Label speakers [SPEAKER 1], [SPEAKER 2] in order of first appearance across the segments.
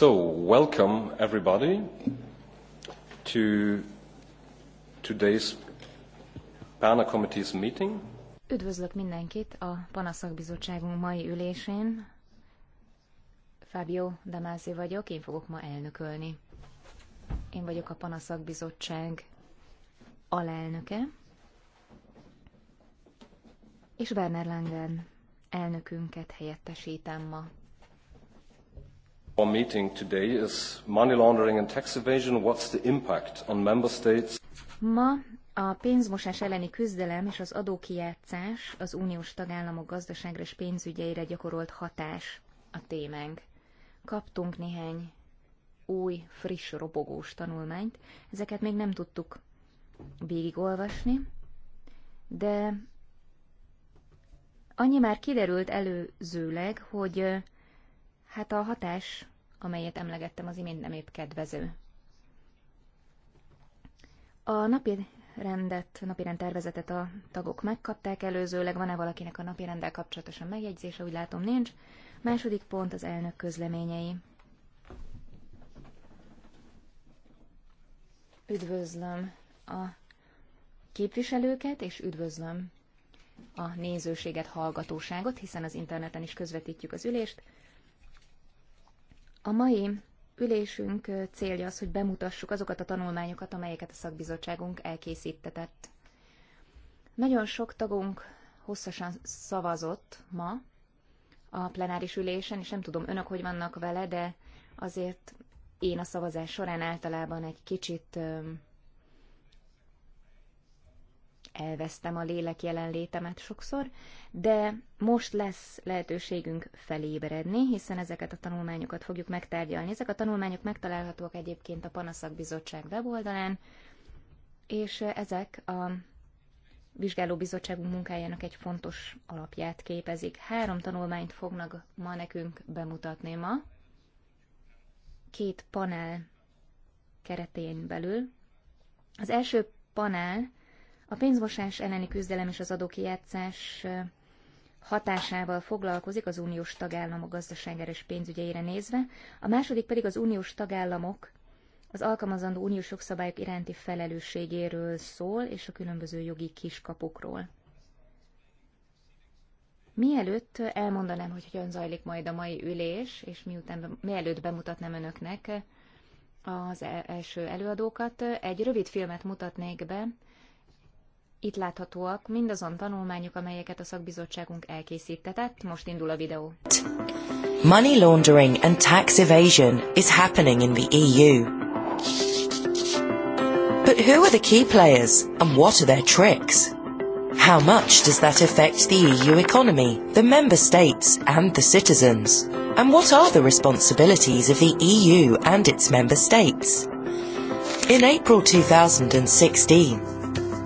[SPEAKER 1] So, welcome everybody to today's PANA Committee's meeting.
[SPEAKER 2] Üdvözlök mindenkit a Bizottságunk mai ülésén. Fábio Damázi vagyok, én fogok ma elnökölni. Én vagyok a Bizottság alelnöke, és Werner Langen elnökünket helyettesítem ma.
[SPEAKER 1] Our meeting today is money laundering and tax evasion. What's the impact on member states?
[SPEAKER 2] Ma a pénzmosás elleni küzdelem és az adókijátszás az uniós tagállamok gazdaságra és pénzügyeire gyakorolt hatás a témánk. Kaptunk néhány új, friss, robogós tanulmányt. Ezeket még nem tudtuk végigolvasni, de annyi már kiderült előzőleg, hogy Hát a hatás, amelyet emlegettem, az imént nem épp kedvező. A napi rendet, napirend tervezetet a tagok megkapták előzőleg, van-e valakinek a napirenddel kapcsolatosan megjegyzése, úgy látom nincs. Második pont az elnök közleményei. Üdvözlöm a képviselőket, és üdvözlöm a nézőséget, hallgatóságot, hiszen az interneten is közvetítjük az ülést. A mai ülésünk célja az, hogy bemutassuk azokat a tanulmányokat, amelyeket a szakbizottságunk elkészítetett. Nagyon sok tagunk hosszasan szavazott ma a plenáris ülésen, és nem tudom önök, hogy vannak vele, de azért én a szavazás során általában egy kicsit elvesztem a lélek jelenlétemet sokszor, de most lesz lehetőségünk felébredni, hiszen ezeket a tanulmányokat fogjuk megtárgyalni. Ezek a tanulmányok megtalálhatóak egyébként a Panaszak Bizottság weboldalán, és ezek a bizottságunk munkájának egy fontos alapját képezik. Három tanulmányt fognak ma nekünk bemutatni ma, két panel keretén belül. Az első panel a pénzmosás elleni küzdelem és az adókijátszás hatásával foglalkozik az uniós tagállamok gazdaságára és pénzügyeire nézve, a második pedig az uniós tagállamok az alkalmazandó uniós jogszabályok iránti felelősségéről szól, és a különböző jogi kiskapukról. Mielőtt elmondanám, hogy hogyan zajlik majd a mai ülés, és miután, mielőtt bemutatnám önöknek az e-, első előadókat, egy rövid filmet mutatnék be itt láthatóak mindazon tanulmányok, amelyeket a szakbizottságunk elkészítetett. Most indul a videó.
[SPEAKER 3] Money laundering and tax evasion is happening in the EU. But who are the key players and what are their tricks? How much does that affect the EU economy, the member states and the citizens? And what are the responsibilities of the EU and its member states? In April 2016,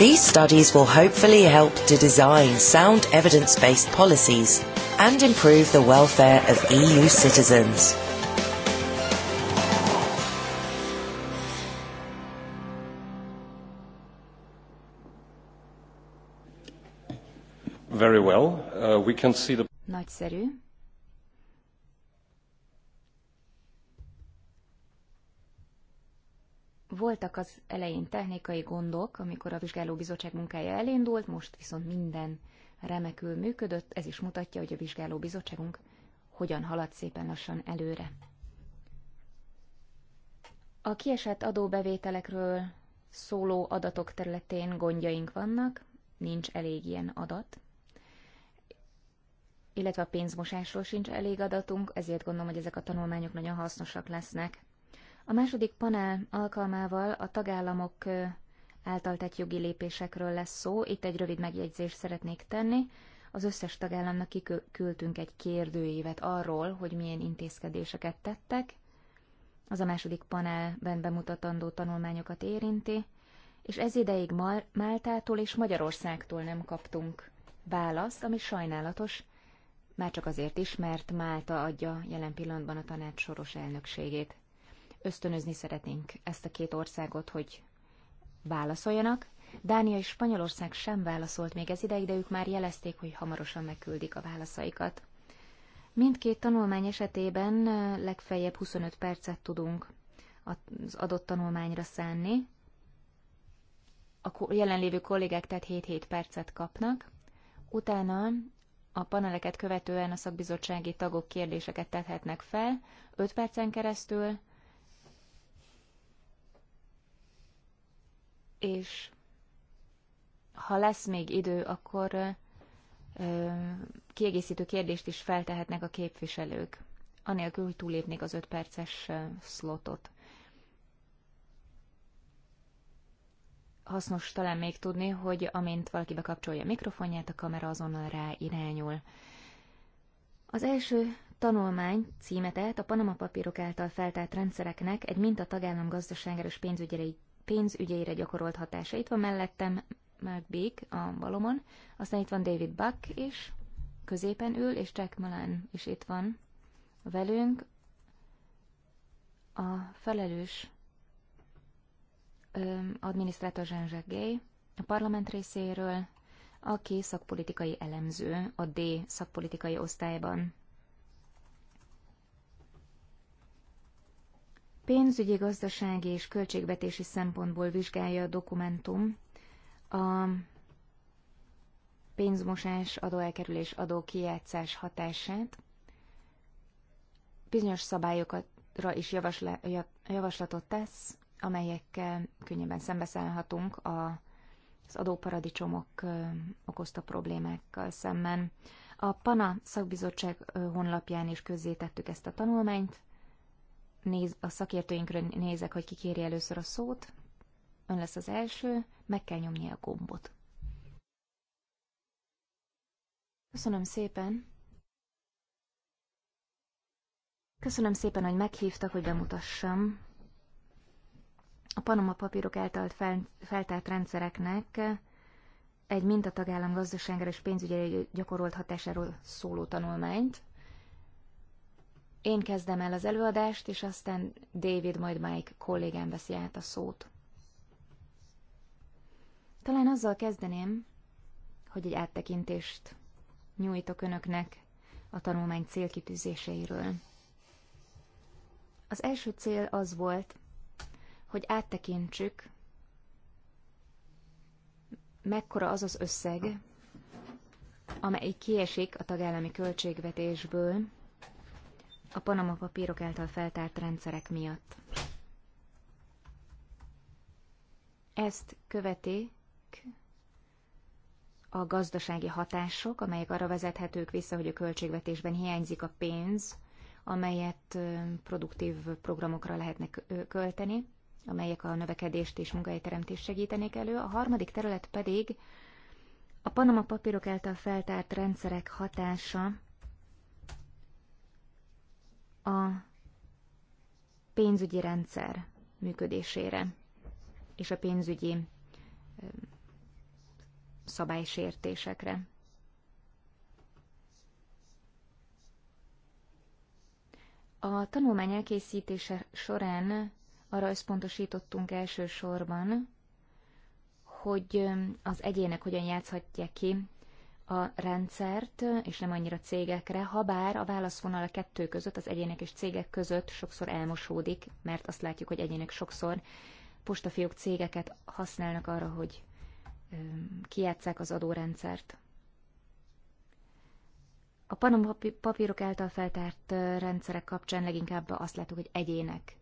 [SPEAKER 3] These studies will hopefully help to design sound evidence-based policies and improve the welfare of EU citizens.
[SPEAKER 1] Very well. Uh, we can see the...
[SPEAKER 2] Nagyszerű. Voltak az elején technikai gondok, amikor a vizsgálóbizottság munkája elindult, most viszont minden remekül működött, ez is mutatja, hogy a vizsgálóbizottságunk hogyan halad szépen lassan előre. A kiesett adóbevételekről szóló adatok területén gondjaink vannak, nincs elég ilyen adat, illetve a pénzmosásról sincs elég adatunk, ezért gondolom, hogy ezek a tanulmányok nagyon hasznosak lesznek a második panel alkalmával a tagállamok által tett jogi lépésekről lesz szó. Itt egy rövid megjegyzést szeretnék tenni. Az összes tagállamnak kiküldtünk egy kérdőívet arról, hogy milyen intézkedéseket tettek. Az a második panelben bemutatandó tanulmányokat érinti, és ez ideig Máltától és Magyarországtól nem kaptunk választ, ami sajnálatos, már csak azért is, mert Málta adja jelen pillanatban a tanács soros elnökségét ösztönözni szeretnénk ezt a két országot, hogy válaszoljanak. Dánia és Spanyolország sem válaszolt még ez ideig, de ők már jelezték, hogy hamarosan megküldik a válaszaikat. Mindkét tanulmány esetében legfeljebb 25 percet tudunk az adott tanulmányra szánni. A jelenlévő kollégák tehát 7-7 percet kapnak. Utána a paneleket követően a szakbizottsági tagok kérdéseket tethetnek fel 5 percen keresztül, és ha lesz még idő, akkor kiegészítő kérdést is feltehetnek a képviselők, anélkül, hogy túlépnék az 5 perces szlotot. Hasznos talán még tudni, hogy amint valaki bekapcsolja a mikrofonját, a kamera azonnal rá irányul. Az első tanulmány címetet a Panama papírok által feltárt rendszereknek egy minta tagállam gazdaságára pénzügyi pénzügyeire gyakorolt hatása. Itt van mellettem Mark Beek a balomon, aztán itt van David Buck is, középen ül, és Jack Malan is itt van velünk. A felelős adminisztrátor Jean-Jacques Gay, a parlament részéről, aki szakpolitikai elemző a D szakpolitikai osztályban Pénzügyi, gazdasági és költségvetési szempontból vizsgálja a dokumentum a pénzmosás, adóelkerülés, adókijátszás hatását. Bizonyos szabályokra is javasla, javaslatot tesz, amelyekkel könnyebben szembeszállhatunk a, az adóparadicsomok okozta problémákkal szemben. A PANA szakbizottság honlapján is közzétettük ezt a tanulmányt, néz, a szakértőinkről nézek, hogy ki kéri először a szót. Ön lesz az első, meg kell nyomni a gombot. Köszönöm szépen. Köszönöm szépen, hogy meghívtak, hogy bemutassam. A Panama papírok által fel, feltárt rendszereknek egy mintatagállam gazdaságára és pénzügyi gyakorolt hatásáról szóló tanulmányt, én kezdem el az előadást, és aztán David, majd Mike kollégám veszi át a szót. Talán azzal kezdeném, hogy egy áttekintést nyújtok önöknek a tanulmány célkitűzéseiről. Az első cél az volt, hogy áttekintsük, mekkora az az összeg, amely kiesik a tagállami költségvetésből a Panama papírok által feltárt rendszerek miatt. Ezt követik a gazdasági hatások, amelyek arra vezethetők vissza, hogy a költségvetésben hiányzik a pénz, amelyet produktív programokra lehetne költeni, amelyek a növekedést és munkahelyteremtést segítenék elő. A harmadik terület pedig a Panama papírok által feltárt rendszerek hatása a pénzügyi rendszer működésére és a pénzügyi szabálysértésekre. A tanulmány elkészítése során arra összpontosítottunk elsősorban, hogy az egyének hogyan játszhatják ki a rendszert, és nem annyira cégekre, ha bár a válaszvonal a kettő között, az egyének és cégek között sokszor elmosódik, mert azt látjuk, hogy egyének sokszor postafiók cégeket használnak arra, hogy kijátszák az adórendszert. A panampapírok által feltárt rendszerek kapcsán leginkább azt látjuk, hogy egyének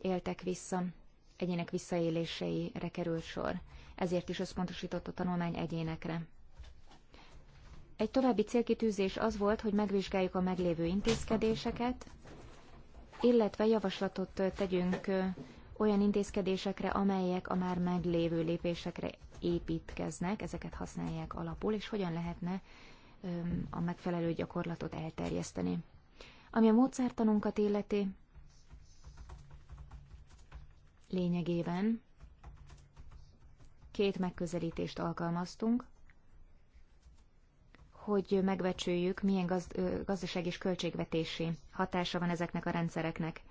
[SPEAKER 2] éltek vissza, egyének visszaéléseire került sor. Ezért is összpontosított a tanulmány egyénekre. Egy további célkitűzés az volt, hogy megvizsgáljuk a meglévő intézkedéseket, illetve javaslatot tegyünk olyan intézkedésekre, amelyek a már meglévő lépésekre építkeznek, ezeket használják alapul, és hogyan lehetne a megfelelő gyakorlatot elterjeszteni. Ami a módszertanunkat illeti, lényegében két megközelítést alkalmaztunk hogy megbecsüljük, milyen gazd, gazdaság és költségvetési hatása van ezeknek a rendszereknek.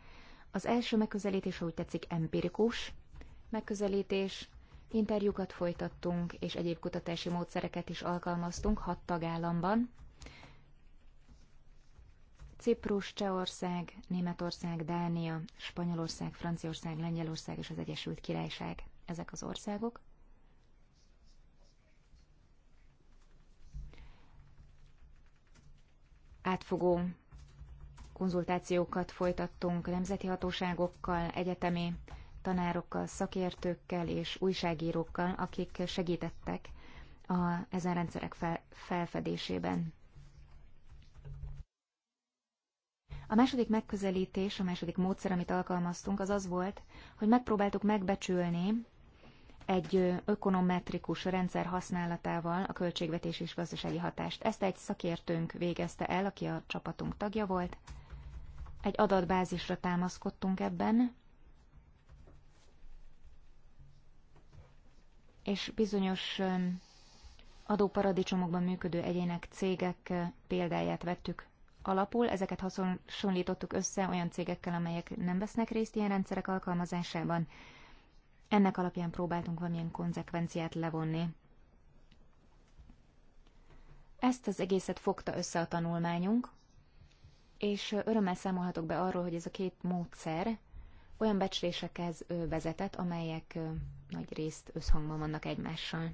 [SPEAKER 2] Az első megközelítés, ahogy tetszik, empirikus megközelítés. Interjúkat folytattunk, és egyéb kutatási módszereket is alkalmaztunk hat tagállamban. Ciprus, Csehország, Németország, Dánia, Spanyolország, Franciaország, Lengyelország és az Egyesült Királyság. Ezek az országok. átfogó konzultációkat folytattunk nemzeti hatóságokkal, egyetemi tanárokkal, szakértőkkel és újságírókkal, akik segítettek a, ezen rendszerek fel, felfedésében. A második megközelítés, a második módszer, amit alkalmaztunk, az az volt, hogy megpróbáltuk megbecsülni egy ökonometrikus rendszer használatával a költségvetés és gazdasági hatást. Ezt egy szakértőnk végezte el, aki a csapatunk tagja volt. Egy adatbázisra támaszkodtunk ebben, és bizonyos adóparadicsomokban működő egyének, cégek példáját vettük alapul, ezeket hasonlítottuk össze olyan cégekkel, amelyek nem vesznek részt ilyen rendszerek alkalmazásában, ennek alapján próbáltunk valamilyen konzekvenciát levonni. Ezt az egészet fogta össze a tanulmányunk, és örömmel számolhatok be arról, hogy ez a két módszer olyan becslésekhez vezetett, amelyek nagy részt összhangban vannak egymással.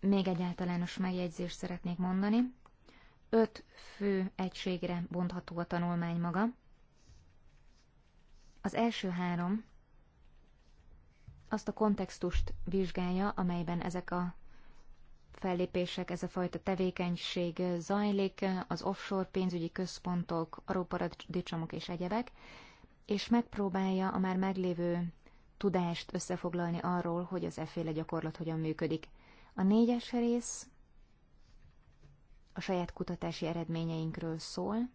[SPEAKER 2] Még egy általános megjegyzést szeretnék mondani. Öt fő egységre bontható a tanulmány maga. Az első három azt a kontextust vizsgálja, amelyben ezek a fellépések, ez a fajta tevékenység zajlik, az offshore pénzügyi központok, aróparadicsomok és egyebek, és megpróbálja a már meglévő tudást összefoglalni arról, hogy az efféle gyakorlat hogyan működik. A négyes rész a saját kutatási eredményeinkről szól.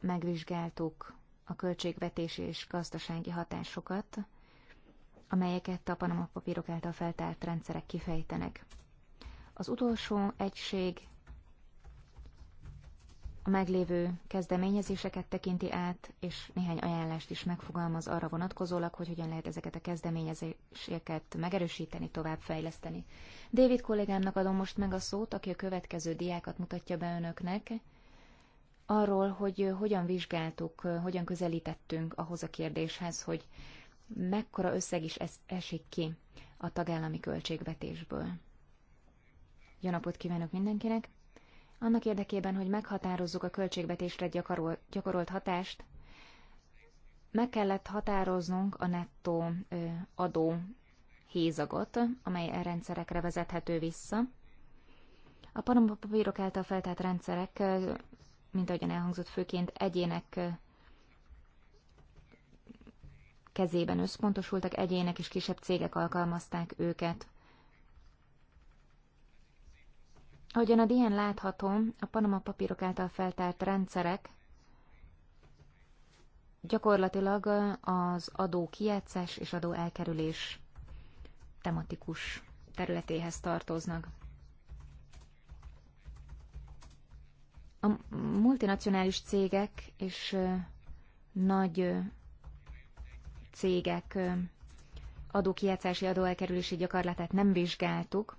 [SPEAKER 2] Megvizsgáltuk a költségvetési és gazdasági hatásokat, amelyeket a Panama papírok által feltárt rendszerek kifejtenek. Az utolsó egység a meglévő kezdeményezéseket tekinti át, és néhány ajánlást is megfogalmaz arra vonatkozólag, hogy hogyan lehet ezeket a kezdeményezéseket megerősíteni, továbbfejleszteni. David kollégámnak adom most meg a szót, aki a következő diákat mutatja be önöknek, arról, hogy hogyan vizsgáltuk, hogyan közelítettünk ahhoz a kérdéshez, hogy mekkora összeg is es- esik ki a tagállami költségvetésből. Jó napot kívánok mindenkinek! Annak érdekében, hogy meghatározzuk a költségvetésre gyakorol- gyakorolt hatást, meg kellett határoznunk a nettó adó hézagot, amely a e rendszerekre vezethető vissza. A panampapírok által feltárt rendszerek mint ahogyan elhangzott, főként egyének kezében összpontosultak, egyének és kisebb cégek alkalmazták őket. Ahogyan a dián látható, a Panama papírok által feltárt rendszerek gyakorlatilag az adó kijátszás és adó elkerülés tematikus területéhez tartoznak. A multinacionális cégek és nagy cégek adókijátszási adóelkerülési gyakorlatát nem vizsgáltuk,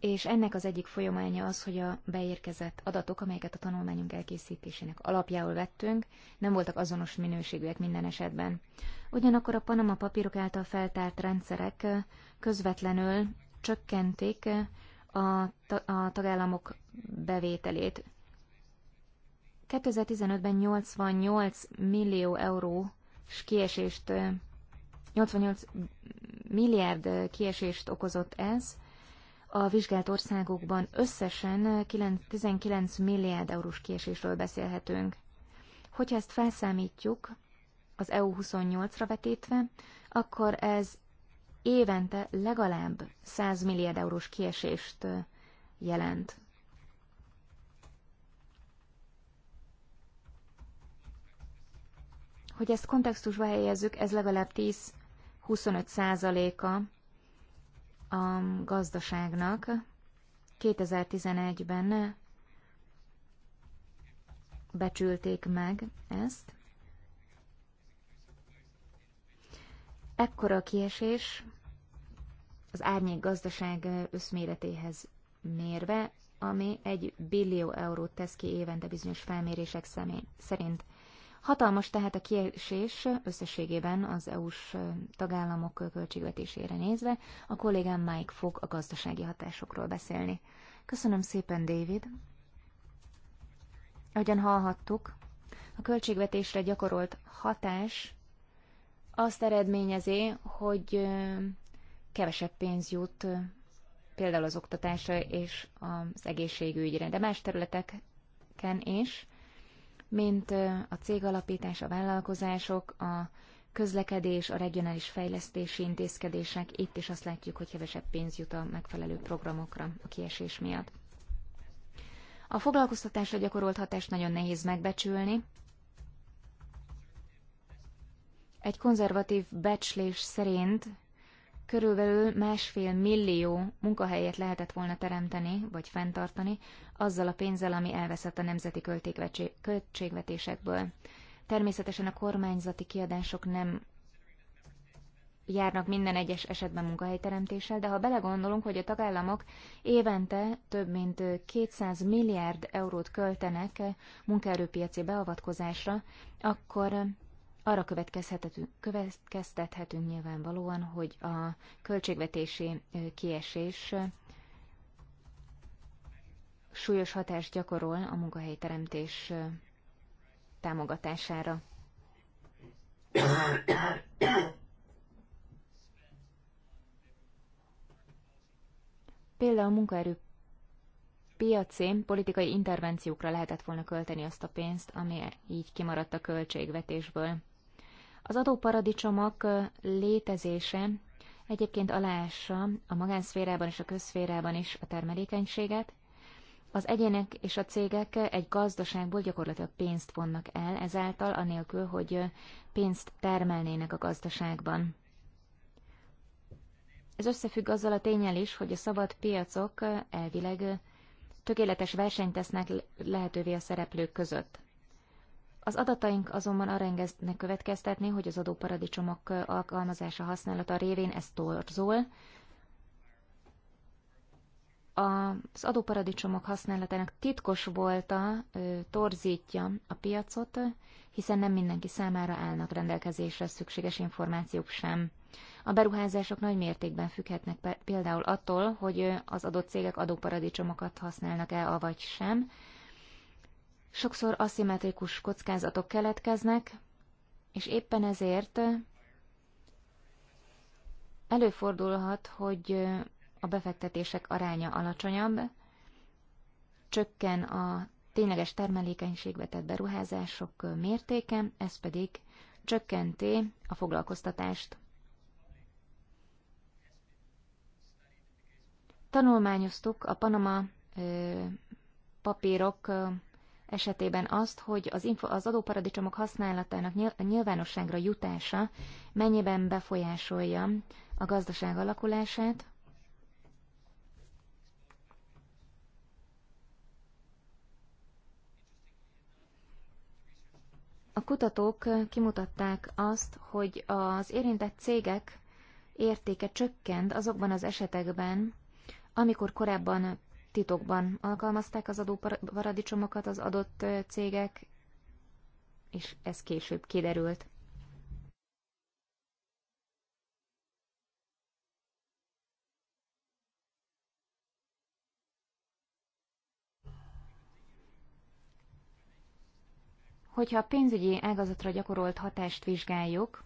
[SPEAKER 2] és ennek az egyik folyamánya az, hogy a beérkezett adatok, amelyeket a tanulmányunk elkészítésének alapjául vettünk, nem voltak azonos minőségűek minden esetben. Ugyanakkor a Panama papírok által feltárt rendszerek közvetlenül csökkentik a, ta, a tagállamok bevételét. 2015-ben 88 millió euró kiesést, 88 milliárd kiesést okozott ez, a vizsgált országokban összesen 19 milliárd eurós kiesésről beszélhetünk. Hogyha ezt felszámítjuk az EU 28-ra vetítve, akkor ez évente legalább 100 milliárd eurós kiesést jelent. Hogy ezt kontextusba helyezzük, ez legalább 10-25 százaléka a gazdaságnak. 2011-ben becsülték meg ezt. Ekkora kiesés az árnyék gazdaság összméretéhez mérve, ami egy billió eurót tesz ki évente bizonyos felmérések személy, szerint. Hatalmas tehát a kiesés összességében az EU-s tagállamok költségvetésére nézve, a kollégám Mike fog a gazdasági hatásokról beszélni. Köszönöm szépen, David! Ahogyan hallhattuk, a költségvetésre gyakorolt hatás azt eredményezi, hogy kevesebb pénz jut például az oktatásra és az egészségügyre, de más területeken is, mint a cégalapítás, a vállalkozások, a közlekedés, a regionális fejlesztési intézkedések, itt is azt látjuk, hogy kevesebb pénz jut a megfelelő programokra a kiesés miatt. A foglalkoztatásra gyakorolt hatást nagyon nehéz megbecsülni, egy konzervatív becslés szerint körülbelül másfél millió munkahelyet lehetett volna teremteni, vagy fenntartani, azzal a pénzzel, ami elveszett a nemzeti költségvetésekből. Természetesen a kormányzati kiadások nem járnak minden egyes esetben munkahelyteremtéssel, de ha belegondolunk, hogy a tagállamok évente több mint 200 milliárd eurót költenek munkaerőpiaci beavatkozásra, akkor arra következtethetünk, nyilvánvalóan, hogy a költségvetési kiesés súlyos hatást gyakorol a munkahelyteremtés támogatására. Például a munkaerő piaci politikai intervenciókra lehetett volna költeni azt a pénzt, ami így kimaradt a költségvetésből. Az adóparadicsomok létezése egyébként aláássa a magánszférában és a közszférában is a termelékenységet. Az egyének és a cégek egy gazdaságból gyakorlatilag pénzt vonnak el, ezáltal anélkül, hogy pénzt termelnének a gazdaságban. Ez összefügg azzal a tényel is, hogy a szabad piacok elvileg tökéletes versenyt tesznek lehetővé a szereplők között. Az adataink azonban arra engednek következtetni, hogy az adóparadicsomok alkalmazása használata révén ez torzol. Az adóparadicsomok használatának titkos volta torzítja a piacot, hiszen nem mindenki számára állnak rendelkezésre szükséges információk sem. A beruházások nagy mértékben függhetnek például attól, hogy az adott cégek adóparadicsomokat használnak e avagy sem, Sokszor aszimmetrikus kockázatok keletkeznek, és éppen ezért előfordulhat, hogy a befektetések aránya alacsonyabb, csökken a tényleges termelékenységbe tett beruházások mértéke, ez pedig csökkenti a foglalkoztatást. Tanulmányoztuk a Panama papírok esetében azt, hogy az, info, az adóparadicsomok használatának nyilvánosságra jutása mennyiben befolyásolja a gazdaság alakulását, A kutatók kimutatták azt, hogy az érintett cégek értéke csökkent azokban az esetekben, amikor korábban titokban alkalmazták az adóparadicsomokat az adott cégek, és ez később kiderült. Hogyha a pénzügyi ágazatra gyakorolt hatást vizsgáljuk,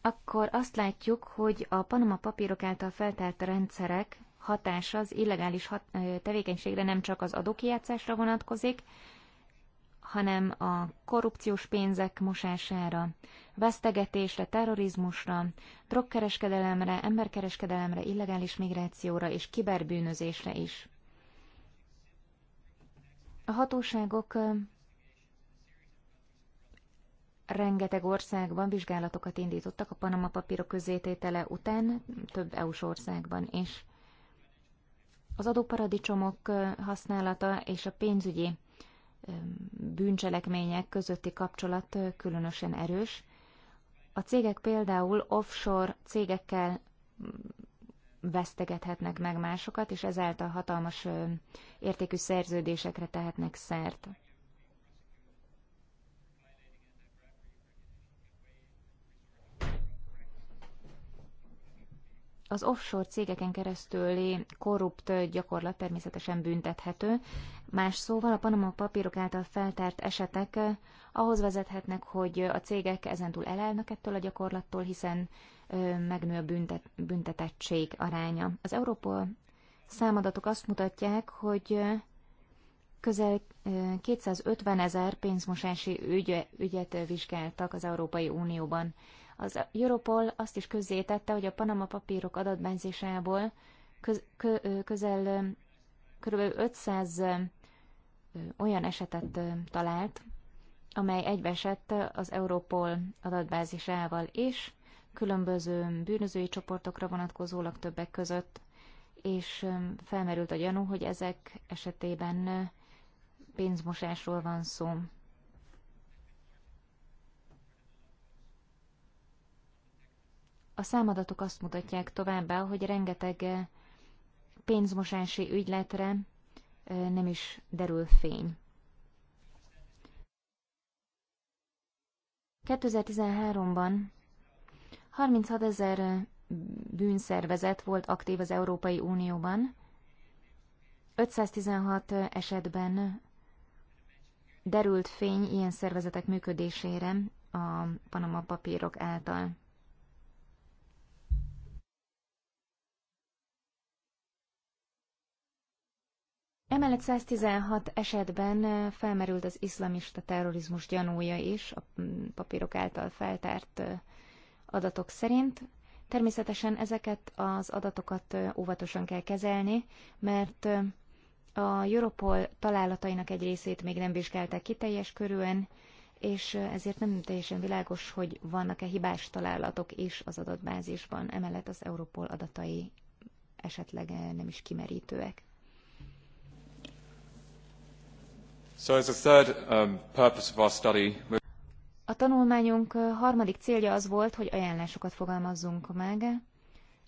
[SPEAKER 2] akkor azt látjuk, hogy a Panama papírok által feltárt rendszerek hatása az illegális hat, tevékenységre nem csak az adókijátszásra vonatkozik, hanem a korrupciós pénzek mosására, vesztegetésre, terrorizmusra, drogkereskedelemre, emberkereskedelemre, illegális migrációra és kiberbűnözésre is. A hatóságok rengeteg országban vizsgálatokat indítottak a Panama papírok közététele után, több EU-s országban is. Az adóparadicsomok használata és a pénzügyi bűncselekmények közötti kapcsolat különösen erős. A cégek például offshore cégekkel mm, vesztegethetnek meg másokat, és ezáltal hatalmas értékű szerződésekre tehetnek szert. Az offshore cégeken keresztüli korrupt gyakorlat természetesen büntethető. Más szóval a Panama papírok által feltárt esetek eh, ahhoz vezethetnek, hogy a cégek ezentúl elállnak ettől a gyakorlattól, hiszen eh, megnő a büntet, büntetettség aránya. Az Európol számadatok azt mutatják, hogy eh, közel 250 ezer pénzmosási ügy, ügyet vizsgáltak az Európai Unióban. Az Europol azt is közzétette, hogy a Panama papírok adatbányzésából köz, kö, közel kb. 500 olyan esetet talált, amely egybeesett az Europol adatbázisával is, különböző bűnözői csoportokra vonatkozólag többek között, és felmerült a gyanú, hogy ezek esetében pénzmosásról van szó. A számadatok azt mutatják továbbá, hogy rengeteg eh, pénzmosási ügyletre eh, nem is derül fény. 2013-ban 36 ezer eh, bűnszervezet volt aktív az Európai Unióban, 516 esetben derült fény ilyen szervezetek működésére a Panama papírok által. Emellett 116 esetben felmerült az iszlamista terrorizmus gyanúja is, a mm, papírok által feltárt adatok szerint. Természetesen ezeket az adatokat óvatosan kell kezelni, mert a Europol találatainak egy részét még nem vizsgálták ki teljes körűen, és ezért nem teljesen világos, hogy vannak-e hibás találatok is az adatbázisban, emellett az Europol adatai esetleg nem is kimerítőek.
[SPEAKER 1] a um,
[SPEAKER 2] a tanulmányunk uh, harmadik célja az volt, hogy ajánlásokat fogalmazzunk meg.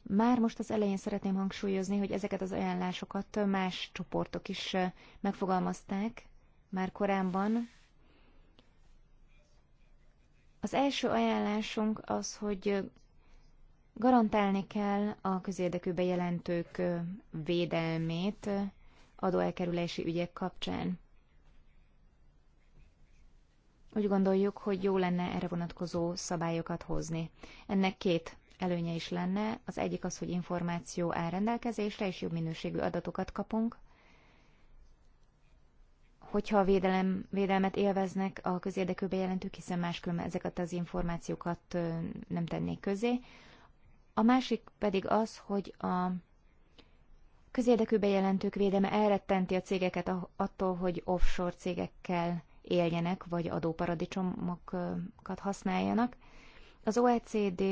[SPEAKER 2] Már most az elején szeretném hangsúlyozni, hogy ezeket az ajánlásokat uh, más csoportok is uh, megfogalmazták már korábban. Az első ajánlásunk az, hogy garantálni kell a közérdekű bejelentők védelmét adóelkerülési ügyek kapcsán. Úgy gondoljuk, hogy jó lenne erre vonatkozó szabályokat hozni. Ennek két előnye is lenne. Az egyik az, hogy információ áll rendelkezésre, és jobb minőségű adatokat kapunk. Hogyha a védelem, védelmet élveznek a közérdekű bejelentők, hiszen máskülönben ezeket az információkat nem tennék közé. A másik pedig az, hogy a közérdekű bejelentők védelme elrettenti a cégeket attól, hogy offshore cégekkel éljenek, vagy adóparadicsomokat használjanak. Az OECD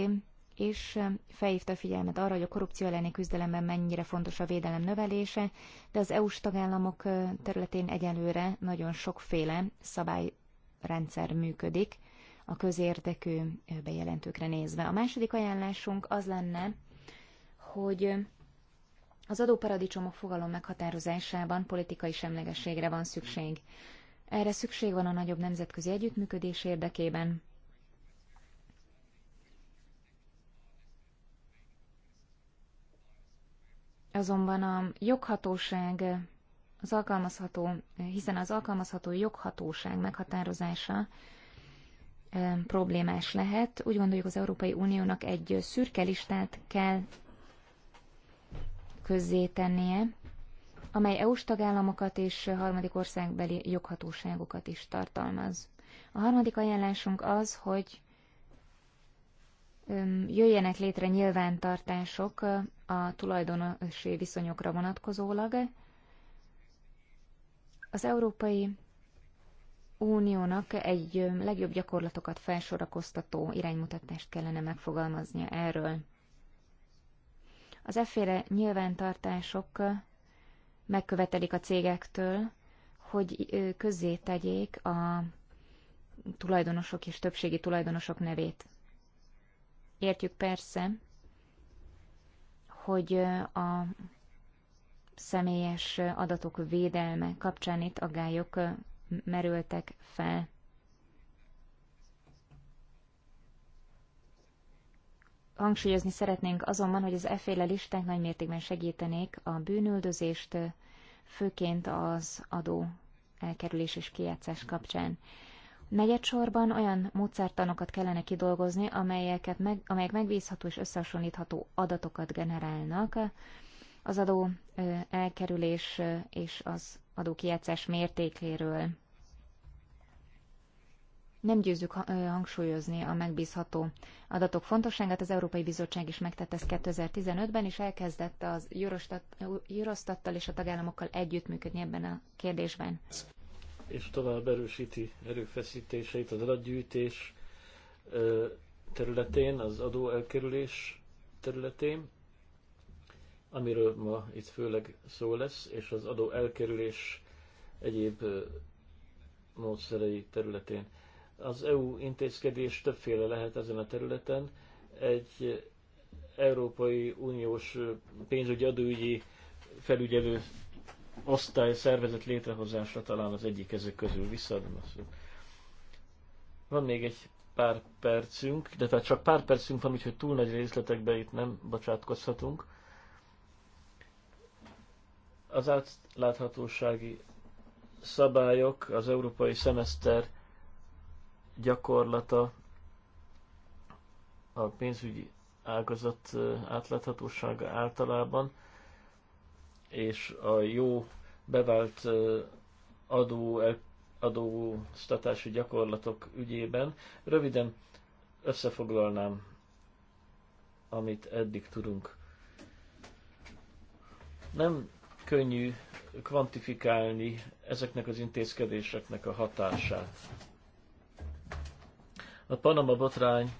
[SPEAKER 2] és felhívta a figyelmet arra, hogy a korrupció elleni küzdelemben mennyire fontos a védelem növelése, de az EU-s tagállamok területén egyelőre nagyon sokféle szabályrendszer működik a közérdekű bejelentőkre nézve. A második ajánlásunk az lenne, hogy az adóparadicsomok fogalom meghatározásában politikai semlegességre van szükség. Erre szükség van a nagyobb nemzetközi együttműködés érdekében. Azonban a joghatóság, az alkalmazható, hiszen az alkalmazható joghatóság meghatározása problémás lehet. Úgy gondoljuk, az Európai Uniónak egy szürke listát kell közzétennie, amely EU-s tagállamokat és harmadik országbeli joghatóságokat is tartalmaz. A harmadik ajánlásunk az, hogy jöjjenek létre nyilvántartások a tulajdonosi viszonyokra vonatkozólag. Az Európai Uniónak egy legjobb gyakorlatokat felsorakoztató iránymutatást kellene megfogalmaznia erről. Az efféle nyilvántartások megkövetelik a cégektől, hogy közzé tegyék a tulajdonosok és többségi tulajdonosok nevét. Értjük persze, hogy a személyes adatok védelme kapcsán itt aggályok merültek fel. Hangsúlyozni szeretnénk azonban, hogy az efféle listák nagy mértékben segítenék a bűnüldözést, főként az adó elkerülés és kijátszás kapcsán. Negyedsorban olyan módszertanokat kellene kidolgozni, amelyeket meg, amelyek megbízható és összehasonlítható adatokat generálnak az adó elkerülés és az adó kijátszás mértékéről nem győzzük hangsúlyozni a megbízható adatok fontosságát. Az Európai Bizottság is megtette ezt 2015-ben, és elkezdett az Eurostattal és a tagállamokkal együttműködni ebben a kérdésben.
[SPEAKER 4] És tovább erősíti erőfeszítéseit az adatgyűjtés területén, az adó elkerülés területén, amiről ma itt főleg szó lesz, és az adó elkerülés egyéb módszerei területén. Az EU intézkedés többféle lehet ezen a területen. Egy Európai Uniós pénzügyi adóügyi felügyelő osztály szervezet létrehozásra talán az egyik ezek közül visszaadom a Van még egy pár percünk, de tehát csak pár percünk van, úgyhogy túl nagy részletekbe itt nem bocsátkozhatunk. Az átláthatósági szabályok az európai szemeszter gyakorlata, a pénzügyi ágazat átláthatósága általában, és a jó bevált adó, adóztatási gyakorlatok ügyében. Röviden összefoglalnám, amit eddig tudunk. Nem könnyű kvantifikálni ezeknek az intézkedéseknek a hatását. A Panama botrány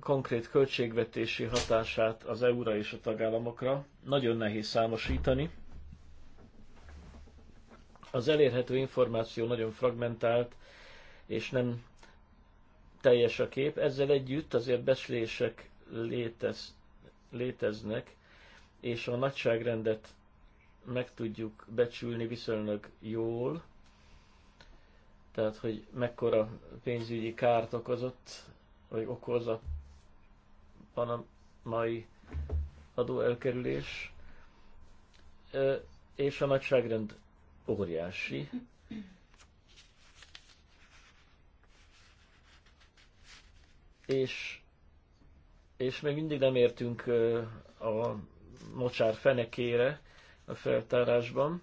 [SPEAKER 4] konkrét költségvetési hatását az EU-ra és a tagállamokra nagyon nehéz számosítani. Az elérhető információ nagyon fragmentált, és nem teljes a kép. Ezzel együtt azért beszélések létez, léteznek, és a nagyságrendet meg tudjuk becsülni viszonylag jól tehát hogy mekkora pénzügyi kárt okozott, vagy okoz a panamai adóelkerülés, és a nagyságrend óriási. És, és még mindig nem értünk a mocsár fenekére a feltárásban.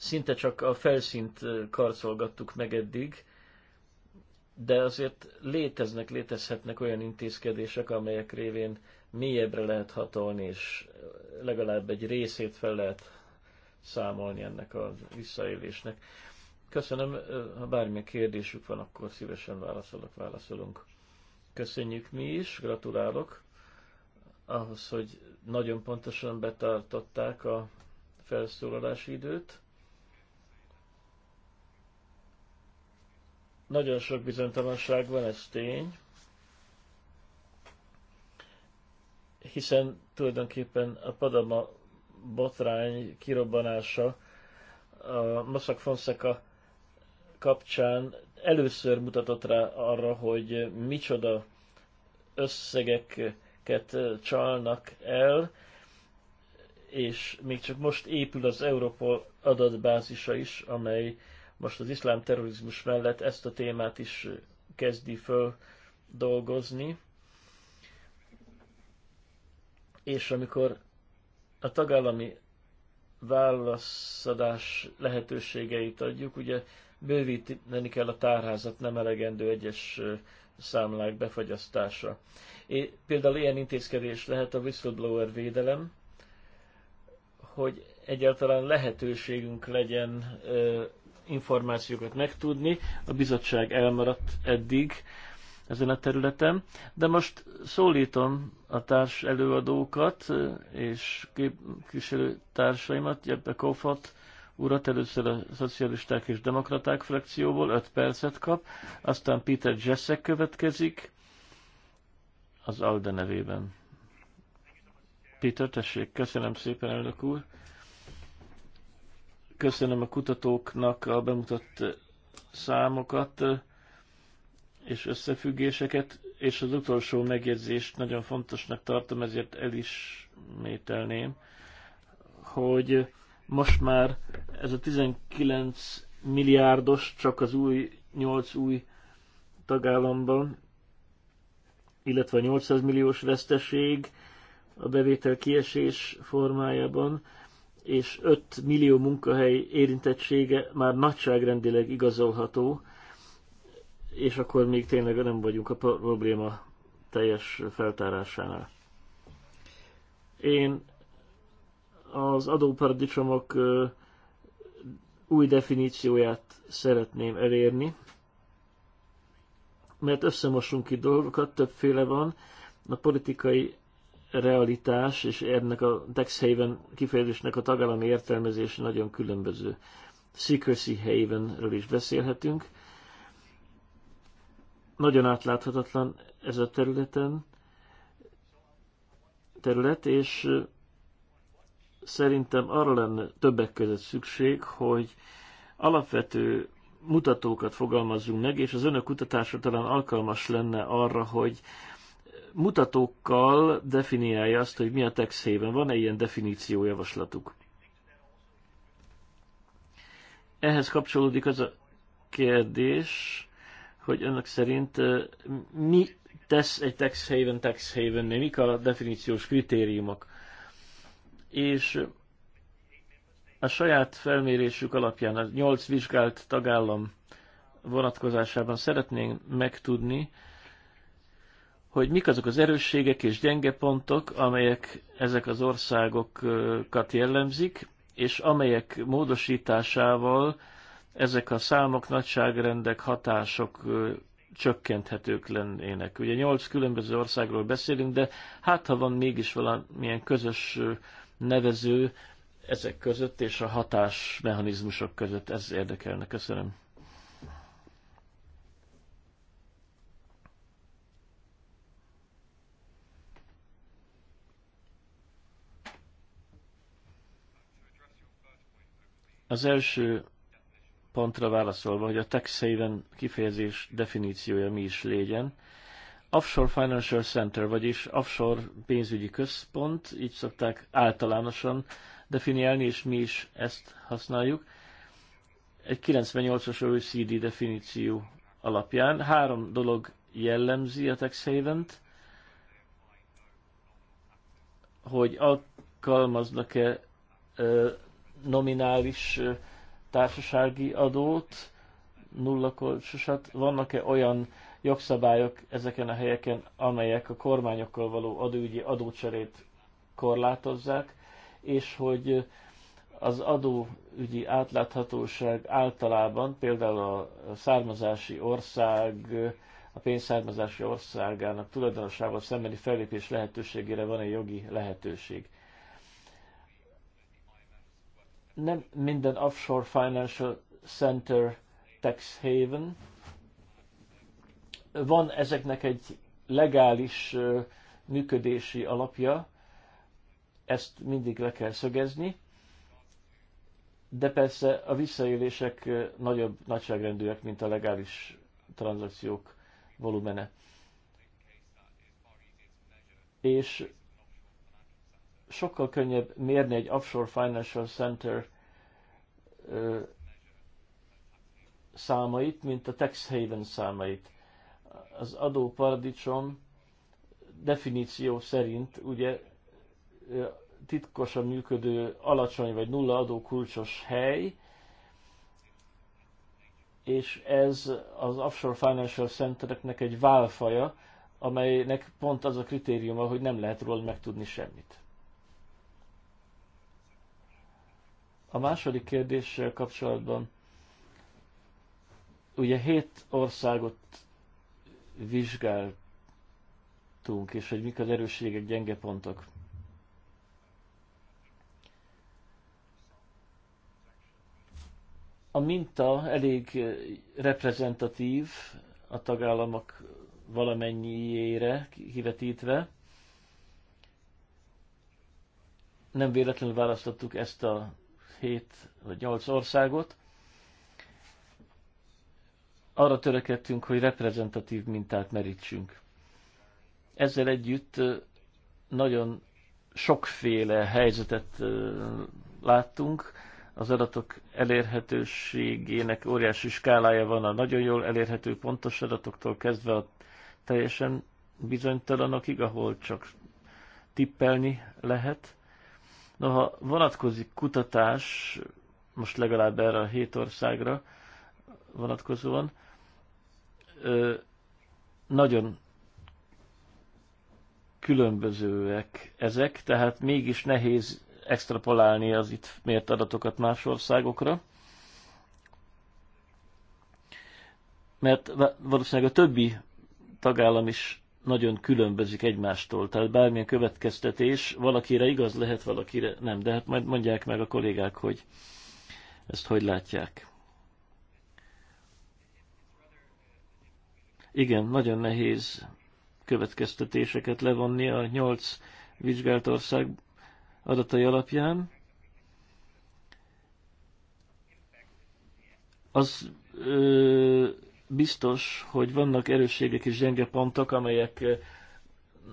[SPEAKER 4] Szinte csak a felszínt karcolgattuk meg eddig, de azért léteznek, létezhetnek olyan intézkedések, amelyek révén mélyebbre lehet hatolni, és legalább egy részét fel lehet számolni ennek a visszaélésnek. Köszönöm, ha bármilyen kérdésük van, akkor szívesen válaszolok, válaszolunk. Köszönjük mi is, gratulálok ahhoz, hogy nagyon pontosan betartották a felszólalási időt. Nagyon sok bizonytalanság van, ez tény, hiszen tulajdonképpen a Padama botrány kirobbanása a Mossack Fonseca kapcsán először mutatott rá arra, hogy micsoda összegeket csalnak el, és még csak most épül az Európa adatbázisa is, amely most az iszlám terrorizmus mellett ezt a témát is kezdi föl dolgozni. És amikor a tagállami válaszadás lehetőségeit adjuk, ugye bővíteni kell a tárházat, nem elegendő egyes számlák befagyasztása. É, például ilyen intézkedés lehet a whistleblower védelem, hogy egyáltalán lehetőségünk legyen ö, információkat megtudni. A bizottság elmaradt eddig ezen a területen, de most szólítom a társ előadókat és képviselő társaimat, Jebbe Kofot, urat először a szocialisták és demokraták frakcióból, 5 percet kap, aztán Peter Jessek következik, az ALDE nevében. Peter, tessék, köszönöm szépen, elnök úr. Köszönöm a kutatóknak a bemutatott számokat és összefüggéseket, és az utolsó megjegyzést nagyon fontosnak tartom, ezért el is mételném, hogy most már ez a 19 milliárdos csak az új, 8 új tagállamban, illetve a 800 milliós veszteség a bevétel kiesés formájában és 5 millió munkahely érintettsége már nagyságrendileg igazolható, és akkor még tényleg nem vagyunk a probléma teljes feltárásánál. Én az adóparadicsomok új definícióját szeretném elérni, mert összemosunk ki dolgokat, többféle van, a politikai realitás és ennek a Dex haven kifejezésnek a tagállami értelmezése nagyon különböző. Secrecy havenről is beszélhetünk. Nagyon átláthatatlan ez a területen, terület, és szerintem arra lenne többek között szükség, hogy alapvető mutatókat fogalmazzunk meg, és az önök kutatása talán alkalmas lenne arra, hogy mutatókkal definiálja azt, hogy mi a texhében. Van-e ilyen definíció javaslatuk? Ehhez kapcsolódik az a kérdés, hogy önök szerint mi tesz egy tax haven tax haven mik a definíciós kritériumok. És a saját felmérésük alapján a nyolc vizsgált tagállam vonatkozásában szeretnénk megtudni, hogy mik azok az erősségek és gyenge pontok, amelyek ezek az országokat jellemzik, és amelyek módosításával ezek a számok, nagyságrendek, hatások csökkenthetők lennének. Ugye nyolc különböző országról beszélünk, de hát ha van mégis valamilyen közös nevező ezek között és a hatásmechanizmusok között, ez érdekelne. Köszönöm. Az első pontra válaszolva, hogy a tax haven kifejezés definíciója mi is legyen. Offshore Financial Center, vagyis offshore pénzügyi központ, így szokták általánosan definiálni, és mi is ezt használjuk. Egy 98-as OECD definíció alapján három dolog jellemzi a tax haven -t, hogy alkalmaznak-e nominális társasági adót, nulla Vannak-e olyan jogszabályok ezeken a helyeken, amelyek a kormányokkal való adóügyi adócserét korlátozzák, és hogy az adóügyi átláthatóság általában, például a származási ország, a pénzszármazási országának tulajdonosával szembeni fellépés lehetőségére van egy jogi lehetőség nem minden offshore financial center tax haven. Van ezeknek egy legális működési alapja, ezt mindig le kell szögezni, de persze a visszaélések nagyobb nagyságrendűek, mint a legális tranzakciók volumene. És sokkal könnyebb mérni egy offshore financial center ö, számait, mint a tax haven számait. Az adóparadicsom definíció szerint ugye titkosan működő alacsony vagy nulla adókulcsos hely, és ez az offshore financial centereknek egy válfaja, amelynek pont az a kritériuma, hogy nem lehet róla megtudni semmit. A második kérdéssel kapcsolatban ugye hét országot vizsgáltunk, és hogy mik az erősségek, gyenge pontok. A minta elég reprezentatív a tagállamok valamennyiére kivetítve. Nem véletlenül választottuk ezt a 7 vagy 8 országot. Arra törekedtünk, hogy reprezentatív mintát merítsünk. Ezzel együtt nagyon sokféle helyzetet láttunk. Az adatok elérhetőségének óriási skálája van a nagyon jól elérhető pontos adatoktól kezdve a teljesen bizonytalanokig, ahol csak tippelni lehet. Noha vonatkozik kutatás, most legalább erre a hét országra vonatkozóan, nagyon különbözőek ezek, tehát mégis nehéz extrapolálni az itt mért adatokat más országokra, mert valószínűleg a többi tagállam is nagyon különbözik egymástól. Tehát bármilyen következtetés valakire igaz lehet, valakire nem. De hát majd mondják meg a kollégák, hogy ezt hogy látják. Igen, nagyon nehéz következtetéseket levonni a nyolc vizsgált ország adatai alapján. Az ö, biztos, hogy vannak erősségek és gyenge pontok, amelyek eh,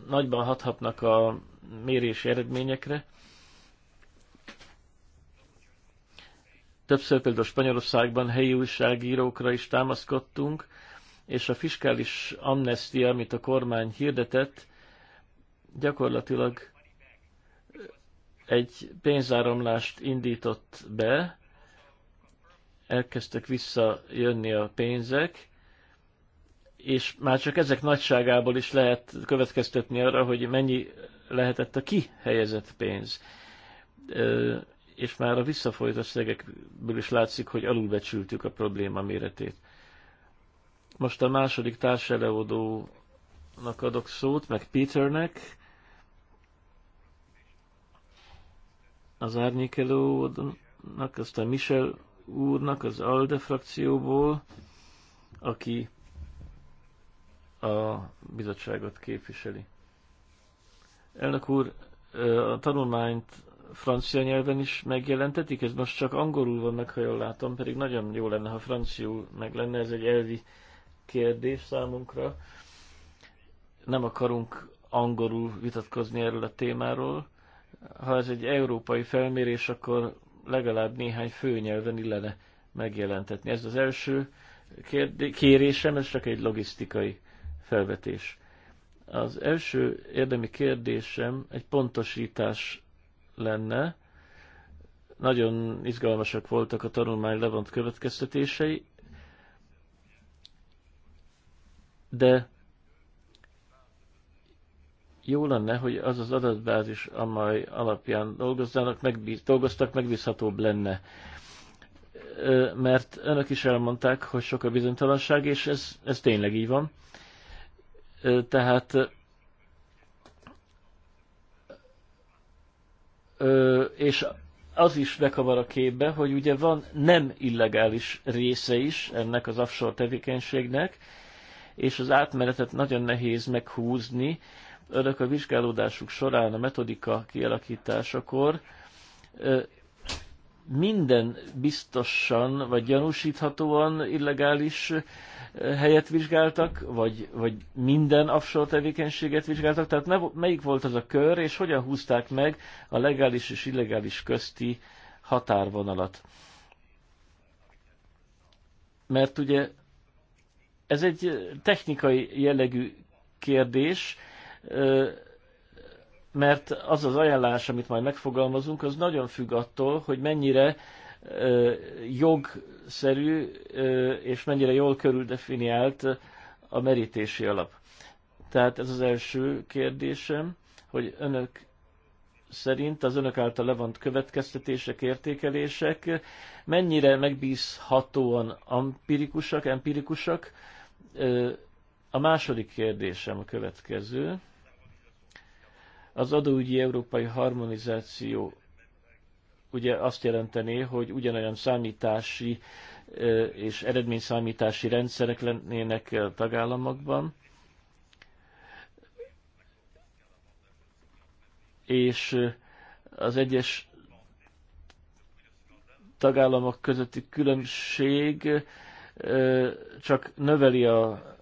[SPEAKER 4] nagyban hathatnak a mérés eredményekre. Többször például Spanyolországban helyi újságírókra is támaszkodtunk, és a fiskális amnestia, amit a kormány hirdetett, gyakorlatilag eh, egy pénzáramlást indított be, elkezdtek visszajönni a pénzek, és már csak ezek nagyságából is lehet következtetni arra, hogy mennyi lehetett a kihelyezett pénz. És már a visszafolyt összegekből is látszik, hogy alulbecsültük a probléma méretét. Most a második társeleodónak adok szót, meg Peternek, az árnyékelőnek, aztán Michel úrnak az ALDE frakcióból, aki a bizottságot képviseli. Elnök úr, a tanulmányt francia nyelven is megjelentetik, ez most csak angolul van meg, ha jól látom, pedig nagyon jó lenne, ha franciul meg lenne, ez egy elvi kérdés számunkra. Nem akarunk angolul vitatkozni erről a témáról. Ha ez egy európai felmérés, akkor legalább néhány főnyelven illene megjelentetni. Ez az első kérésem, ez csak egy logisztikai felvetés. Az első érdemi kérdésem egy pontosítás lenne. Nagyon izgalmasak voltak a tanulmány levont következtetései, de jó lenne, hogy az az adatbázis, amely alapján dolgozzanak, megbíz, dolgoztak, megbízhatóbb lenne. Mert önök is elmondták, hogy sok a bizonytalanság, és ez, ez tényleg így van. Tehát és az is bekavar a képbe, hogy ugye van nem illegális része is ennek az offshore tevékenységnek, és az átmenetet nagyon nehéz meghúzni, önök a vizsgálódásuk során a metodika kialakításakor minden biztosan vagy gyanúsíthatóan illegális helyet vizsgáltak, vagy, vagy minden offshore tevékenységet vizsgáltak, tehát ne, melyik volt az a kör, és hogyan húzták meg a legális és illegális közti határvonalat. Mert ugye ez egy technikai jellegű kérdés, mert az az ajánlás, amit majd megfogalmazunk, az nagyon függ attól, hogy mennyire jogszerű és mennyire jól körüldefiniált a merítési alap. Tehát ez az első kérdésem, hogy önök szerint az önök által levont következtetések, értékelések mennyire megbízhatóan empirikusak, empirikusak. A második kérdésem a következő. Az adóügyi európai harmonizáció ugye azt jelenteni, hogy ugyanolyan számítási és eredményszámítási rendszerek lennének a tagállamokban, és az egyes tagállamok közötti különbség csak növeli a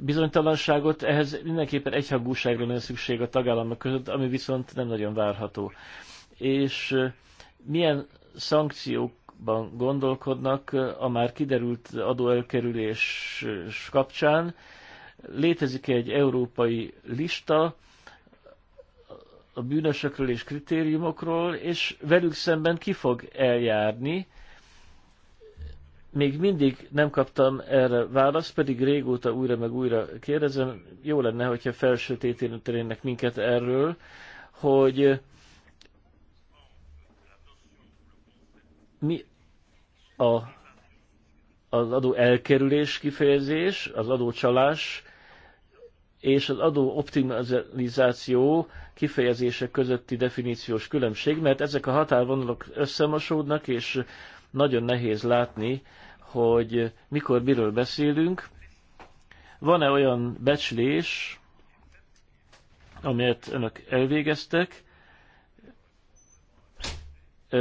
[SPEAKER 4] bizonytalanságot, ehhez mindenképpen egyhangúságra lenne szükség a tagállamok között, ami viszont nem nagyon várható. És milyen szankciókban gondolkodnak a már kiderült adóelkerülés kapcsán? Létezik -e egy európai lista a bűnösökről és kritériumokról, és velük szemben ki fog eljárni, még mindig nem kaptam erre választ, pedig régóta újra meg újra kérdezem, jó lenne, hogyha felsőtétérnek minket erről, hogy mi a, az adó elkerülés kifejezés, az adócsalás és az adó optimalizáció kifejezése közötti definíciós különbség, mert ezek a határvonalok összemosódnak, és nagyon nehéz látni, hogy mikor miről beszélünk. Van-e olyan becslés, amelyet önök elvégeztek,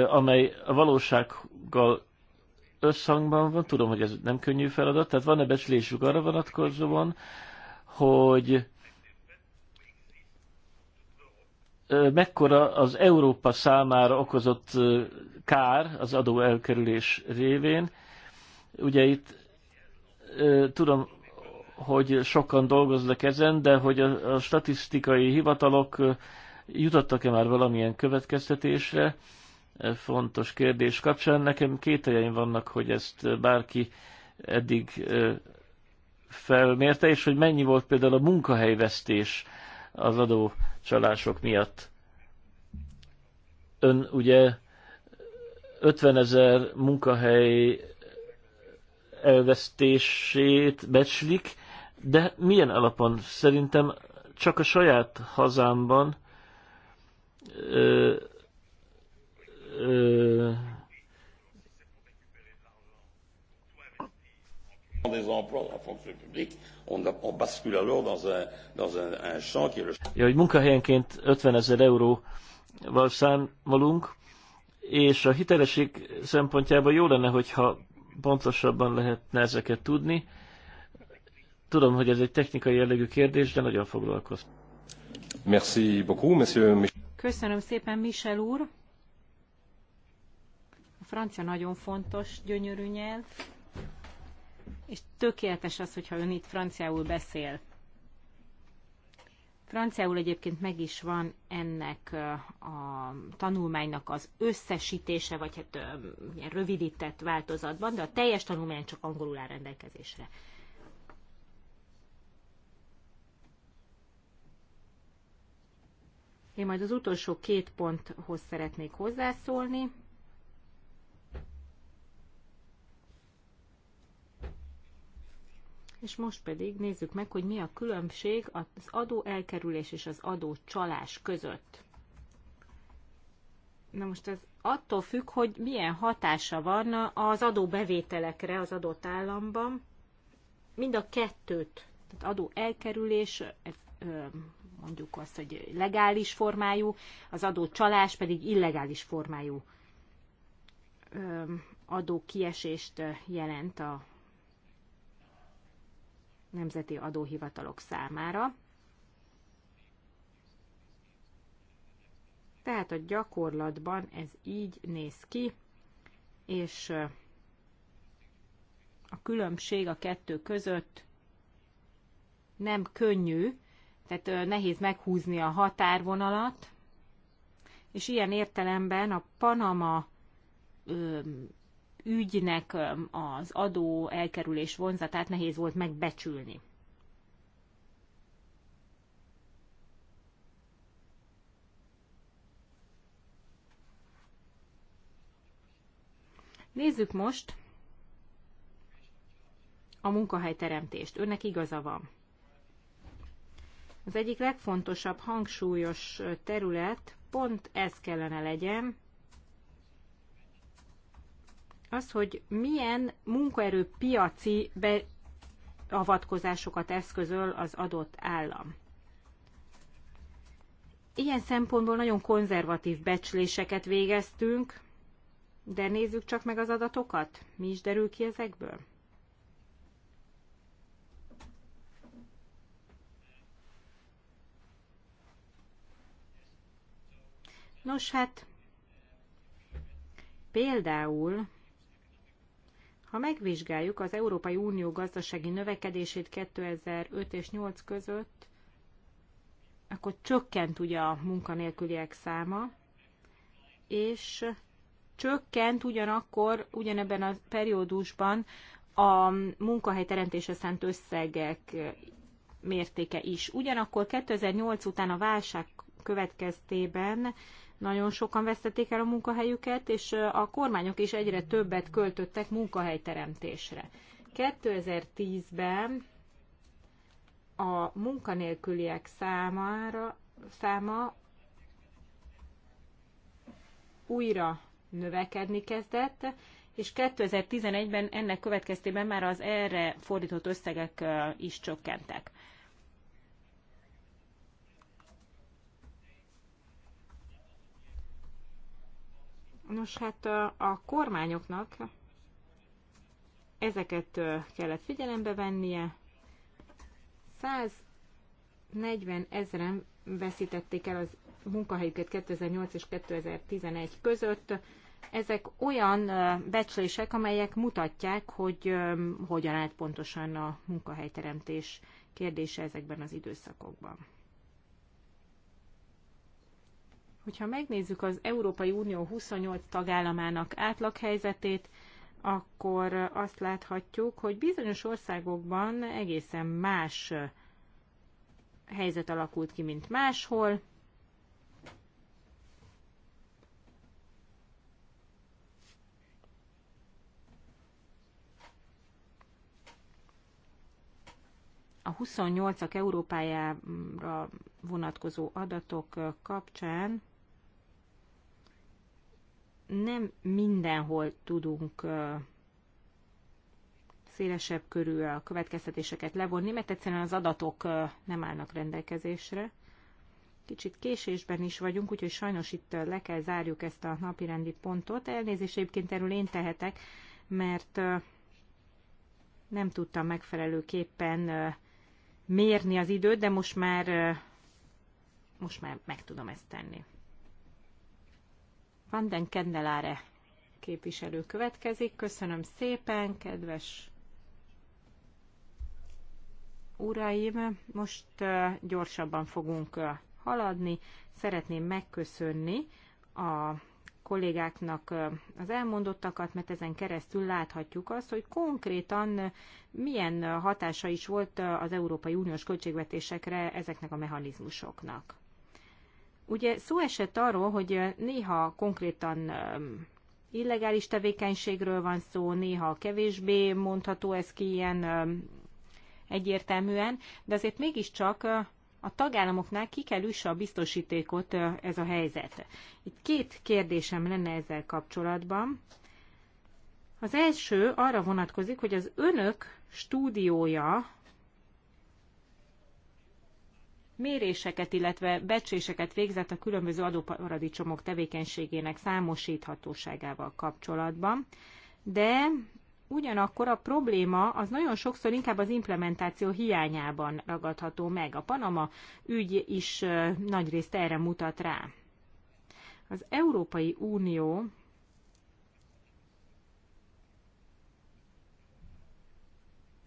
[SPEAKER 4] amely a valósággal összhangban van, tudom, hogy ez nem könnyű feladat, tehát van-e becslésük arra vonatkozóan, hogy mekkora az Európa számára okozott kár az adó elkerülés révén, Ugye itt tudom, hogy sokan dolgoznak ezen, de hogy a, a statisztikai hivatalok jutottak-e már valamilyen következtetésre, fontos kérdés kapcsán. Nekem kételjeim vannak, hogy ezt bárki eddig felmérte, és hogy mennyi volt például a munkahelyvesztés az adócsalások miatt. Ön ugye 50 ezer munkahely elvesztését becslik, de milyen alapon? Szerintem csak a saját hazámban ö, ö, Ja, hogy munkahelyenként 50 ezer euróval számolunk, és a hitelesség szempontjából jó lenne, hogyha pontosabban lehetne ezeket tudni. Tudom, hogy ez egy technikai jellegű kérdés,
[SPEAKER 1] de nagyon foglalkoztam. Merci beaucoup, monsieur
[SPEAKER 5] Köszönöm szépen, Michel úr. A francia nagyon fontos, gyönyörű nyelv, és tökéletes az, hogyha ön itt franciául beszél. Franciául egyébként meg is van ennek a tanulmánynak az összesítése, vagy hát ilyen rövidített változatban, de a teljes tanulmány csak angolul áll rendelkezésre. Én majd az utolsó két ponthoz szeretnék hozzászólni. És most pedig nézzük meg, hogy mi a különbség az adó elkerülés és az adó csalás között. Na most ez attól függ, hogy milyen hatása van az adó bevételekre az adott államban. Mind a kettőt, tehát adó elkerülés, mondjuk azt, hogy legális formájú, az adó csalás pedig illegális formájú kiesést jelent a nemzeti adóhivatalok számára. Tehát a gyakorlatban ez így néz ki, és a különbség a kettő között nem könnyű, tehát nehéz meghúzni a határvonalat, és ilyen értelemben a Panama ügynek az adó elkerülés vonzatát nehéz volt megbecsülni. Nézzük most a munkahelyteremtést. Önnek igaza van. Az egyik legfontosabb hangsúlyos terület pont ez kellene legyen, az, hogy milyen munkaerőpiaci beavatkozásokat eszközöl az adott állam. Ilyen szempontból nagyon konzervatív becsléseket végeztünk, de nézzük csak meg az adatokat. Mi is derül ki ezekből? Nos, hát például ha megvizsgáljuk az Európai Unió gazdasági növekedését 2005 és 8 között, akkor csökkent ugye a munkanélküliek száma, és csökkent ugyanakkor, ugyanebben a periódusban a munkahelyteremtése szánt összegek mértéke is. Ugyanakkor 2008 után a válság következtében nagyon sokan vesztették el a munkahelyüket, és a kormányok is egyre többet költöttek munkahelyteremtésre. 2010-ben a munkanélküliek számára, száma újra növekedni kezdett, és 2011-ben ennek következtében már az erre fordított összegek is csökkentek. Nos, hát a kormányoknak ezeket kellett figyelembe vennie. 140 ezeren veszítették el az munkahelyüket 2008 és 2011 között. Ezek olyan becslések, amelyek mutatják, hogy hogyan állt pontosan a munkahelyteremtés kérdése ezekben az időszakokban. Hogyha megnézzük az Európai Unió 28 tagállamának átlaghelyzetét, akkor azt láthatjuk, hogy bizonyos országokban egészen más helyzet alakult ki, mint máshol. A 28-ak Európájára vonatkozó adatok kapcsán nem mindenhol tudunk szélesebb körű a következtetéseket levonni, mert egyszerűen az adatok nem állnak rendelkezésre. Kicsit késésben is vagyunk, úgyhogy sajnos itt le kell zárjuk ezt a napirendi pontot. Elnézést egyébként erről én tehetek, mert nem tudtam megfelelőképpen mérni az időt, de most már, most már meg tudom ezt tenni. Vanden Kendelare képviselő következik. Köszönöm szépen, kedves uraim! Most gyorsabban fogunk haladni. Szeretném megköszönni a kollégáknak az elmondottakat, mert ezen keresztül láthatjuk azt, hogy konkrétan milyen hatása is volt az Európai Uniós költségvetésekre ezeknek a mechanizmusoknak. Ugye szó esett arról, hogy néha konkrétan illegális tevékenységről van szó, néha kevésbé mondható ez ki ilyen egyértelműen, de azért mégiscsak a tagállamoknál ki kell üsse a biztosítékot ez a helyzet. Itt két kérdésem lenne ezzel kapcsolatban. Az első arra vonatkozik, hogy az önök stúdiója méréseket, illetve becséseket végzett a különböző adóparadicsomok tevékenységének számosíthatóságával kapcsolatban, de ugyanakkor a probléma az nagyon sokszor inkább az implementáció hiányában ragadható meg. A Panama ügy is nagyrészt erre mutat rá. Az Európai Unió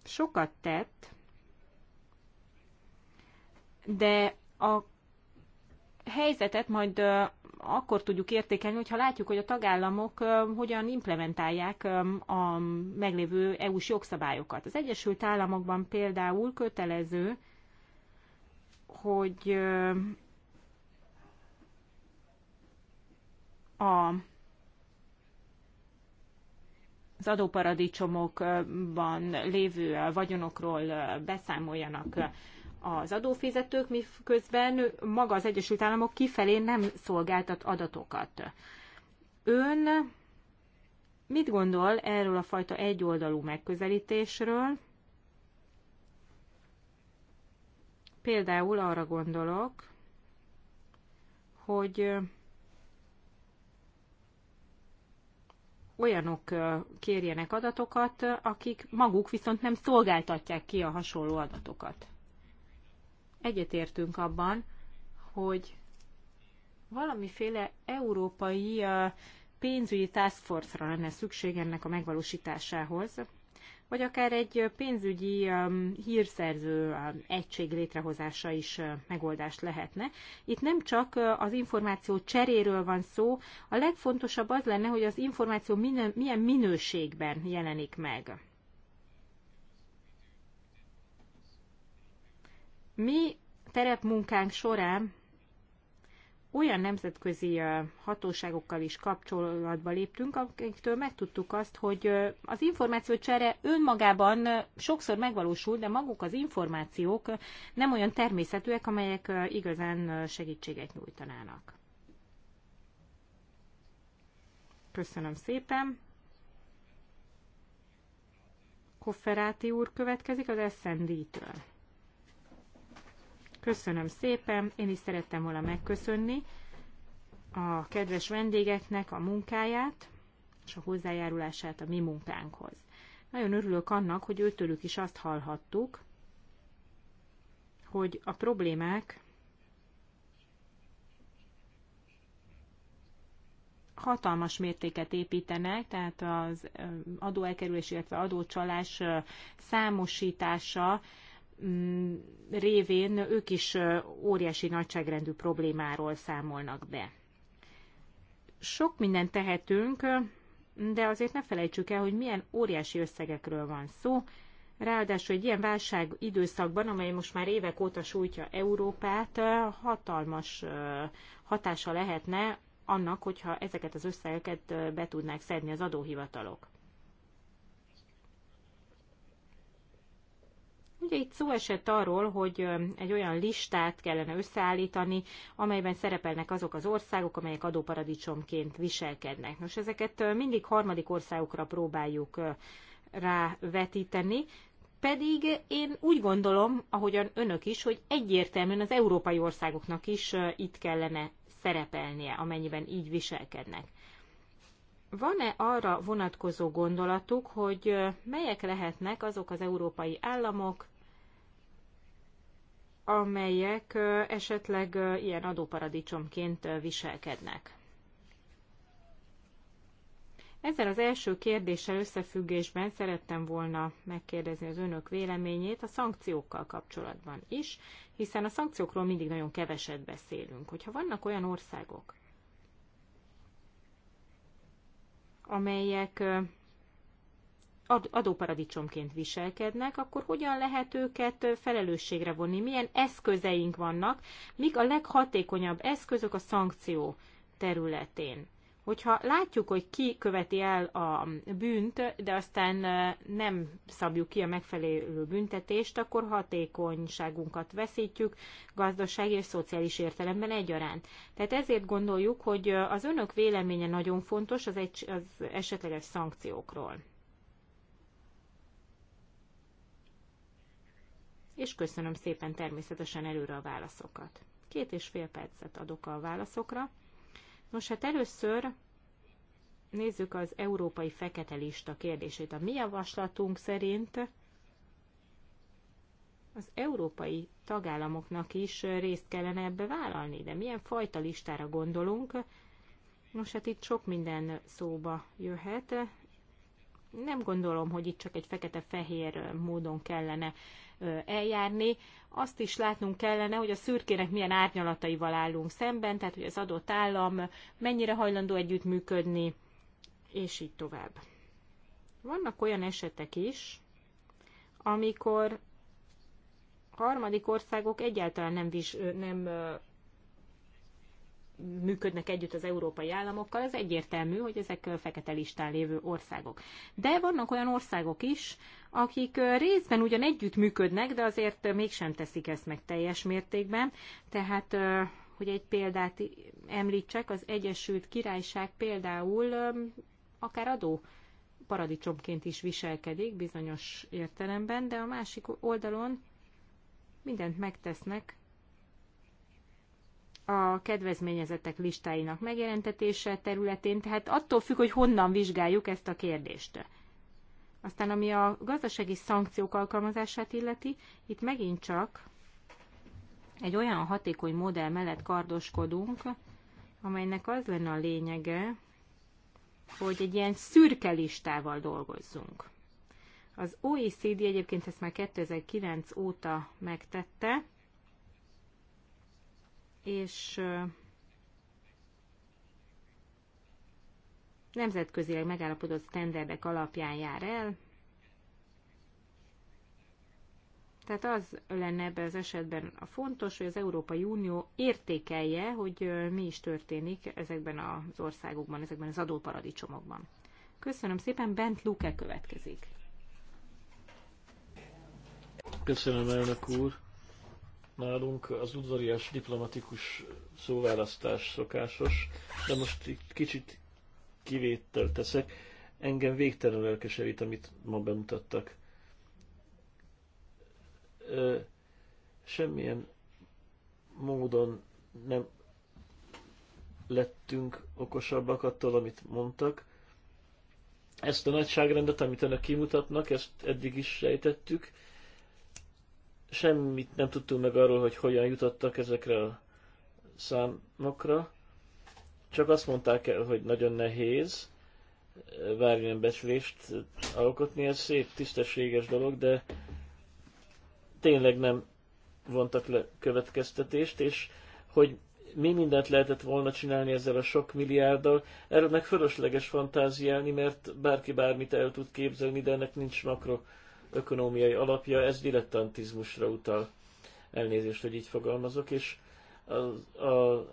[SPEAKER 5] sokat tett de a helyzetet majd akkor tudjuk értékelni, hogyha látjuk, hogy a tagállamok hogyan implementálják a meglévő EU-s jogszabályokat. Az Egyesült Államokban például kötelező, hogy a az adóparadicsomokban lévő vagyonokról beszámoljanak az adófizetők, miközben maga az Egyesült Államok kifelé nem szolgáltat adatokat. Ön mit gondol erről a fajta egyoldalú megközelítésről? Például arra gondolok, hogy olyanok kérjenek adatokat, akik maguk viszont nem szolgáltatják ki a hasonló adatokat egyetértünk abban, hogy valamiféle európai pénzügyi task force-ra lenne szükség ennek a megvalósításához, vagy akár egy pénzügyi hírszerző egység létrehozása is megoldást lehetne. Itt nem csak az információ cseréről van szó, a legfontosabb az lenne, hogy az információ milyen minőségben jelenik meg. Mi terepmunkánk során olyan nemzetközi hatóságokkal is kapcsolatba léptünk, akiktől megtudtuk azt, hogy az információcsere önmagában sokszor megvalósul, de maguk az információk nem olyan természetűek, amelyek igazán segítséget nyújtanának. Köszönöm szépen. Kofferáti úr következik az SND-től. Köszönöm szépen, én is szerettem volna megköszönni a kedves vendégeknek a munkáját és a hozzájárulását a mi munkánkhoz. Nagyon örülök annak, hogy őtőlük is azt hallhattuk, hogy a problémák hatalmas mértéket építenek, tehát az adóelkerülés, illetve adócsalás számosítása Mm, révén ők is óriási nagyságrendű problémáról számolnak be. Sok mindent tehetünk, de azért ne felejtsük el, hogy milyen óriási összegekről van szó. Ráadásul egy ilyen válság időszakban, amely most már évek óta sújtja Európát, hatalmas hatása lehetne annak, hogyha ezeket az összegeket be tudnák szedni az adóhivatalok. Ugye itt szó esett arról, hogy egy olyan listát kellene összeállítani, amelyben szerepelnek azok az országok, amelyek adóparadicsomként viselkednek. Nos, ezeket mindig harmadik országokra próbáljuk rávetíteni, pedig én úgy gondolom, ahogyan önök is, hogy egyértelműen az európai országoknak is itt kellene szerepelnie, amennyiben így viselkednek van-e arra vonatkozó gondolatuk, hogy melyek lehetnek azok az európai államok, amelyek esetleg ilyen adóparadicsomként viselkednek? Ezzel az első kérdéssel összefüggésben szerettem volna megkérdezni az önök véleményét a szankciókkal kapcsolatban is, hiszen a szankciókról mindig nagyon keveset beszélünk. Hogyha vannak olyan országok, amelyek adóparadicsomként viselkednek, akkor hogyan lehet őket felelősségre vonni? Milyen eszközeink vannak? Mik a leghatékonyabb eszközök a szankció területén? hogyha látjuk, hogy ki követi el a bűnt, de aztán nem szabjuk ki a megfelelő büntetést, akkor hatékonyságunkat veszítjük gazdasági és szociális értelemben egyaránt. Tehát ezért gondoljuk, hogy az önök véleménye nagyon fontos az, egy, az esetleges szankciókról. És köszönöm szépen természetesen előre a válaszokat. Két és fél percet adok a válaszokra. Nos, hát először nézzük az európai fekete lista kérdését. A mi javaslatunk szerint az európai tagállamoknak is részt kellene ebbe vállalni, de milyen fajta listára gondolunk? Nos, hát itt sok minden szóba jöhet. Nem gondolom, hogy itt csak egy fekete-fehér módon kellene eljárni, azt is látnunk kellene, hogy a szürkének milyen árnyalataival állunk szemben, tehát hogy az adott állam mennyire hajlandó együttműködni, és így tovább. Vannak olyan esetek is, amikor harmadik országok egyáltalán nem, vis, nem működnek együtt az európai államokkal, az egyértelmű, hogy ezek fekete listán lévő országok. De vannak olyan országok is, akik részben ugyan együtt működnek, de azért mégsem teszik ezt meg teljes mértékben. Tehát, hogy egy példát említsek, az Egyesült Királyság például akár adó paradicsomként is viselkedik bizonyos értelemben, de a másik oldalon mindent megtesznek a kedvezményezettek listáinak megjelentetése területén, tehát attól függ, hogy honnan vizsgáljuk ezt a kérdést. Aztán ami a gazdasági szankciók alkalmazását illeti, itt megint csak egy olyan hatékony modell mellett kardoskodunk, amelynek az lenne a lényege, hogy egy ilyen szürke listával dolgozzunk. Az OECD egyébként ezt már 2009 óta megtette, és nemzetközileg megállapodott sztenderdek alapján jár el. Tehát az lenne ebben az esetben a fontos, hogy az Európai Unió értékelje, hogy mi is történik ezekben az országokban, ezekben az adóparadicsomokban. Köszönöm szépen, Bent Luke következik.
[SPEAKER 4] Köszönöm, elnök úr nálunk az udvarias diplomatikus szóválasztás szokásos, de most itt kicsit kivétel teszek. Engem végtelenül elkeserít, amit ma bemutattak. Ö, semmilyen módon nem lettünk okosabbak attól, amit mondtak. Ezt a nagyságrendet, amit önök kimutatnak, ezt eddig is sejtettük, semmit nem tudtunk meg arról, hogy hogyan jutottak ezekre a számokra. Csak azt mondták el, hogy nagyon nehéz bármilyen eh, becslést eh, alkotni. Ez szép, tisztességes dolog, de tényleg nem vontak le következtetést, és hogy mi mindent lehetett volna csinálni ezzel a sok milliárddal, erről meg fölösleges fantáziálni, mert bárki bármit el tud képzelni, de ennek nincs makro ökonómiai alapja, ez dilettantizmusra utal. Elnézést, hogy így fogalmazok, és az a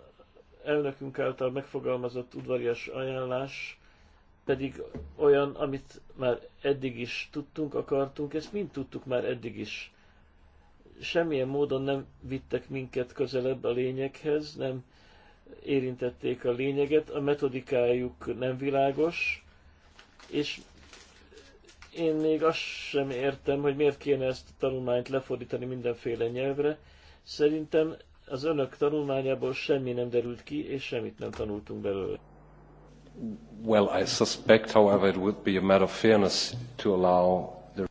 [SPEAKER 4] elnökünk által megfogalmazott udvarias ajánlás pedig olyan, amit már eddig is tudtunk, akartunk, ezt mind tudtuk már eddig is. Semmilyen módon nem vittek minket közelebb a lényeghez, nem érintették a lényeget, a metodikájuk nem világos, és én még azt sem értem, hogy miért kéne ezt a tanulmányt lefordítani mindenféle nyelvre. Szerintem az önök tanulmányából semmi nem derült ki, és semmit nem tanultunk belőle.
[SPEAKER 1] Well, I suspect, however, it would be a matter of fairness to allow the...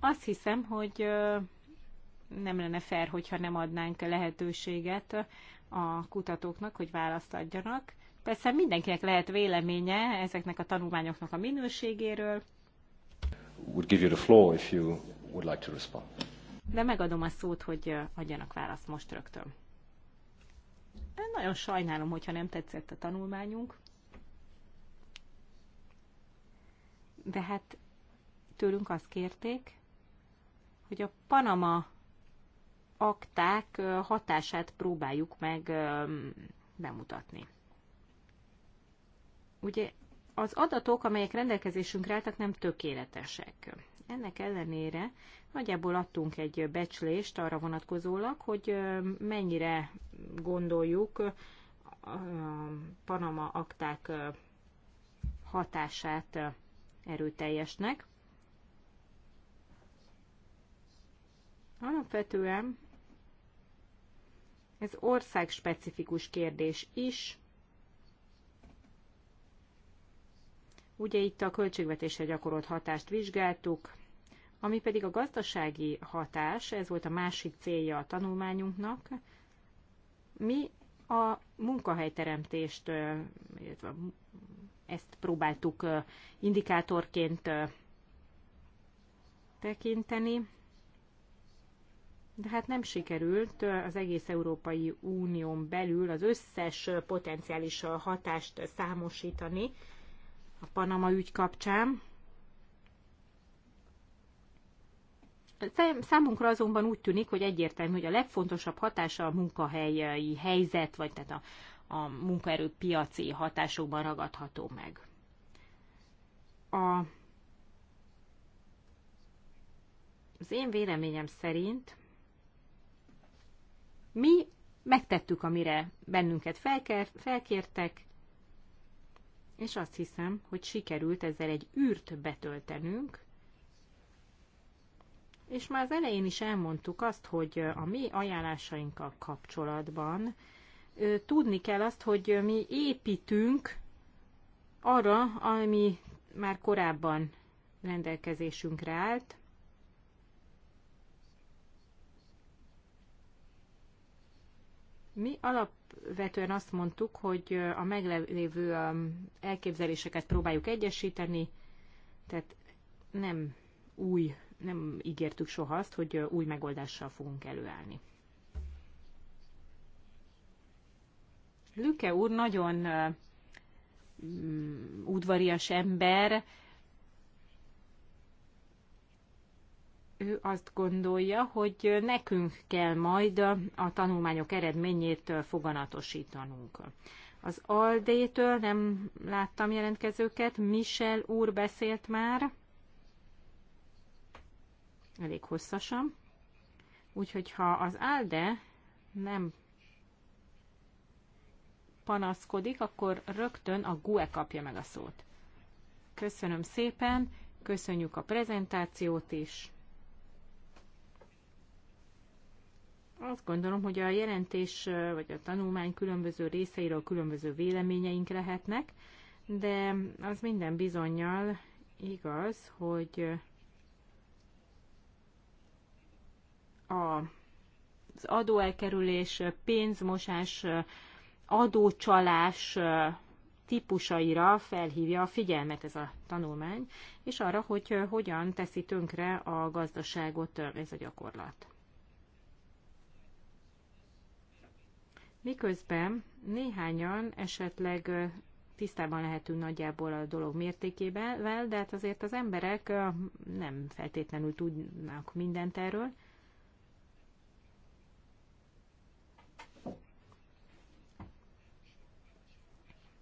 [SPEAKER 5] Azt hiszem, hogy nem lenne fair, hogyha nem adnánk lehetőséget a kutatóknak, hogy választ adjanak. Persze mindenkinek lehet véleménye ezeknek a tanulmányoknak a minőségéről,
[SPEAKER 1] would give you the floor if you would like to respond.
[SPEAKER 5] De megadom a szót, hogy adjanak választ most rögtön. Én nagyon sajnálom, hogyha nem tetszett a tanulmányunk. De hát tőlünk azt kérték, hogy a Panama akták hatását próbáljuk meg bemutatni. Ugye az adatok, amelyek rendelkezésünkre álltak, nem tökéletesek. Ennek ellenére nagyjából adtunk egy becslést arra vonatkozólag, hogy mennyire gondoljuk a Panama akták hatását erőteljesnek. Alapvetően ez országspecifikus kérdés is, Ugye itt a költségvetésre gyakorolt hatást vizsgáltuk, ami pedig a gazdasági hatás, ez volt a másik célja a tanulmányunknak, mi a munkahelyteremtést, illetve ezt próbáltuk indikátorként tekinteni, de hát nem sikerült az egész Európai Unión belül az összes potenciális hatást számosítani, a Panama ügy kapcsán. Számunkra azonban úgy tűnik, hogy egyértelmű, hogy a legfontosabb hatása a munkahelyi helyzet, vagy tehát a, a munkaerőpiaci hatásokban ragadható meg. A, az én véleményem szerint mi megtettük, amire bennünket felkértek, és azt hiszem, hogy sikerült ezzel egy űrt betöltenünk, és már az elején is elmondtuk azt, hogy a mi ajánlásainkkal kapcsolatban tudni kell azt, hogy mi építünk arra, ami már korábban rendelkezésünkre állt, mi alap alapvetően azt mondtuk, hogy a meglévő elképzeléseket próbáljuk egyesíteni, tehát nem új, nem ígértük soha azt, hogy új megoldással fogunk előállni. Lüke úr nagyon udvarias ember, ő azt gondolja, hogy nekünk kell majd a tanulmányok eredményét foganatosítanunk. Az Aldétől nem láttam jelentkezőket, Michel úr beszélt már, elég hosszasan, úgyhogy ha az Alde nem panaszkodik, akkor rögtön a GUE kapja meg a szót. Köszönöm szépen, köszönjük a prezentációt is. Azt gondolom, hogy a jelentés vagy a tanulmány különböző részeiről különböző véleményeink lehetnek, de az minden bizonyal igaz, hogy a, az adóelkerülés, pénzmosás, adócsalás típusaira felhívja a figyelmet ez a tanulmány, és arra, hogy hogyan teszi tönkre a gazdaságot ez a gyakorlat. Miközben néhányan esetleg tisztában lehetünk nagyjából a dolog mértékével, de hát azért az emberek nem feltétlenül tudnak mindent erről.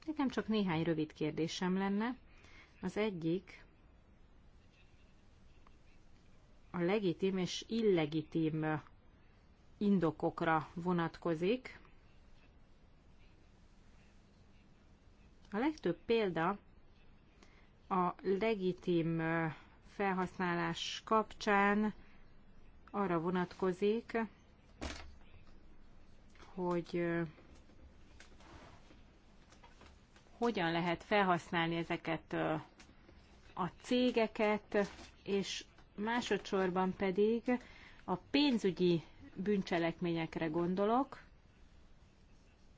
[SPEAKER 5] Nekem csak néhány rövid kérdésem lenne. Az egyik a legitim és illegitim indokokra vonatkozik, A legtöbb példa a legitim felhasználás kapcsán arra vonatkozik, hogy hogyan lehet felhasználni ezeket a cégeket, és másodszorban pedig a pénzügyi bűncselekményekre gondolok,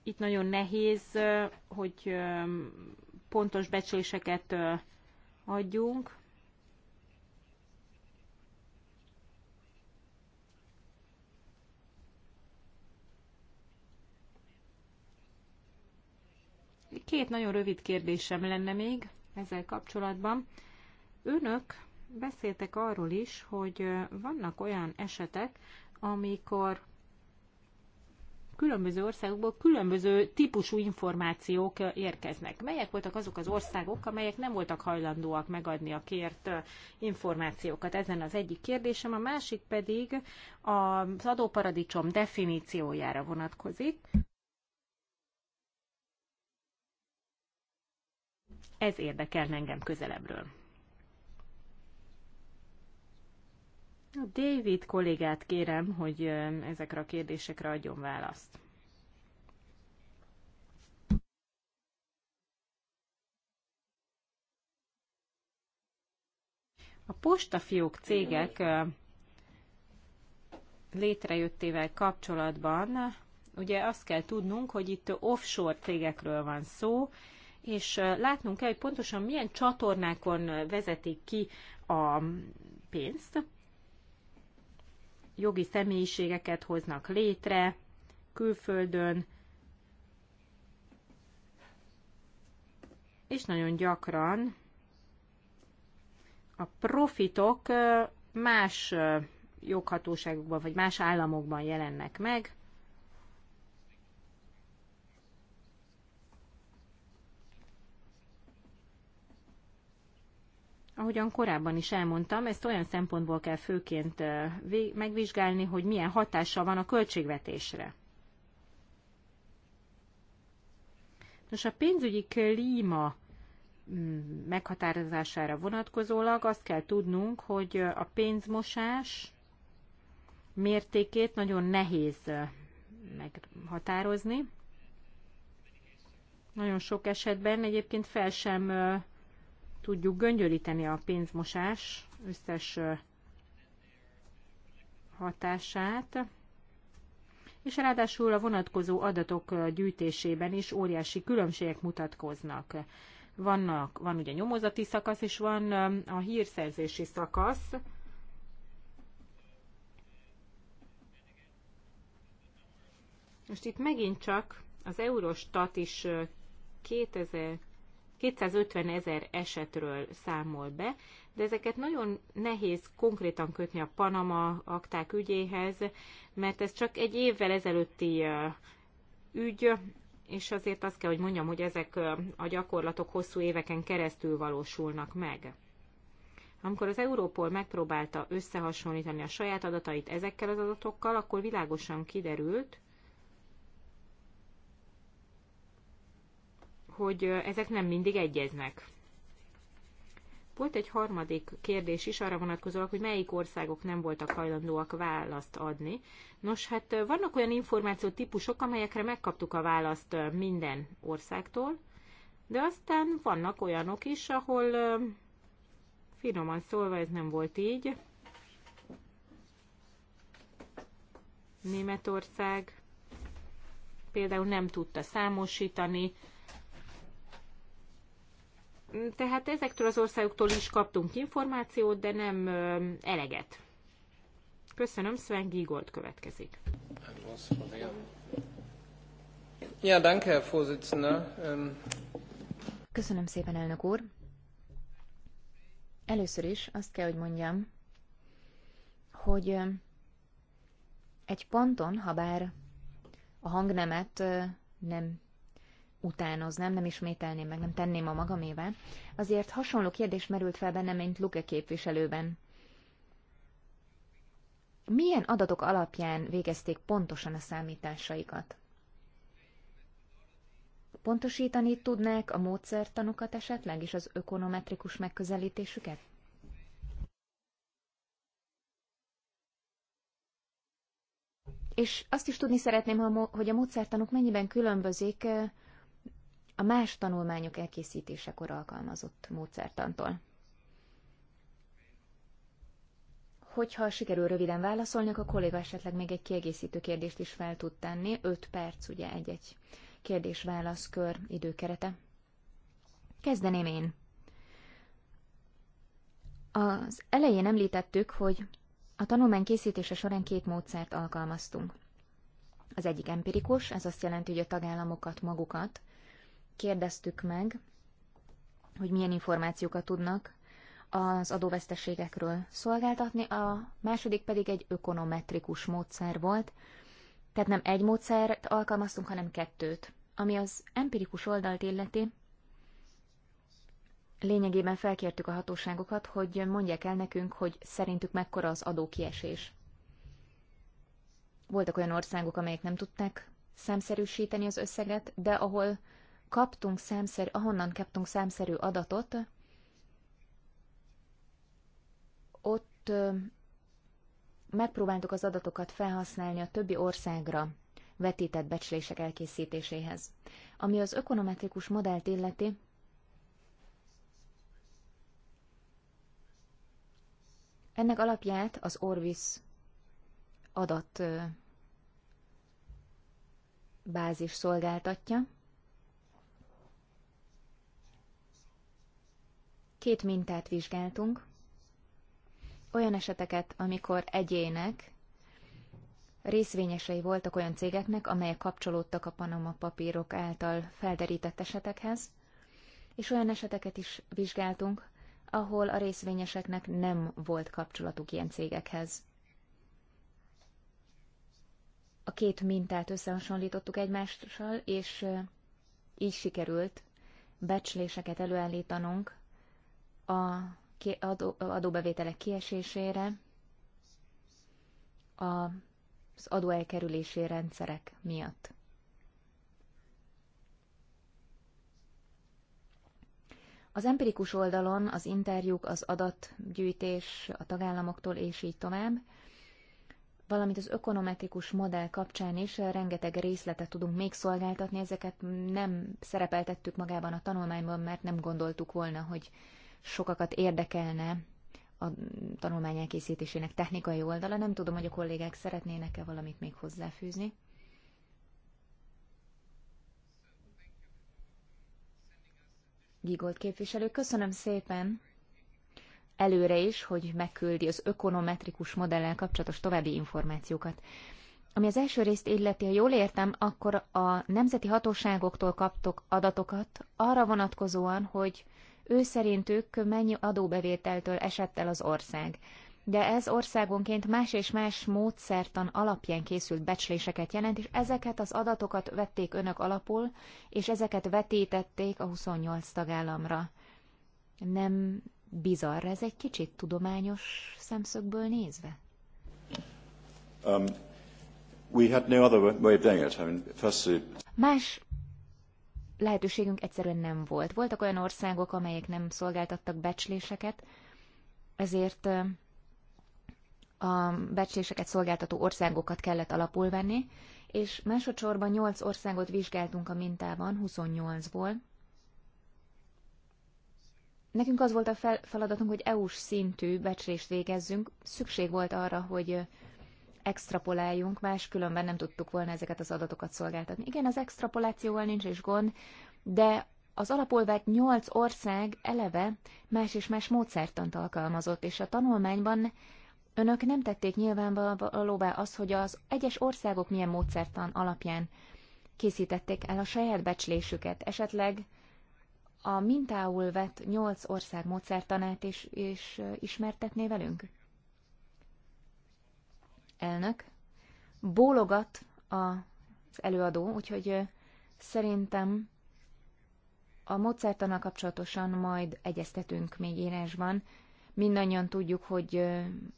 [SPEAKER 5] itt nagyon nehéz, hogy pontos becsléseket adjunk. Két nagyon rövid kérdésem lenne még ezzel kapcsolatban. Önök beszéltek arról is, hogy vannak olyan esetek, amikor különböző országokból különböző típusú információk érkeznek. Melyek voltak azok az országok, amelyek nem voltak hajlandóak megadni a kért információkat? Ezen az egyik kérdésem, a másik pedig az adóparadicsom definíciójára vonatkozik. Ez érdekel engem közelebbről. David kollégát kérem, hogy ezekre a kérdésekre adjon választ. A postafiók cégek létrejöttével kapcsolatban ugye azt kell tudnunk, hogy itt offshore cégekről van szó, és látnunk kell, hogy pontosan milyen csatornákon vezetik ki a pénzt, jogi személyiségeket hoznak létre külföldön, és nagyon gyakran a profitok más joghatóságokban vagy más államokban jelennek meg, ahogyan korábban is elmondtam, ezt olyan szempontból kell főként megvizsgálni, hogy milyen hatása van a költségvetésre. Nos, a pénzügyi klíma mm, meghatározására vonatkozólag azt kell tudnunk, hogy a pénzmosás mértékét nagyon nehéz meghatározni. Nagyon sok esetben egyébként fel sem tudjuk göngyölíteni a pénzmosás összes hatását, és ráadásul a vonatkozó adatok gyűjtésében is óriási különbségek mutatkoznak. Vannak, van ugye nyomozati szakasz, és van a hírszerzési szakasz, Most itt megint csak az Eurostat is 2000 250 ezer esetről számol be, de ezeket nagyon nehéz konkrétan kötni a Panama akták ügyéhez, mert ez csak egy évvel ezelőtti ügy, és azért azt kell, hogy mondjam, hogy ezek a gyakorlatok hosszú éveken keresztül valósulnak meg. Amikor az Európol megpróbálta összehasonlítani a saját adatait ezekkel az adatokkal, akkor világosan kiderült, hogy ezek nem mindig egyeznek. Volt egy harmadik kérdés is arra vonatkozóak, hogy melyik országok nem voltak hajlandóak választ adni. Nos, hát vannak olyan információ típusok, amelyekre megkaptuk a választ minden országtól, de aztán vannak olyanok is, ahol finoman szólva ez nem volt így. Németország például nem tudta számosítani tehát ezektől az országoktól is kaptunk információt, de nem eleget. Köszönöm, Sven Gigold következik. Ja, danke, Herr Vorsitzender. Ähm, Köszönöm szépen,
[SPEAKER 2] elnök úr. Először is azt kell, hogy mondjam, hogy egy ponton, ha bár a hangnemet nem utánoznám, nem ismételném meg, nem tenném a magamévá. Azért hasonló kérdés merült fel bennem, mint Luke képviselőben. Milyen adatok alapján végezték pontosan a számításaikat? Pontosítani tudnák a módszertanukat esetleg, és az ökonometrikus megközelítésüket? És azt is tudni szeretném, hogy a módszertanuk mennyiben különbözik eh, a más tanulmányok elkészítésekor alkalmazott módszertantól. Hogyha sikerül röviden válaszolni, a kolléga esetleg még egy kiegészítő kérdést is fel tud tenni. 5 perc, ugye egy-egy kérdés válaszkör időkerete. Kezdeném én. Az elején említettük, hogy a tanulmány készítése során két módszert alkalmaztunk. Az egyik empirikus, ez azt jelenti, hogy a tagállamokat magukat kérdeztük meg, hogy milyen információkat tudnak az adóveszteségekről szolgáltatni, a második pedig egy ökonometrikus módszer volt, tehát nem egy módszert alkalmaztunk, hanem kettőt. Ami az empirikus oldalt illeti, lényegében felkértük a hatóságokat, hogy mondják el nekünk, hogy szerintük mekkora az adókiesés. Voltak olyan országok, amelyek nem tudták számszerűsíteni az összeget, de ahol kaptunk számszerű, ahonnan kaptunk számszerű adatot, ott megpróbáltuk az adatokat felhasználni a többi országra vetített becslések elkészítéséhez. Ami az ökonometrikus modellt illeti, ennek alapját az Orvis adat bázis szolgáltatja, Két mintát vizsgáltunk, olyan eseteket, amikor egyének részvényesei voltak olyan cégeknek, amelyek kapcsolódtak a Panama papírok által felderített esetekhez, és olyan eseteket is vizsgáltunk, ahol a részvényeseknek nem volt kapcsolatuk ilyen cégekhez. A két mintát összehasonlítottuk egymással, és így sikerült becsléseket előállítanunk a adóbevételek kiesésére, az adóelkerülési rendszerek miatt. Az empirikus oldalon az interjúk, az adatgyűjtés a tagállamoktól és így tovább, valamint az ökonometrikus modell kapcsán is rengeteg részletet tudunk még szolgáltatni, ezeket nem szerepeltettük magában a tanulmányban, mert nem gondoltuk volna, hogy sokakat érdekelne a tanulmány elkészítésének technikai oldala. Nem tudom, hogy a kollégák szeretnének-e valamit még hozzáfűzni. Gigolt képviselő, köszönöm szépen előre is, hogy megküldi az ökonometrikus modellel kapcsolatos további információkat. Ami az első részt illeti, ha jól értem, akkor a nemzeti hatóságoktól kaptok adatokat arra vonatkozóan, hogy ő ők mennyi adóbevételtől esett el az ország. De ez országonként más és más módszertan alapján készült becsléseket jelent, és ezeket az adatokat vették önök alapul, és ezeket vetítették a 28 tagállamra. Nem bizarr ez egy kicsit tudományos szemszögből nézve?
[SPEAKER 1] Um, we had no other way of doing it. I mean, firstly...
[SPEAKER 2] Más lehetőségünk egyszerűen nem volt. Voltak olyan országok, amelyek nem szolgáltattak becsléseket, ezért a becsléseket szolgáltató országokat kellett alapul venni, és másodszorban 8 országot vizsgáltunk a mintában, 28-ból. Nekünk az volt a feladatunk, hogy EU-s szintű becslést végezzünk. Szükség volt arra, hogy extrapoláljunk, más különben nem tudtuk volna ezeket az adatokat szolgáltatni. Igen, az extrapolációval nincs is gond, de az alapolvát 8 ország eleve más és más módszertant alkalmazott, és a tanulmányban önök nem tették nyilvánvalóvá azt, hogy az egyes országok milyen módszertan alapján készítették el a saját becslésüket, esetleg a mintául vett 8 ország módszertanát is, is ismertetné velünk? elnök. Bólogat az előadó, úgyhogy szerintem a módszertannal kapcsolatosan majd egyeztetünk még írásban. Mindannyian tudjuk, hogy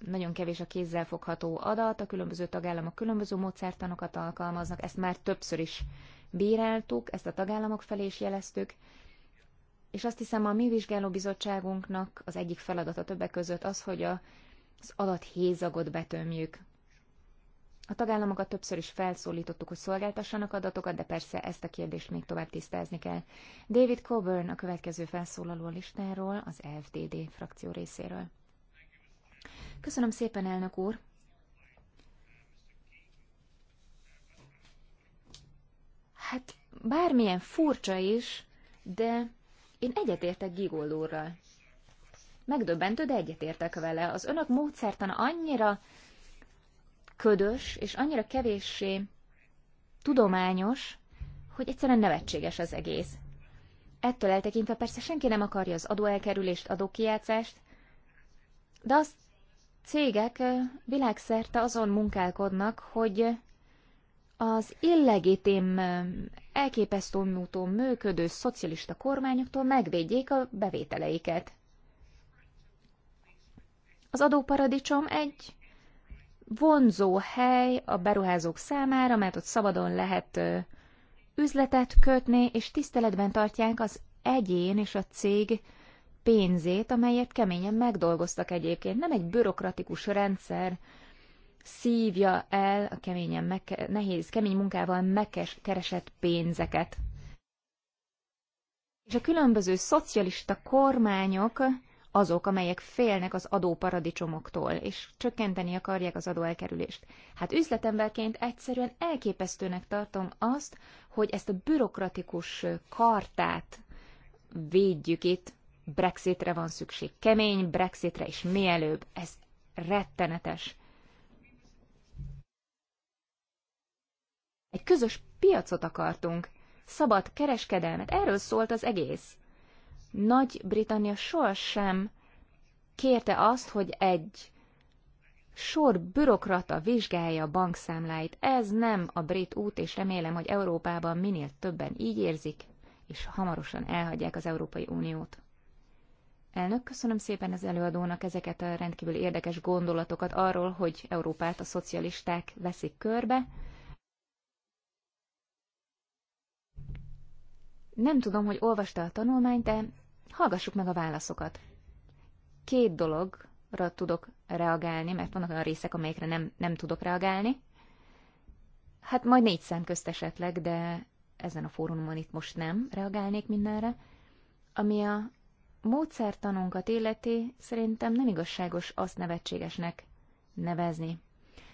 [SPEAKER 2] nagyon kevés a kézzel fogható adat, a különböző tagállamok különböző módszertanokat alkalmaznak, ezt már többször is bíráltuk, ezt a tagállamok felé is jeleztük, és azt hiszem a mi vizsgálóbizottságunknak az egyik feladata többek között az, hogy a, az adathézagot betömjük. A tagállamokat többször is felszólítottuk, hogy szolgáltassanak adatokat, de persze ezt a kérdést még tovább tisztázni kell. David Coburn a következő felszólaló listáról, az FDD frakció részéről. Köszönöm szépen, elnök úr! Hát bármilyen furcsa is, de én egyetértek Gigold úrral. Megdöbbentő, de egyetértek vele. Az önök módszertana annyira ködös, és annyira kevéssé tudományos, hogy egyszerűen nevetséges az egész. Ettől eltekintve persze senki nem akarja az adóelkerülést, adókijátszást, de az cégek világszerte azon munkálkodnak, hogy az illegitim, elképesztő úton működő szocialista kormányoktól megvédjék a bevételeiket. Az adóparadicsom egy vonzó hely a beruházók számára, mert ott szabadon lehet üzletet kötni, és tiszteletben tartják az egyén és a cég pénzét, amelyet keményen megdolgoztak egyébként. Nem egy bürokratikus rendszer szívja el a keményen megke- nehéz, kemény munkával megkeresett pénzeket. És a különböző szocialista kormányok azok, amelyek félnek az adóparadicsomoktól, és csökkenteni akarják az adóelkerülést. Hát üzletemberként egyszerűen elképesztőnek tartom azt, hogy ezt a bürokratikus kartát védjük itt, Brexitre van szükség. Kemény Brexitre, és mielőbb. Ez rettenetes. Egy közös piacot akartunk. Szabad kereskedelmet. Erről szólt az egész. Nagy-Britannia sohasem kérte azt, hogy egy sor bürokrata vizsgálja a bankszámláit. Ez nem a brit út, és remélem, hogy Európában minél többen így érzik, és hamarosan elhagyják az Európai Uniót. Elnök, köszönöm szépen az előadónak ezeket a rendkívül érdekes gondolatokat arról, hogy Európát a szocialisták veszik körbe. Nem tudom, hogy olvasta a tanulmányt, de Hallgassuk meg a válaszokat. Két dologra tudok reagálni, mert vannak olyan részek, amelyekre nem, nem tudok reagálni. Hát majd négy szem közt esetleg, de ezen a fórumon itt most nem reagálnék mindenre. Ami a módszertanunkat életé, szerintem nem igazságos azt nevetségesnek nevezni.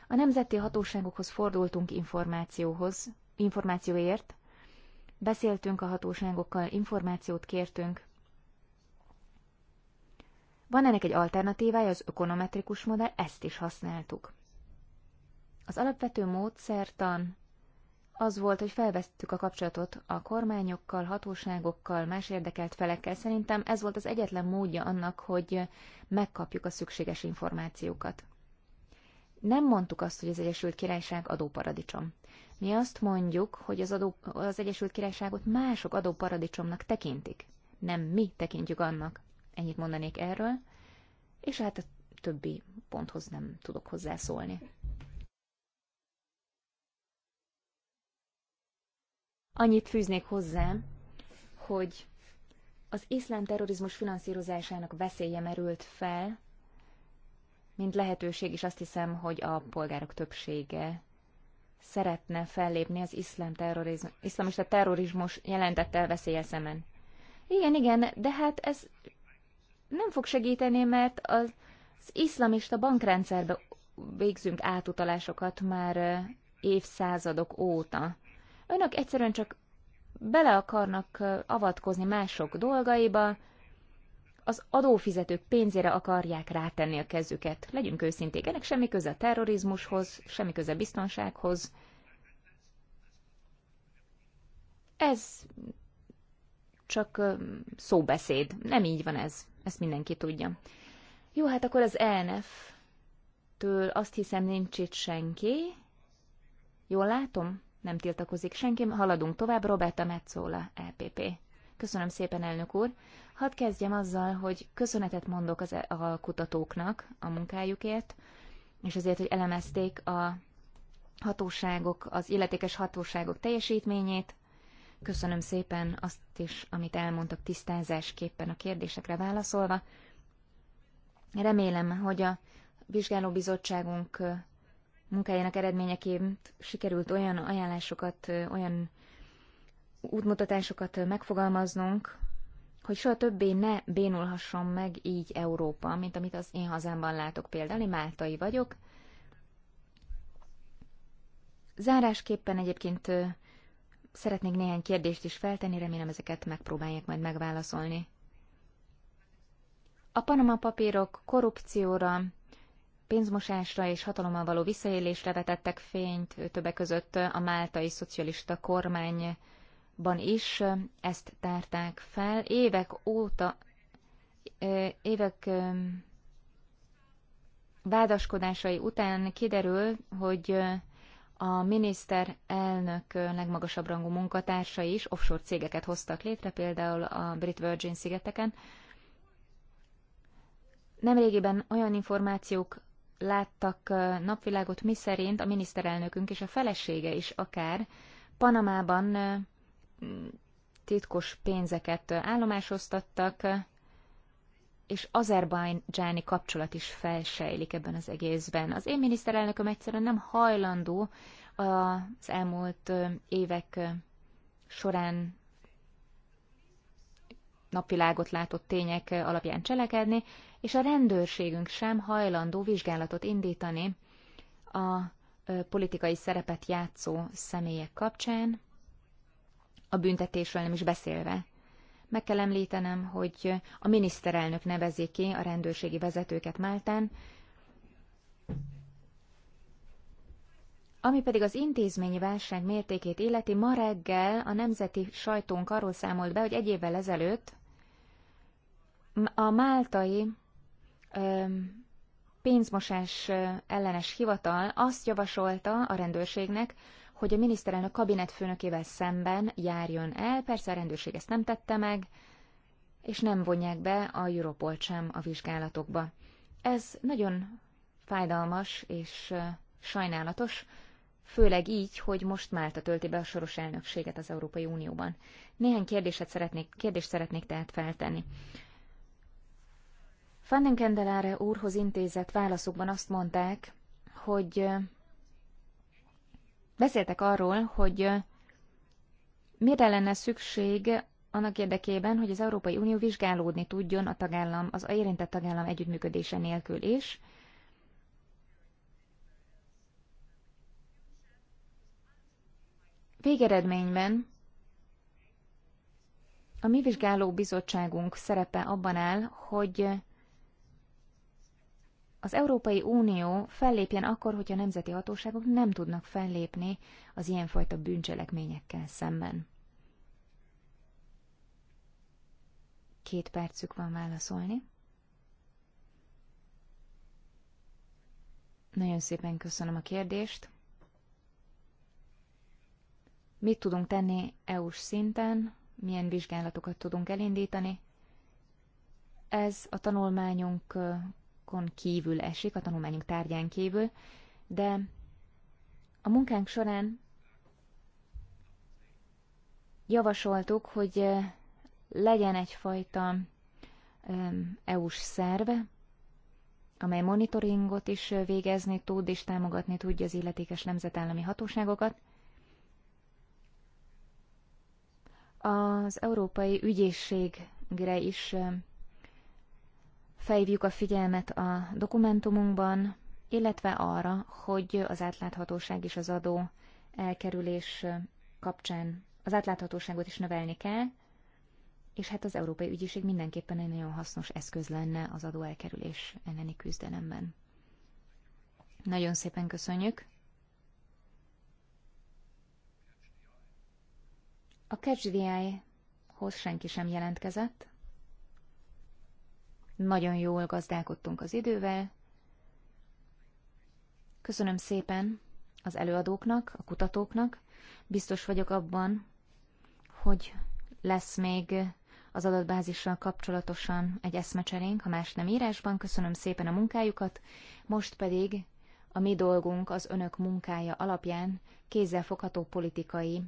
[SPEAKER 2] A nemzeti hatóságokhoz fordultunk információhoz, információért, beszéltünk a hatóságokkal, információt kértünk, van ennek egy alternatívája, az ökonometrikus modell, ezt is használtuk. Az alapvető módszertan az volt, hogy felvesztük a kapcsolatot a kormányokkal, hatóságokkal, más érdekelt felekkel. Szerintem ez volt az egyetlen módja annak, hogy megkapjuk a szükséges információkat. Nem mondtuk azt, hogy az Egyesült Királyság adóparadicsom. Mi azt mondjuk, hogy az, adó, az Egyesült Királyságot mások adóparadicsomnak tekintik. Nem mi tekintjük annak. Ennyit mondanék erről, és hát a többi ponthoz nem tudok hozzászólni. Annyit fűznék hozzá, hogy az iszlám terrorizmus finanszírozásának veszélye merült fel, mint lehetőség, és azt hiszem, hogy a polgárok többsége szeretne fellépni az iszlám terrorizmus, iszlamista terrorizmus jelentette veszélye szemen. Igen, igen, de hát ez nem fog segíteni, mert az, az iszlamista bankrendszerbe végzünk átutalásokat már évszázadok óta. Önök egyszerűen csak bele akarnak avatkozni mások dolgaiba, az adófizetők pénzére akarják rátenni a kezüket. Legyünk őszinték, ennek semmi köze a terrorizmushoz, semmi köze a biztonsághoz. Ez csak szóbeszéd. Nem így van ez. Ezt mindenki tudja. Jó, hát akkor az ENF-től azt hiszem nincs itt senki. Jól látom? Nem tiltakozik senki, haladunk tovább. Roberta Metzola, LPP. E Köszönöm szépen, elnök úr. Hadd kezdjem azzal, hogy köszönetet mondok az, e- a kutatóknak a munkájukért, és azért, hogy elemezték a hatóságok, az illetékes hatóságok teljesítményét, Köszönöm szépen azt is, amit elmondtak tisztázásképpen a kérdésekre válaszolva. Remélem, hogy a vizsgálóbizottságunk munkájának eredményeként sikerült olyan ajánlásokat, olyan útmutatásokat megfogalmaznunk, hogy soha többé ne bénulhasson meg így Európa, mint amit az én hazámban látok például. Én máltai vagyok. Zárásképpen egyébként Szeretnék néhány kérdést is feltenni, remélem ezeket megpróbálják majd megválaszolni. A Panama papírok korrupcióra, pénzmosásra és hatalommal való visszaélésre vetettek fényt, többek között a máltai szocialista kormányban is ezt tárták fel. Évek óta, évek vádaskodásai után kiderül, hogy a miniszter elnök legmagasabb rangú munkatársa is offshore cégeket hoztak létre, például a Brit Virgin szigeteken. Nemrégiben olyan információk láttak napvilágot, mi szerint a miniszterelnökünk és a felesége is akár Panamában titkos pénzeket állomásoztattak, és azerbajdzsáni kapcsolat is felsejlik ebben az egészben. Az én miniszterelnököm egyszerűen nem hajlandó az elmúlt évek során napvilágot látott tények alapján cselekedni, és a rendőrségünk sem hajlandó vizsgálatot indítani a politikai szerepet játszó személyek kapcsán, a büntetésről nem is beszélve. Meg kell említenem, hogy a miniszterelnök nevezi ki a rendőrségi vezetőket Máltán, Ami pedig az intézményi válság mértékét illeti, ma reggel a nemzeti sajtónk arról számolt be, hogy egy évvel ezelőtt a máltai ö, pénzmosás ellenes hivatal azt javasolta a rendőrségnek, hogy a miniszterelnök kabinetfőnökével szemben járjon el, persze a rendőrség ezt nem tette meg, és nem vonják be a Europol sem a vizsgálatokba. Ez nagyon fájdalmas és sajnálatos, főleg így, hogy most Málta tölti be a soros elnökséget az Európai Unióban. Néhány kérdéset szeretnék, kérdést szeretnék tehát feltenni. Fandenkendeláre úrhoz intézett válaszokban azt mondták, hogy Beszéltek arról, hogy mire lenne szükség annak érdekében, hogy az Európai Unió vizsgálódni tudjon a tagállam, az érintett tagállam együttműködése nélkül is. Végeredményben a mi vizsgáló bizottságunk szerepe abban áll, hogy az Európai Unió fellépjen akkor, hogyha nemzeti hatóságok nem tudnak fellépni az ilyenfajta bűncselekményekkel szemben. Két percük van válaszolni. Nagyon szépen köszönöm a kérdést. Mit tudunk tenni EU-s szinten? Milyen vizsgálatokat tudunk elindítani? Ez a tanulmányunk tárgyakon kívül esik, a tanulmányunk tárgyán kívül, de a munkánk során javasoltuk, hogy legyen egyfajta EU-s szerv, amely monitoringot is végezni tud, és támogatni tudja az illetékes nemzetállami hatóságokat. Az Európai Ügyészségre is felhívjuk a figyelmet a dokumentumunkban, illetve arra, hogy az átláthatóság és az adó elkerülés kapcsán az átláthatóságot is növelni kell, és hát az Európai ügyiség mindenképpen egy nagyon hasznos eszköz lenne az adó elkerülés elleni küzdelemben. Nagyon szépen köszönjük! A Catch the Eye-hoz senki sem jelentkezett. Nagyon jól gazdálkodtunk az idővel. Köszönöm szépen az előadóknak, a kutatóknak. Biztos vagyok abban, hogy lesz még az adatbázissal kapcsolatosan egy eszmecserénk, ha más nem írásban. Köszönöm szépen a munkájukat, most pedig a mi dolgunk az önök munkája alapján kézzelfogható politikai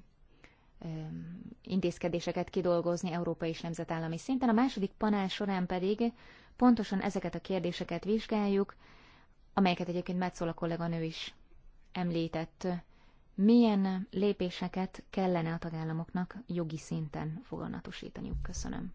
[SPEAKER 2] intézkedéseket kidolgozni európai és nemzetállami szinten. A második panel során pedig pontosan ezeket a kérdéseket vizsgáljuk, amelyeket egyébként Metszol a kolléganő is említett. Milyen lépéseket kellene a tagállamoknak jogi szinten foganatosítaniuk Köszönöm.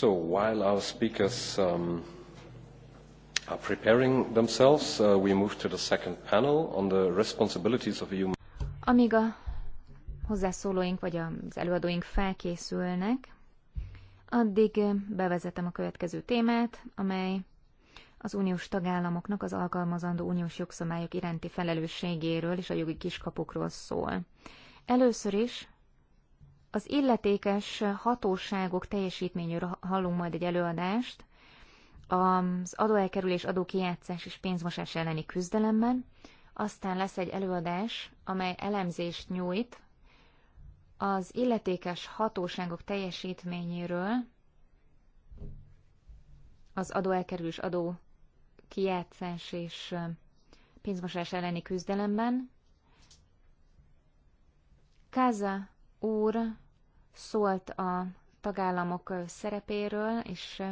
[SPEAKER 1] So while our speakers um, are preparing themselves, uh, we move to the second panel on the responsibilities of EU.
[SPEAKER 2] Amíg a hozzászólóink vagy az előadóink felkészülnek, addig bevezetem a következő témát, amely az uniós tagállamoknak az alkalmazandó uniós jogszabályok iránti felelősségéről és a jogi kiskapukról szól. Először is az illetékes hatóságok teljesítményről hallunk majd egy előadást az adóelkerülés, adókijátszás és pénzmosás elleni küzdelemben. Aztán lesz egy előadás, amely elemzést nyújt az illetékes hatóságok teljesítményéről, az adóelkerülés, adó kijátszás és pénzmosás elleni küzdelemben. Káza úr szólt a tagállamok szerepéről, és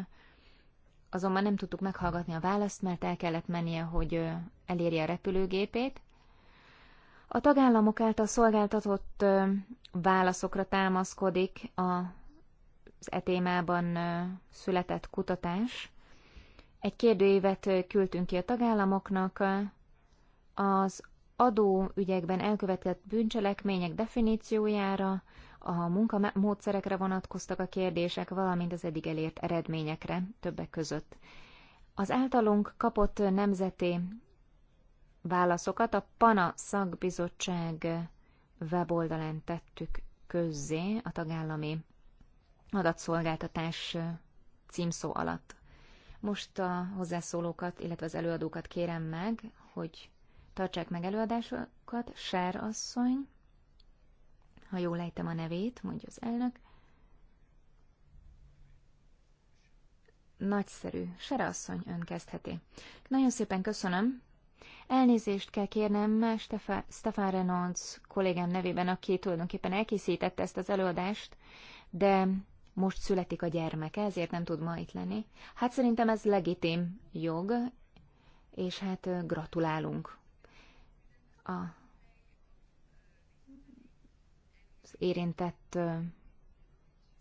[SPEAKER 2] azonban nem tudtuk meghallgatni a választ, mert el kellett mennie, hogy elérje a repülőgépét. A tagállamok által szolgáltatott válaszokra támaszkodik az etémában született kutatás. Egy kérdőívet küldtünk ki a tagállamoknak, az adóügyekben elkövetett bűncselekmények definíciójára, a munkamódszerekre vonatkoztak a kérdések, valamint az eddig elért eredményekre többek között. Az általunk kapott nemzeti válaszokat a PANA szakbizottság weboldalán tettük közzé a tagállami adatszolgáltatás címszó alatt. Most a hozzászólókat, illetve az előadókat kérem meg, hogy tartsák meg előadásokat. Sár asszony, ha jól ejtem a nevét, mondja az elnök. Nagyszerű. Sár asszony, ön kezdheti. Nagyon szépen köszönöm. Elnézést kell kérnem Stefan Reynolds kollégám nevében, aki tulajdonképpen elkészítette ezt az előadást, de most születik a gyermeke, ezért nem tud ma itt lenni. Hát szerintem ez legitim jog, és hát gratulálunk a, az érintett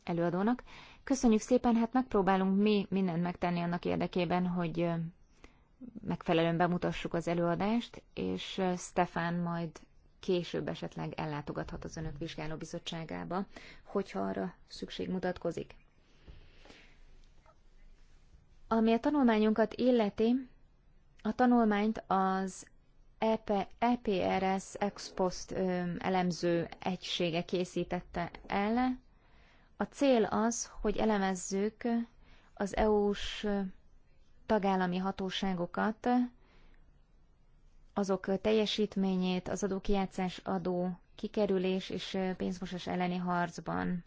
[SPEAKER 2] előadónak. Köszönjük szépen, hát megpróbálunk mi mindent megtenni annak érdekében, hogy megfelelően bemutassuk az előadást, és Stefán majd később esetleg ellátogathat az önök vizsgálóbizottságába, hogyha arra szükség mutatkozik. Ami a tanulmányunkat illeti, a tanulmányt az EP, EPRS expost ö, elemző egysége készítette el. A cél az, hogy elemezzük az EU-s tagállami hatóságokat, azok teljesítményét az adókijátszás adó kikerülés és pénzmosás elleni harcban.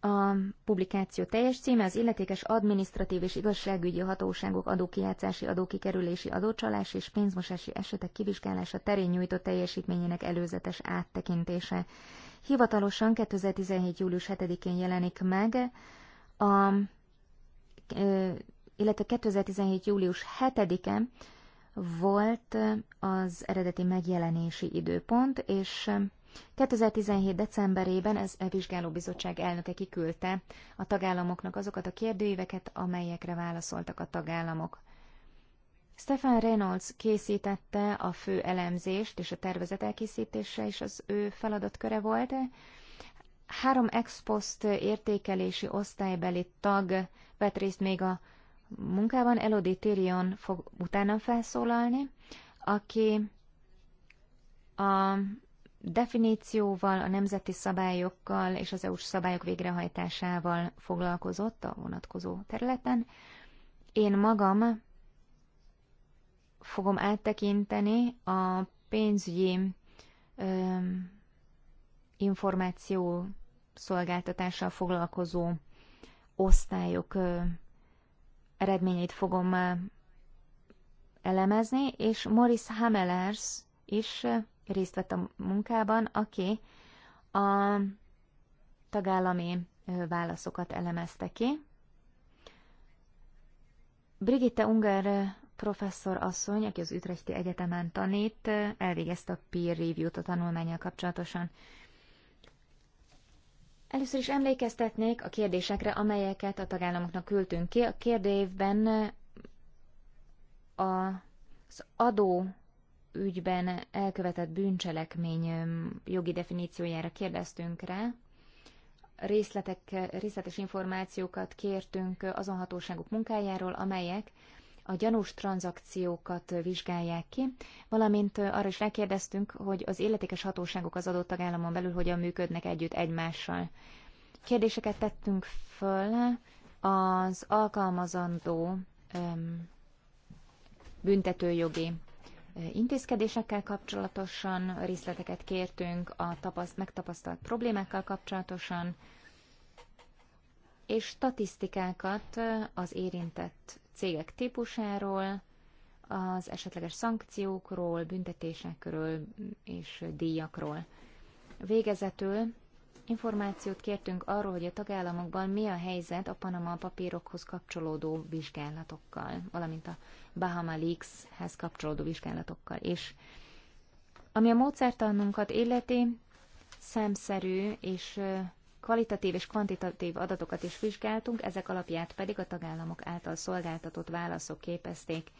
[SPEAKER 2] A publikáció teljes címe az illetékes adminisztratív és igazságügyi hatóságok adókijátszási, adókikerülési, adócsalás és pénzmosási esetek kivizsgálása terén nyújtott teljesítményének előzetes áttekintése. Hivatalosan 2017. július 7-én jelenik meg, a, illetve 2017. július 7-e volt az eredeti megjelenési időpont, és 2017. decemberében ez a e vizsgálóbizottság elnöke kiküldte a tagállamoknak azokat a kérdőíveket, amelyekre válaszoltak a tagállamok. Stefan Reynolds készítette a fő elemzést és a tervezet elkészítése is az ő feladatköre volt. Három ex post értékelési osztálybeli tag vett részt még a munkában. Elodie Tyrion fog utána felszólalni, aki a definícióval, a nemzeti szabályokkal és az EU-s szabályok végrehajtásával foglalkozott a vonatkozó területen. Én magam fogom áttekinteni a pénzügyi ö, információ szolgáltatással foglalkozó osztályok ö, eredményeit fogom elemezni, és Morris Hamelers is részt vett a munkában, aki a tagállami válaszokat elemezte ki. Brigitte Unger professzor asszony, aki az Ütrechti Egyetemen tanít, elvégezte a peer review-t a tanulmányjal kapcsolatosan. Először is emlékeztetnék a kérdésekre, amelyeket a tagállamoknak küldtünk ki. A kérdévben az adó ügyben elkövetett bűncselekmény jogi definíciójára kérdeztünk rá. Részletek, részletes információkat kértünk azon hatóságok munkájáról, amelyek a gyanús tranzakciókat vizsgálják ki, valamint arra is rákérdeztünk, hogy az illetékes hatóságok az adott tagállamon belül hogyan működnek együtt egymással. Kérdéseket tettünk föl az alkalmazandó büntetőjogi intézkedésekkel kapcsolatosan, részleteket kértünk a tapaszt, megtapasztalt problémákkal kapcsolatosan, és statisztikákat az érintett cégek típusáról, az esetleges szankciókról, büntetésekről és díjakról. Végezetül Információt kértünk arról, hogy a tagállamokban mi a helyzet a Panama papírokhoz kapcsolódó vizsgálatokkal, valamint a Bahama Leaks-hez kapcsolódó vizsgálatokkal És Ami a módszertanunkat illeti, számszerű és kvalitatív és kvantitatív adatokat is vizsgáltunk, ezek alapját pedig a tagállamok által szolgáltatott válaszok képezték.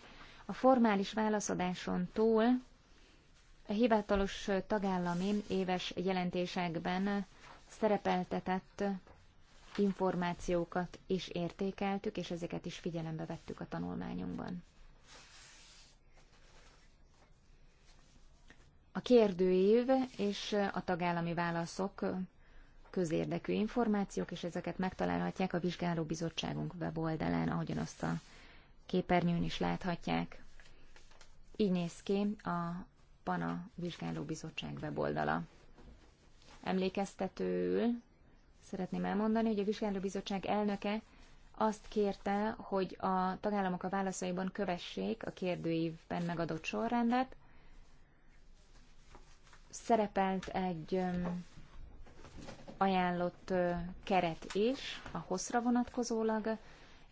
[SPEAKER 2] A formális válaszadáson túl a hivatalos tagállami éves jelentésekben szerepeltetett információkat is értékeltük, és ezeket is figyelembe vettük a tanulmányunkban. A kérdőív és a tagállami válaszok közérdekű információk, és ezeket megtalálhatják a vizsgálóbizottságunk weboldalán, ahogyan azt a képernyőn is láthatják. Így néz ki a PANA vizsgálóbizottság weboldala. Emlékeztetőül szeretném elmondani, hogy a Vizsgálóbizottság elnöke azt kérte, hogy a tagállamok a válaszaiban kövessék a kérdőívben megadott sorrendet. Szerepelt egy ajánlott keret is, a hosszra vonatkozólag,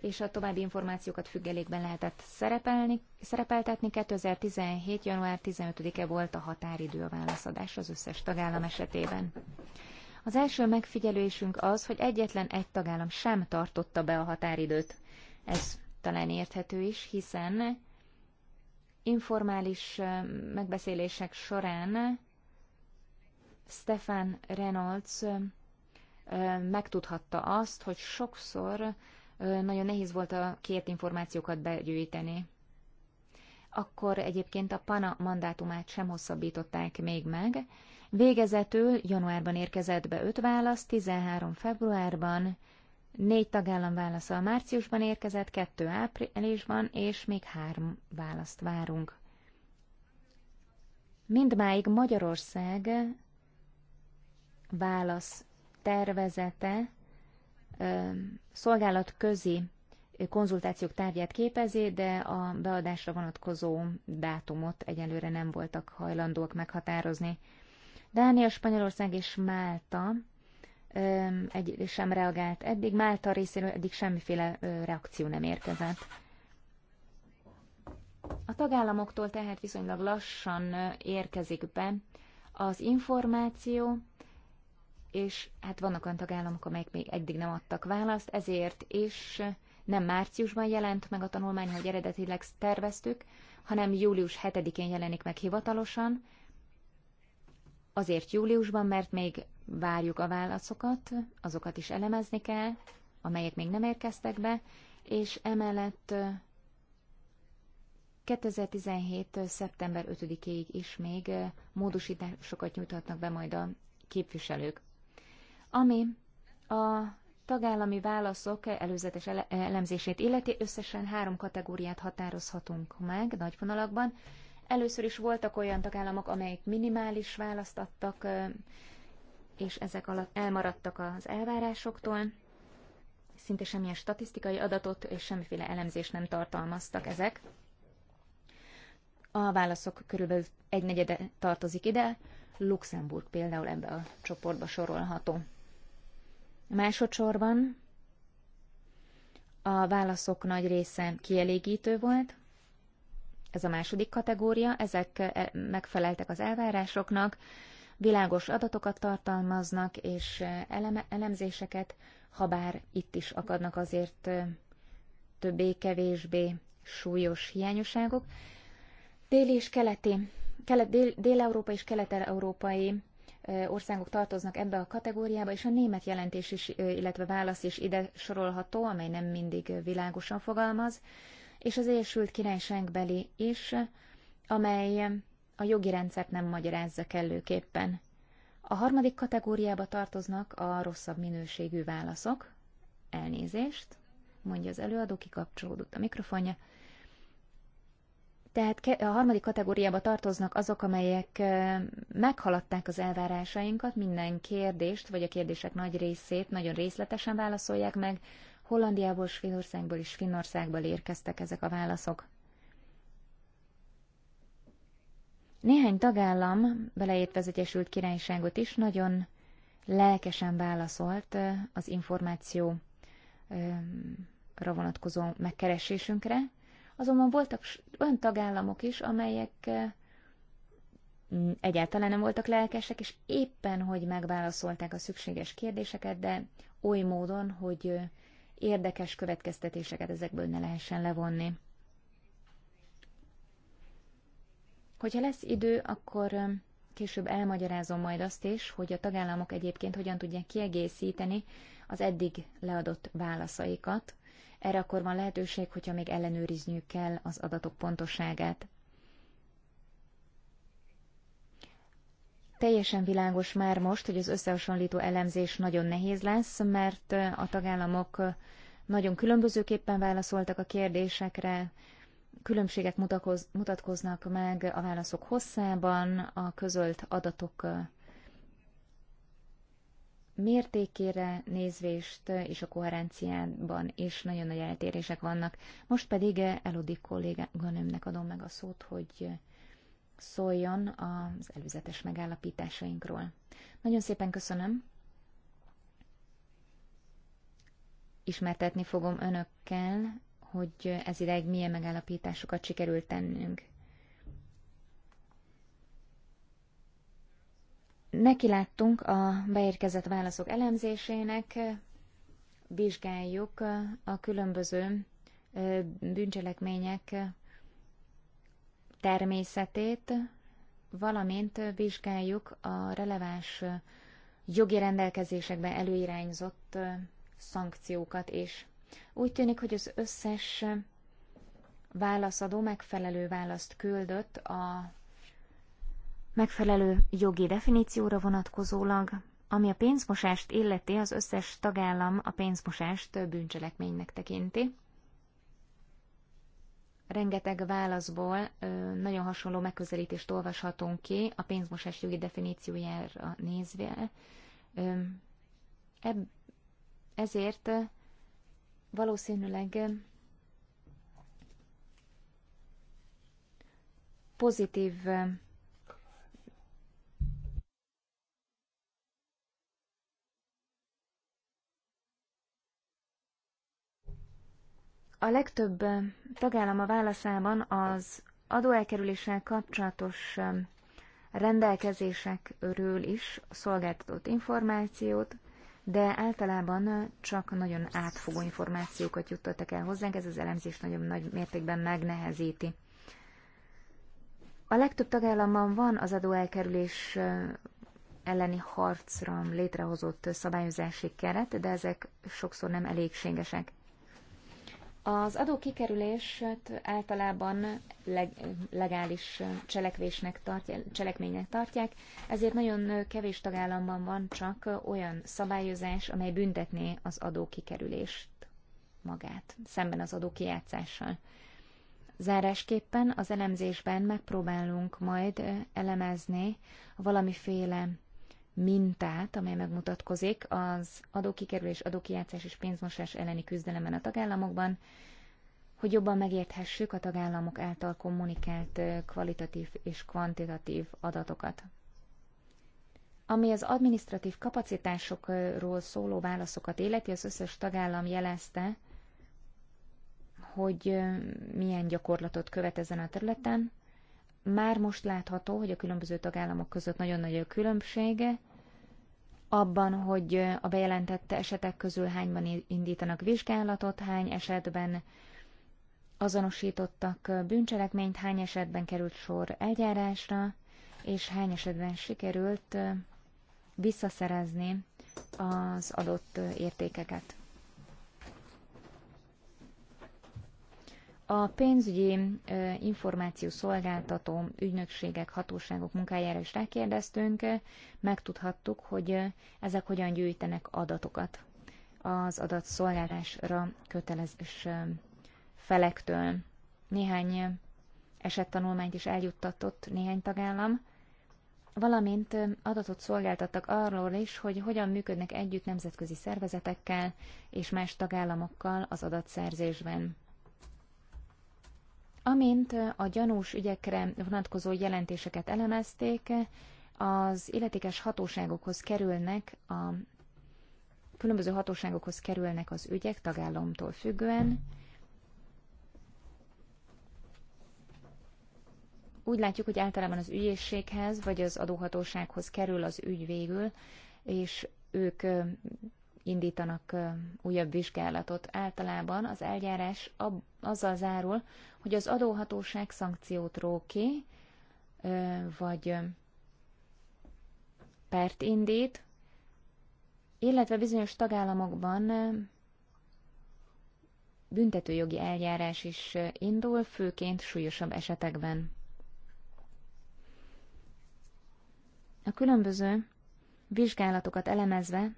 [SPEAKER 2] és a további információkat függelékben lehetett szerepelni, szerepeltetni. 2017. január 15-e volt a határidő a válaszadás az összes tagállam esetében. Az első megfigyelésünk az, hogy egyetlen egy tagállam sem tartotta be a határidőt. Ez talán érthető is, hiszen informális megbeszélések során Stefan Reynolds megtudhatta azt, hogy sokszor nagyon nehéz volt a két információkat begyűjteni. Akkor egyébként a PANA mandátumát sem hosszabbították még meg. Végezetül januárban érkezett be öt válasz, 13 februárban, Négy tagállam válasza a márciusban érkezett, kettő áprilisban, és még három választ várunk. Mindmáig Magyarország válasz tervezete szolgálat közi konzultációk tárgyát képezi, de a beadásra vonatkozó dátumot egyelőre nem voltak hajlandóak meghatározni. Dánia, Spanyolország és Málta egy sem reagált eddig, Málta részéről eddig semmiféle reakció nem érkezett. A tagállamoktól tehát viszonylag lassan érkezik be az információ, és hát vannak olyan tagállamok, amelyek még eddig nem adtak választ, ezért és nem márciusban jelent meg a tanulmány, hogy eredetileg terveztük, hanem július 7-én jelenik meg hivatalosan, azért júliusban, mert még várjuk a válaszokat, azokat is elemezni kell, amelyek még nem érkeztek be, és emellett 2017. szeptember 5-ig is még módosításokat nyújthatnak be majd a képviselők. Ami a tagállami válaszok előzetes elemzését illeti, összesen három kategóriát határozhatunk meg nagy vonalakban. Először is voltak olyan tagállamok, amelyek minimális választ adtak, és ezek alatt elmaradtak az elvárásoktól. Szinte semmilyen statisztikai adatot és semmiféle elemzést nem tartalmaztak ezek. A válaszok körülbelül egy negyede tartozik ide, Luxemburg például ebbe a csoportba sorolható. Másodszorban a válaszok nagy része kielégítő volt, ez a második kategória, ezek e, megfeleltek az elvárásoknak, világos adatokat tartalmaznak és e, eleme, elemzéseket, bár itt is akadnak azért e, többé-kevésbé súlyos hiányosságok. Déli és keleti, kelet, dél, dél-európai és kelet-európai országok tartoznak ebbe a kategóriába, és a német jelentés is, illetve válasz is ide sorolható, amely nem mindig világosan fogalmaz, és az Egyesült Királyságbeli is, amely a jogi rendszert nem magyarázza kellőképpen. A harmadik kategóriába tartoznak a rosszabb minőségű válaszok. Elnézést, mondja az előadó, kikapcsolódott a mikrofonja. Tehát a harmadik kategóriába tartoznak azok, amelyek meghaladták az elvárásainkat, minden kérdést, vagy a kérdések nagy részét nagyon részletesen válaszolják meg. Hollandiából, Svédországból és Finnországból érkeztek ezek a válaszok. Néhány tagállam, beleértve az Egyesült Királyságot is, nagyon lelkesen válaszolt az információra vonatkozó megkeresésünkre, Azonban voltak olyan tagállamok is, amelyek eh, mm, egyáltalán nem voltak lelkesek, és éppen, hogy megválaszolták a szükséges kérdéseket, de oly módon, hogy eh, érdekes következtetéseket ezekből ne lehessen levonni. Hogyha lesz idő, akkor eh, később elmagyarázom majd azt is, hogy a tagállamok egyébként hogyan tudják kiegészíteni az eddig leadott válaszaikat erre akkor van lehetőség, hogyha még ellenőrizniük kell az adatok pontosságát. Teljesen világos már most, hogy az összehasonlító elemzés nagyon nehéz lesz, mert eh, a tagállamok eh, nagyon különbözőképpen válaszoltak a kérdésekre, különbségek mutatkoznak meg a válaszok hosszában, a közölt adatok eh, mértékére nézvést és a koherenciában is nagyon nagy eltérések vannak. Most pedig Elodik kolléganőmnek adom meg a szót, hogy szóljon az előzetes megállapításainkról. Nagyon szépen köszönöm. Ismertetni fogom önökkel, hogy ez ideig milyen megállapításokat sikerült tennünk. Nekiláttunk a beérkezett válaszok elemzésének, vizsgáljuk a különböző bűncselekmények természetét, valamint vizsgáljuk a releváns jogi rendelkezésekben előirányzott szankciókat is. Úgy tűnik, hogy az összes válaszadó megfelelő választ küldött a megfelelő jogi definícióra vonatkozólag, ami a pénzmosást illeti, az összes tagállam a pénzmosást több bűncselekménynek tekinti. Rengeteg válaszból nagyon hasonló megközelítést olvashatunk ki a pénzmosás jogi definíciójára nézve. Ebb, ezért valószínűleg pozitív A legtöbb tagállam a válaszában az adóelkerüléssel kapcsolatos rendelkezésekről is szolgáltatott információt, de általában csak nagyon átfogó információkat juttattak el hozzánk, ez az elemzés nagyon nagy mértékben megnehezíti. A legtöbb tagállamban van az adóelkerülés elleni harcra létrehozott szabályozási keret, de ezek sokszor nem elégségesek. Az adó kikerülést általában leg, legális cselekvésnek tartja, cselekménynek tartják, ezért nagyon kevés tagállamban van csak olyan szabályozás, amely büntetné az adó kikerülést magát, szemben az adó kijátszással. Zárásképpen az elemzésben megpróbálunk majd elemezni valamiféle mintát, amely megmutatkozik az adókikerülés, adókijátszás és pénzmosás elleni küzdelemben a tagállamokban, hogy jobban megérthessük a tagállamok által kommunikált kvalitatív és kvantitatív adatokat. Ami az administratív kapacitásokról szóló válaszokat életi, az összes tagállam jelezte, hogy milyen gyakorlatot követ ezen a területen, már most látható, hogy a különböző tagállamok között nagyon nagy a különbsége, abban, hogy a bejelentett esetek közül hányban indítanak vizsgálatot, hány esetben azonosítottak bűncselekményt, hány esetben került sor eljárásra, és hány esetben sikerült visszaszerezni az adott értékeket. A pénzügyi információ szolgáltató ügynökségek, hatóságok munkájára is rákérdeztünk, megtudhattuk, hogy ezek hogyan gyűjtenek adatokat az adatszolgálásra kötelezős felektől. Néhány esettanulmányt is eljuttatott néhány tagállam, valamint adatot szolgáltattak arról is, hogy hogyan működnek együtt nemzetközi szervezetekkel és más tagállamokkal az adatszerzésben. Amint a gyanús ügyekre vonatkozó jelentéseket elemezték, az illetékes hatóságokhoz kerülnek a különböző hatóságokhoz kerülnek az ügyek tagállamtól függően. Úgy látjuk, hogy általában az ügyészséghez vagy az adóhatósághoz kerül az ügy végül, és ők indítanak újabb vizsgálatot. Általában az eljárás azzal zárul, hogy az adóhatóság szankciót ró ki, vagy pert indít, illetve bizonyos tagállamokban büntetőjogi eljárás is indul, főként súlyosabb esetekben. A különböző vizsgálatokat elemezve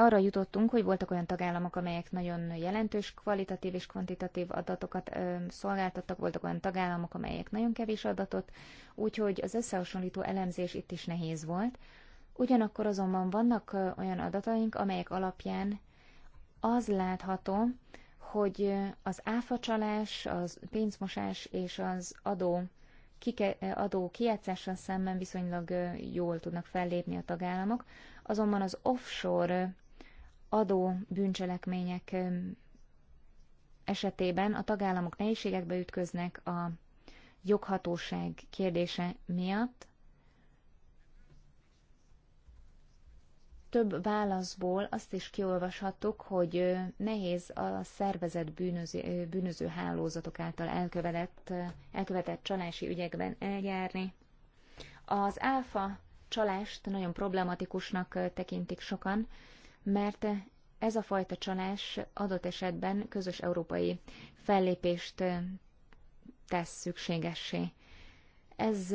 [SPEAKER 2] arra jutottunk, hogy voltak olyan tagállamok, amelyek nagyon jelentős kvalitatív és kvantitatív adatokat ö, szolgáltattak, voltak olyan tagállamok, amelyek nagyon kevés adatot, úgyhogy az összehasonlító elemzés itt is nehéz volt. Ugyanakkor azonban vannak olyan adataink, amelyek alapján az látható, hogy az áfacsalás, az pénzmosás és az adó, kike, adó kijátszással szemben viszonylag jól tudnak fellépni a tagállamok, azonban az offshore adó bűncselekmények esetében a tagállamok nehézségekbe ütköznek a joghatóság kérdése miatt. Több válaszból azt is kiolvashattuk, hogy nehéz a szervezett bűnöző, bűnöző hálózatok által elkövetett, elkövetett csalási ügyekben eljárni. Az áfa csalást nagyon problematikusnak tekintik sokan, mert ez a fajta csalás adott esetben közös európai fellépést eh, tesz szükségessé. Ez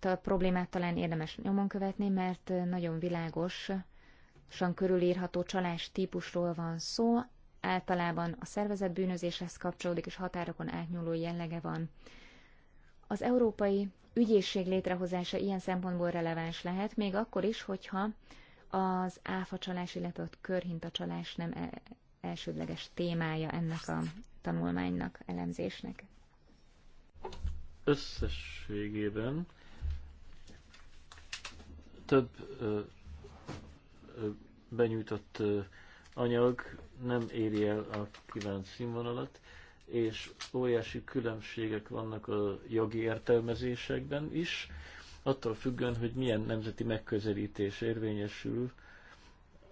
[SPEAKER 2] a problémát talán érdemes nyomon követni, mert eh, nagyon világosan körülírható csalás típusról van szó, általában a szervezet bűnözéshez kapcsolódik, és határokon átnyúló jellege van. Az európai ügyészség létrehozása ilyen szempontból releváns lehet, még akkor is, hogyha az áfa csalás, illetve a körhinta csalás nem e- elsődleges témája ennek a tanulmánynak, elemzésnek.
[SPEAKER 4] Összességében több ö, ö, benyújtott ö, anyag nem éri el a kívánt színvonalat, és óriási különbségek vannak a jogi értelmezésekben is. Ö, attól függően, hogy milyen nemzeti megközelítés érvényesül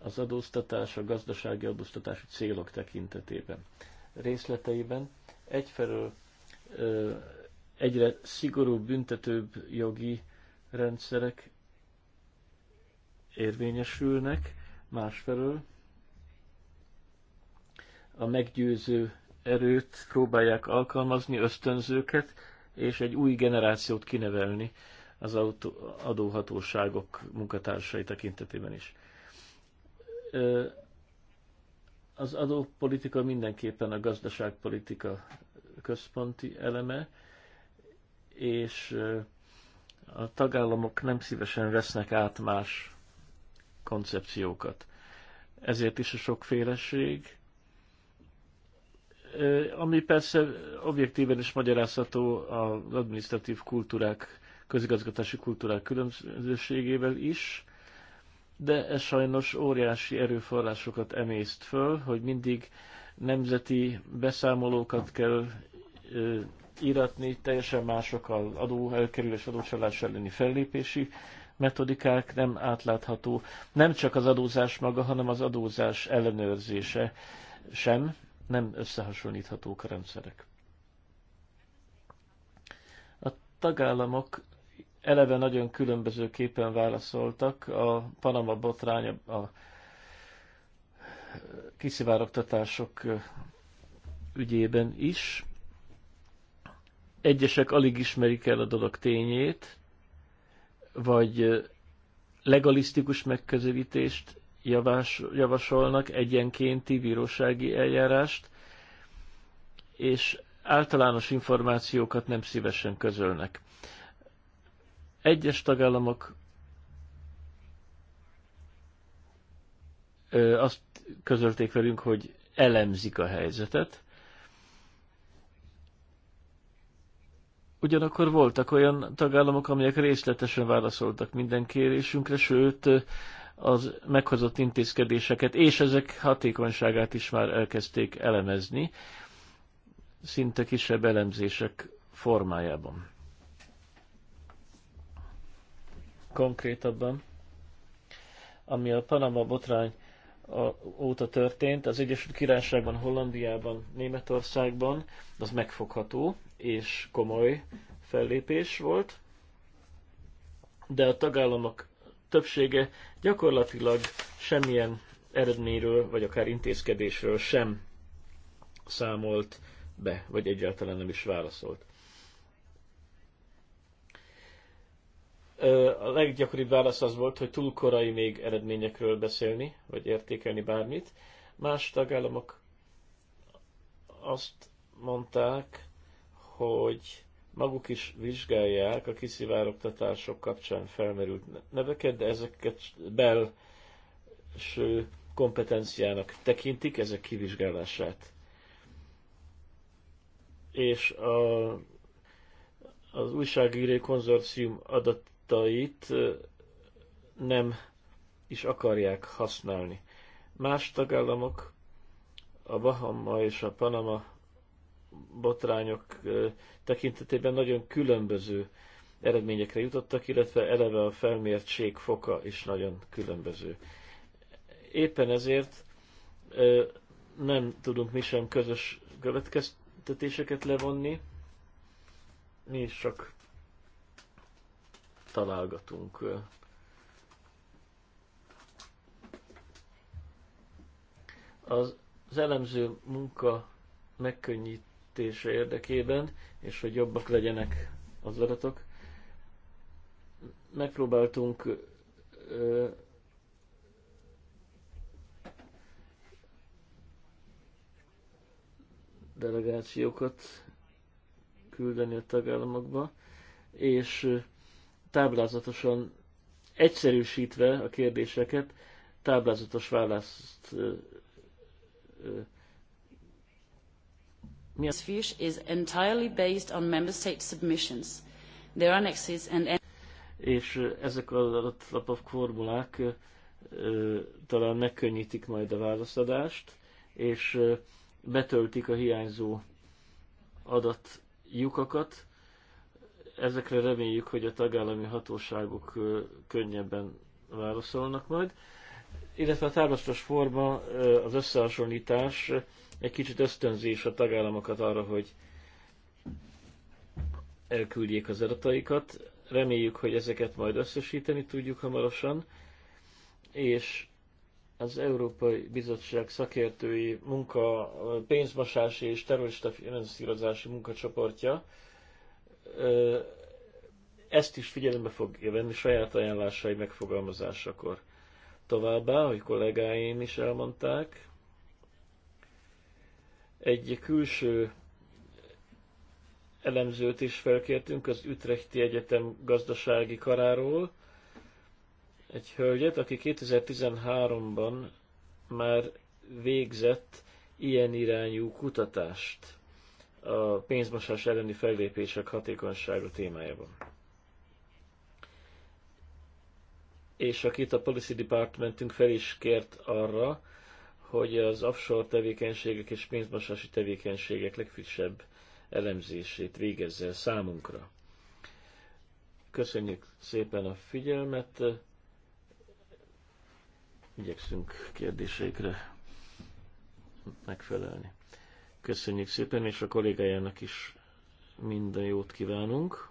[SPEAKER 4] az adóztatás, a gazdasági adóztatási célok tekintetében. Részleteiben egyfelől ö, egyre szigorúbb, büntetőbb jogi rendszerek érvényesülnek, másfelől a meggyőző erőt próbálják alkalmazni, ösztönzőket, és egy új generációt kinevelni az autó, adóhatóságok munkatársai tekintetében is. Az adópolitika mindenképpen a gazdaságpolitika központi eleme, és a tagállamok nem szívesen vesznek át más koncepciókat. Ezért is a sokféleség, ami persze objektíven is magyarázható az administratív kultúrák közigazgatási kultúrák különbözőségével is, de ez sajnos óriási erőforrásokat emészt föl, hogy mindig nemzeti beszámolókat kell ö, íratni, teljesen mások az adó elkerülés, adócsalás elleni fellépési metodikák, nem átlátható. Nem csak az adózás maga, hanem az adózás ellenőrzése sem, nem összehasonlíthatók a rendszerek. A tagállamok eleve nagyon különbözőképpen válaszoltak. A Panama botrány, a kiszivárogtatások ügyében is. Egyesek alig ismerik el a dolog tényét, vagy legalisztikus megközelítést javás, javasolnak, egyenkénti bírósági eljárást, és általános információkat nem szívesen közölnek. Egyes tagállamok azt közölték velünk, hogy elemzik a helyzetet. Ugyanakkor voltak olyan tagállamok, amelyek részletesen válaszoltak minden kérésünkre, sőt, az meghozott intézkedéseket, és ezek hatékonyságát is már elkezdték elemezni, szinte kisebb elemzések formájában. konkrétabban, ami a Panama botrány óta történt, az Egyesült Királyságban, Hollandiában, Németországban, az megfogható és komoly fellépés volt, de a tagállamok többsége gyakorlatilag semmilyen eredményről, vagy akár intézkedésről sem számolt be, vagy egyáltalán nem is válaszolt. A leggyakoribb válasz az volt, hogy túl korai még eredményekről beszélni, vagy értékelni bármit. Más tagállamok azt mondták, hogy maguk is vizsgálják a kiszivárogtatások kapcsán felmerült neveket, de ezeket belső kompetenciának tekintik, ezek kivizsgálását. És a, az újságíró konzorcium adat adatait nem is akarják használni. Más tagállamok, a Bahama és a Panama botrányok tekintetében nagyon különböző eredményekre jutottak, illetve eleve a felmértség foka is nagyon különböző. Éppen ezért nem tudunk mi sem közös következtetéseket levonni, mi is csak találgatunk. Az, az elemző munka megkönnyítése érdekében, és hogy jobbak legyenek az adatok, megpróbáltunk ö, delegációkat küldeni a tagállamokba, és táblázatosan egyszerűsítve a kérdéseket, táblázatos
[SPEAKER 5] választ This fish is entirely based on member state submissions, their annexes and
[SPEAKER 4] és ezek az adatlapok formulák talán megkönnyítik majd a válaszadást, és betöltik a hiányzó adatlyukakat, Ezekre reméljük, hogy a tagállami hatóságok könnyebben válaszolnak majd. Illetve a tárlasztos forma, az összehasonlítás egy kicsit ösztönzés a tagállamokat arra, hogy elküldjék az adataikat. Reméljük, hogy ezeket majd összesíteni tudjuk hamarosan, és az Európai Bizottság szakértői munka, pénzmosási és terrorista finanszírozási munkacsoportja ezt is figyelembe fogja venni saját ajánlásai megfogalmazásakor. Továbbá, hogy kollégáim is elmondták, egy külső elemzőt is felkértünk az Ütrechti Egyetem gazdasági karáról, egy hölgyet, aki 2013-ban már végzett ilyen irányú kutatást a pénzmosás elleni fellépések hatékonysága témájában. És akit a Policy Departmentünk fel is kért arra, hogy az offshore tevékenységek és pénzmosási tevékenységek legfrissebb elemzését végezze el számunkra. Köszönjük szépen a figyelmet, igyekszünk kérdéseikre megfelelni. Köszönjük szépen, és a kollégájának is minden jót kívánunk.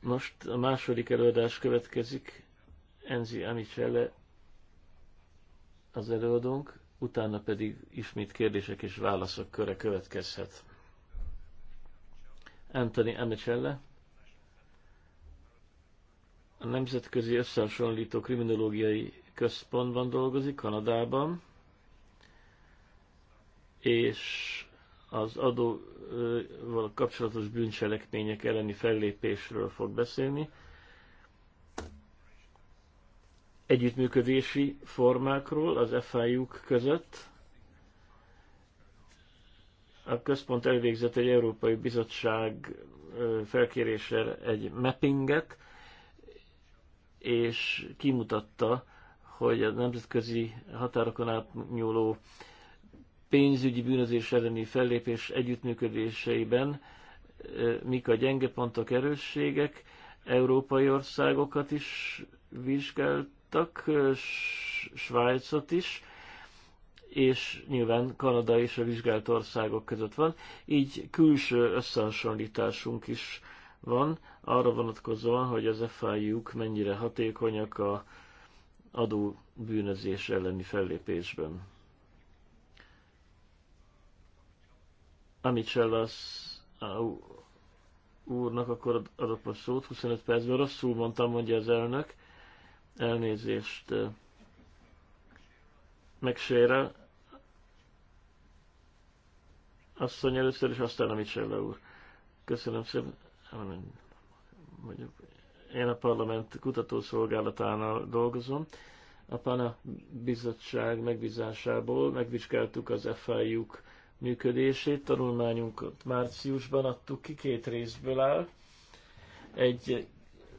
[SPEAKER 4] Most a második előadás következik. Enzi Amicelle az előadónk, utána pedig ismét kérdések és válaszok köre következhet. Anthony Amicelle, a Nemzetközi Összehasonlító Kriminológiai Központban dolgozik, Kanadában és az adóval kapcsolatos bűncselekmények elleni fellépésről fog beszélni. Együttműködési formákról az FIU-k között. A központ elvégzett egy Európai Bizottság felkérésre egy mappinget, és kimutatta, hogy a nemzetközi határokon átnyúló pénzügyi bűnözés elleni fellépés együttműködéseiben mik a gyenge pontok, erősségek, európai országokat is vizsgáltak, Svájcot is, és nyilván Kanada és a vizsgált országok között van, így külső összehasonlításunk is van, arra vonatkozóan, hogy az FIU-k mennyire hatékonyak a adó bűnözés elleni fellépésben. Amicsell az úrnak akkor adok a szót, 25 percben rosszul mondtam, mondja az elnök. Elnézést megsérel. mondja először, és aztán a Michelle úr. Köszönöm szépen. Mondjuk, én a parlament kutatószolgálatánál dolgozom. A PANA bizottság megbízásából megvizsgáltuk az FIU-k működését. Tanulmányunkat márciusban adtuk ki, két részből áll. Egy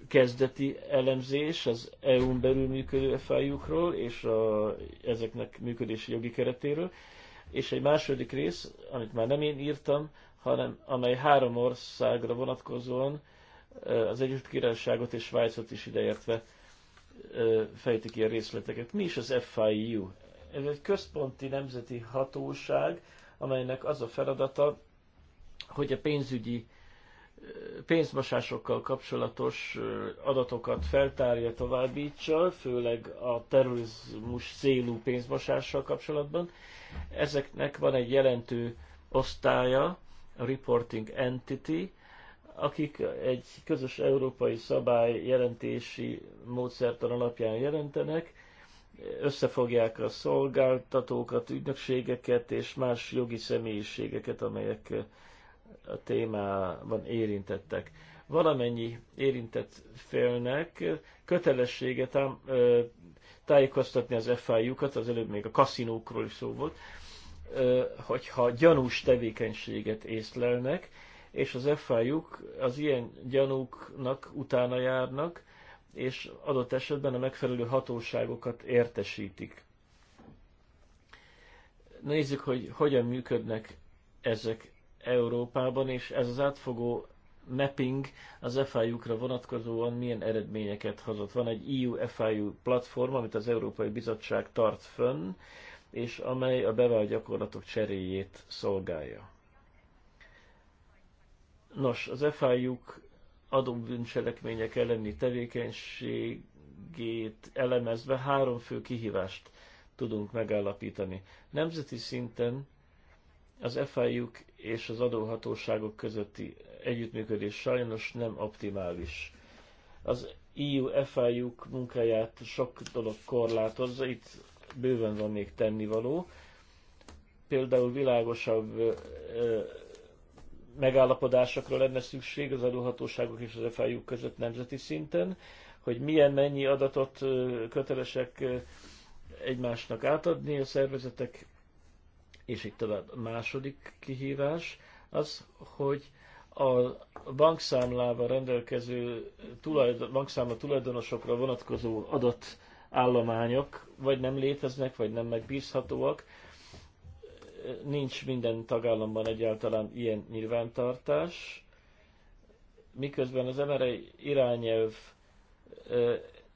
[SPEAKER 4] kezdeti elemzés az EU-n belül működő FIU-król és a, ezeknek működési jogi keretéről, és egy második rész, amit már nem én írtam, hanem amely három országra vonatkozóan az Egyesült Királyságot és Svájcot is ideértve fejti ki a részleteket. Mi is az FIU? Ez egy központi nemzeti hatóság, amelynek az a feladata, hogy a pénzügyi pénzmosásokkal kapcsolatos adatokat feltárja, továbbítsa, főleg a terrorizmus célú pénzmosással kapcsolatban. Ezeknek van egy jelentő osztálya, a Reporting Entity, akik egy közös európai szabály jelentési módszertan alapján jelentenek, összefogják a szolgáltatókat, ügynökségeket és más jogi személyiségeket, amelyek a témában érintettek. Valamennyi érintett félnek kötelessége tám, ö, tájékoztatni az FIU-kat, az előbb még a kaszinókról is szó volt, ö, hogyha gyanús tevékenységet észlelnek, és az FIU-k az ilyen gyanúknak utána járnak, és adott esetben a megfelelő hatóságokat értesítik. Nézzük, hogy hogyan működnek ezek Európában, és ez az átfogó mapping az FIU-kra vonatkozóan milyen eredményeket hozott. Van egy EU FIU platform, amit az Európai Bizottság tart fönn, és amely a bevált gyakorlatok cseréjét szolgálja. Nos, az FIU-k adóbűncselekmények elleni tevékenységét elemezve három fő kihívást tudunk megállapítani. Nemzeti szinten az fiu és az adóhatóságok közötti együttműködés sajnos nem optimális. Az EU fiu munkáját sok dolog korlátozza, itt bőven van még tennivaló. Például világosabb megállapodásokra lenne szükség az adóhatóságok és az FIU között nemzeti szinten, hogy milyen mennyi adatot kötelesek egymásnak átadni a szervezetek, és itt tovább. A második kihívás az, hogy a bankszámlával rendelkező tulajdon, bankszámla tulajdonosokra vonatkozó adatállományok vagy nem léteznek, vagy nem megbízhatóak, nincs minden tagállamban egyáltalán ilyen nyilvántartás, miközben az MRE irányelv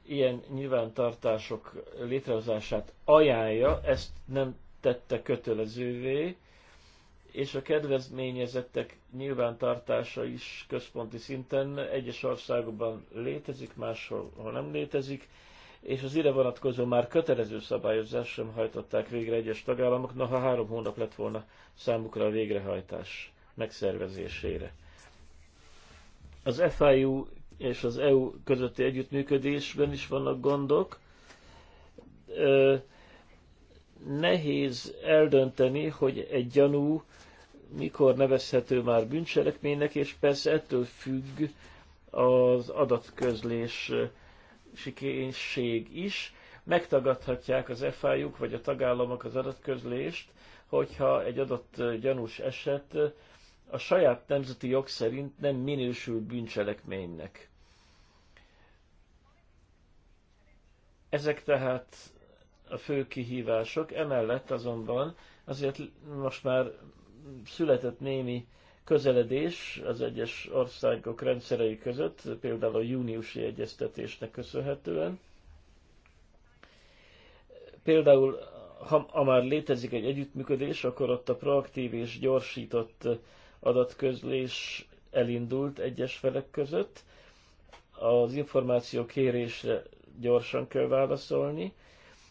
[SPEAKER 4] ilyen nyilvántartások létrehozását ajánlja, ezt nem tette kötelezővé, és a kedvezményezettek nyilvántartása is központi szinten egyes országokban létezik, máshol nem létezik, és az ide vonatkozó már kötelező szabályozás sem hajtották végre egyes tagállamok, ha három hónap lett volna számukra a végrehajtás megszervezésére. Az FIU és az EU közötti együttműködésben is vannak gondok. nehéz eldönteni, hogy egy gyanú mikor nevezhető már bűncselekménynek, és persze ettől függ az adatközlés sikénység is, megtagadhatják az FI-juk vagy a tagállamok az adatközlést, hogyha egy adott gyanús eset a saját nemzeti jog szerint nem minősül bűncselekménynek. Ezek tehát a fő kihívások, emellett azonban azért most már született némi közeledés az egyes országok rendszerei között, például a júniusi egyeztetésnek köszönhetően. Például, ha, ha már létezik egy együttműködés, akkor ott a proaktív és gyorsított adatközlés elindult egyes felek között. Az információ kérésre gyorsan kell válaszolni,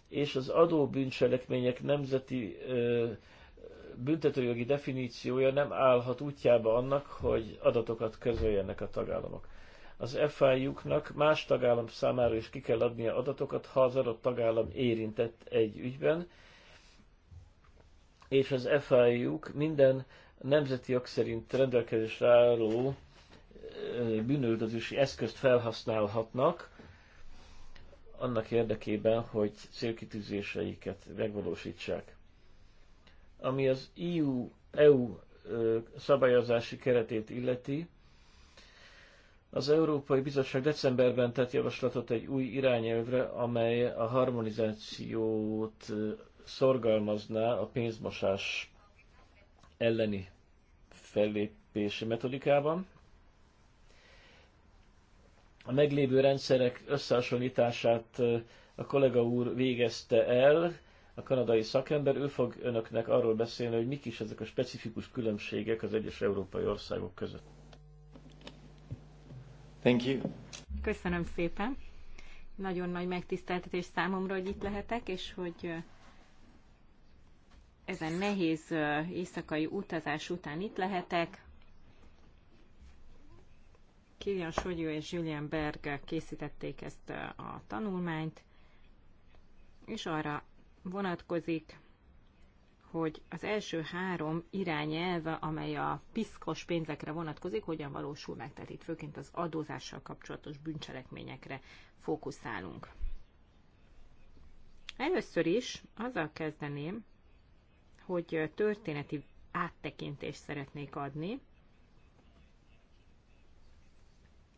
[SPEAKER 4] és az adóbűncselekmények nemzeti ö, büntetőjogi definíciója nem állhat útjába annak, hogy adatokat közöljenek a tagállamok. Az FIU-knak más tagállam számára is ki kell adnia adatokat, ha az adott tagállam érintett egy ügyben, és az fiu minden nemzeti jog szerint rendelkezésre álló bűnöldözési eszközt felhasználhatnak annak érdekében, hogy célkitűzéseiket megvalósítsák. Ami az EU-EU e szabályozási keretét illeti, az Európai Bizottság decemberben tett javaslatot egy új irányelvre, amely a harmonizációt szorgalmazná a pénzmosás elleni fellépési metodikában. A meglévő rendszerek összehasonlítását a kollega úr végezte el, a kanadai szakember, ő fog önöknek arról beszélni, hogy mik is ezek a specifikus különbségek az egyes európai országok között.
[SPEAKER 5] Thank you. Köszönöm szépen. Nagyon nagy megtiszteltetés számomra, hogy itt lehetek, és hogy ezen nehéz éjszakai utazás után itt lehetek. Kilian Sogyó és Julian Berg készítették ezt a tanulmányt, és arra vonatkozik, hogy az első három irányelve, amely a piszkos pénzekre vonatkozik, hogyan valósul meg. Tehát itt főként az adózással kapcsolatos bűncselekményekre fókuszálunk. Először is azzal kezdeném, hogy történeti áttekintést szeretnék adni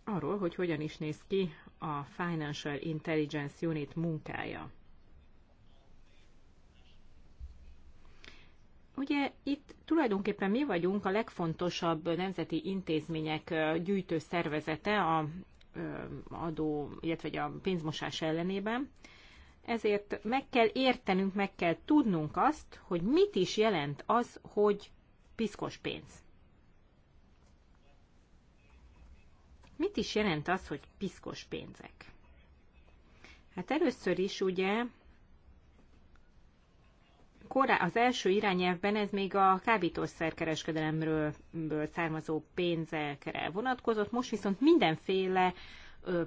[SPEAKER 5] arról, hogy hogyan is néz ki a Financial Intelligence Unit munkája. Ugye itt tulajdonképpen mi vagyunk a legfontosabb nemzeti intézmények gyűjtő szervezete a adó, illetve a pénzmosás ellenében. Ezért meg kell értenünk, meg kell tudnunk azt, hogy mit is jelent az, hogy piszkos pénz. Mit is jelent az, hogy piszkos pénzek? Hát először is ugye korá, az első irányelvben ez még a kábítószerkereskedelemről származó pénzekre vonatkozott, most viszont mindenféle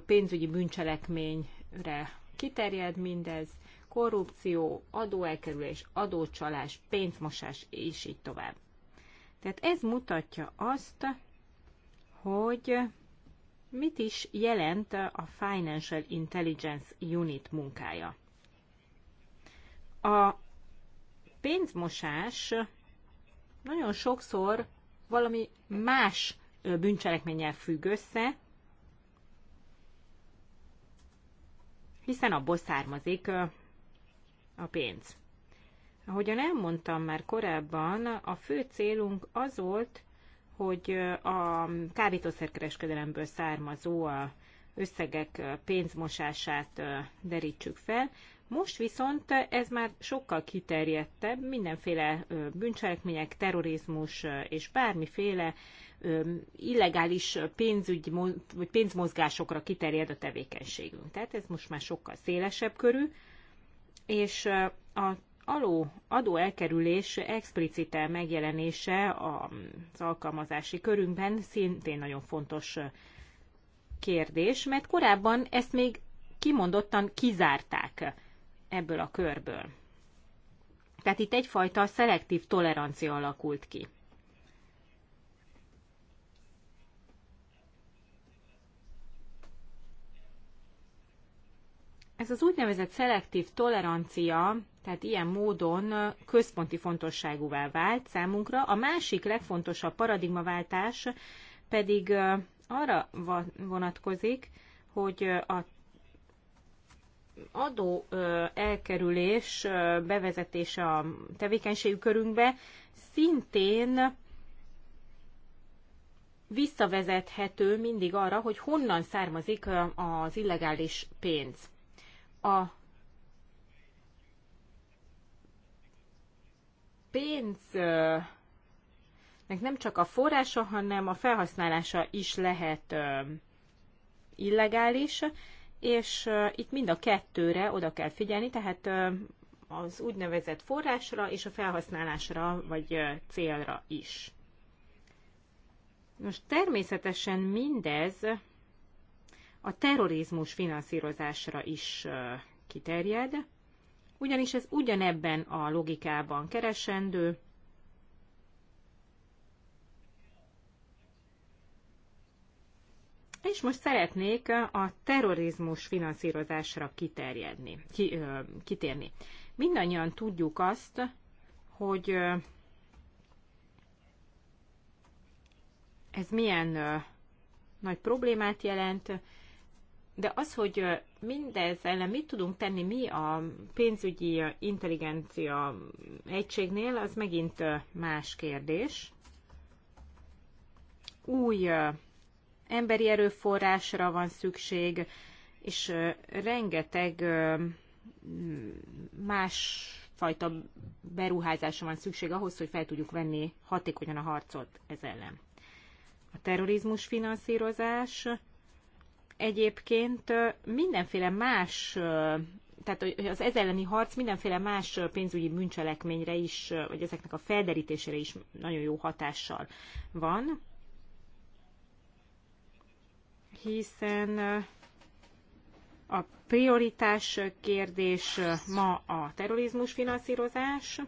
[SPEAKER 5] pénzügyi bűncselekményre kiterjed mindez, korrupció, adóelkerülés, adócsalás, pénzmosás, és így tovább. Tehát ez mutatja azt, hogy mit is jelent a Financial Intelligence Unit munkája. A pénzmosás nagyon sokszor valami más bűncselekménnyel függ össze, hiszen abból származik a pénz. Ahogyan elmondtam már korábban, a fő célunk az volt, hogy a kábítószerkereskedelemből származó összegek pénzmosását derítsük fel, most viszont ez már sokkal kiterjedtebb, mindenféle bűncselekmények, terrorizmus és bármiféle illegális pénzügy, vagy pénzmozgásokra kiterjed a tevékenységünk. Tehát ez most már sokkal szélesebb körű, és a aló adó elkerülés explicite megjelenése az alkalmazási körünkben szintén nagyon fontos kérdés, mert korábban ezt még kimondottan kizárták ebből a körből. Tehát itt egyfajta szelektív tolerancia alakult ki. Ez az úgynevezett szelektív tolerancia, tehát ilyen módon központi fontosságúvá vált számunkra. A másik legfontosabb paradigmaváltás pedig arra vonatkozik, hogy a adó elkerülés bevezetése a tevékenységük körünkbe szintén visszavezethető mindig arra, hogy honnan származik az illegális pénz. A pénznek nem csak a forrása, hanem a felhasználása is lehet illegális, és itt mind a kettőre oda kell figyelni, tehát az úgynevezett forrásra és a felhasználásra vagy célra is. Most természetesen mindez a terrorizmus finanszírozásra is kiterjed, ugyanis ez ugyanebben a logikában keresendő, És most szeretnék a terrorizmus finanszírozásra kiterjedni, ki, ö, kitérni. Mindannyian tudjuk azt, hogy ö, ez milyen ö, nagy problémát jelent, de az, hogy mindez ellen mit tudunk tenni mi a pénzügyi intelligencia egységnél, az megint más kérdés. Új emberi erőforrásra van szükség, és rengeteg más fajta beruházásra van szükség ahhoz, hogy fel tudjuk venni hatékonyan a harcot ez ellen. A terrorizmus finanszírozás egyébként mindenféle más, tehát az ez elleni harc mindenféle más pénzügyi bűncselekményre is, vagy ezeknek a felderítésére is nagyon jó hatással van hiszen eh, a prioritás kérdés eh, ma a terrorizmus finanszírozás.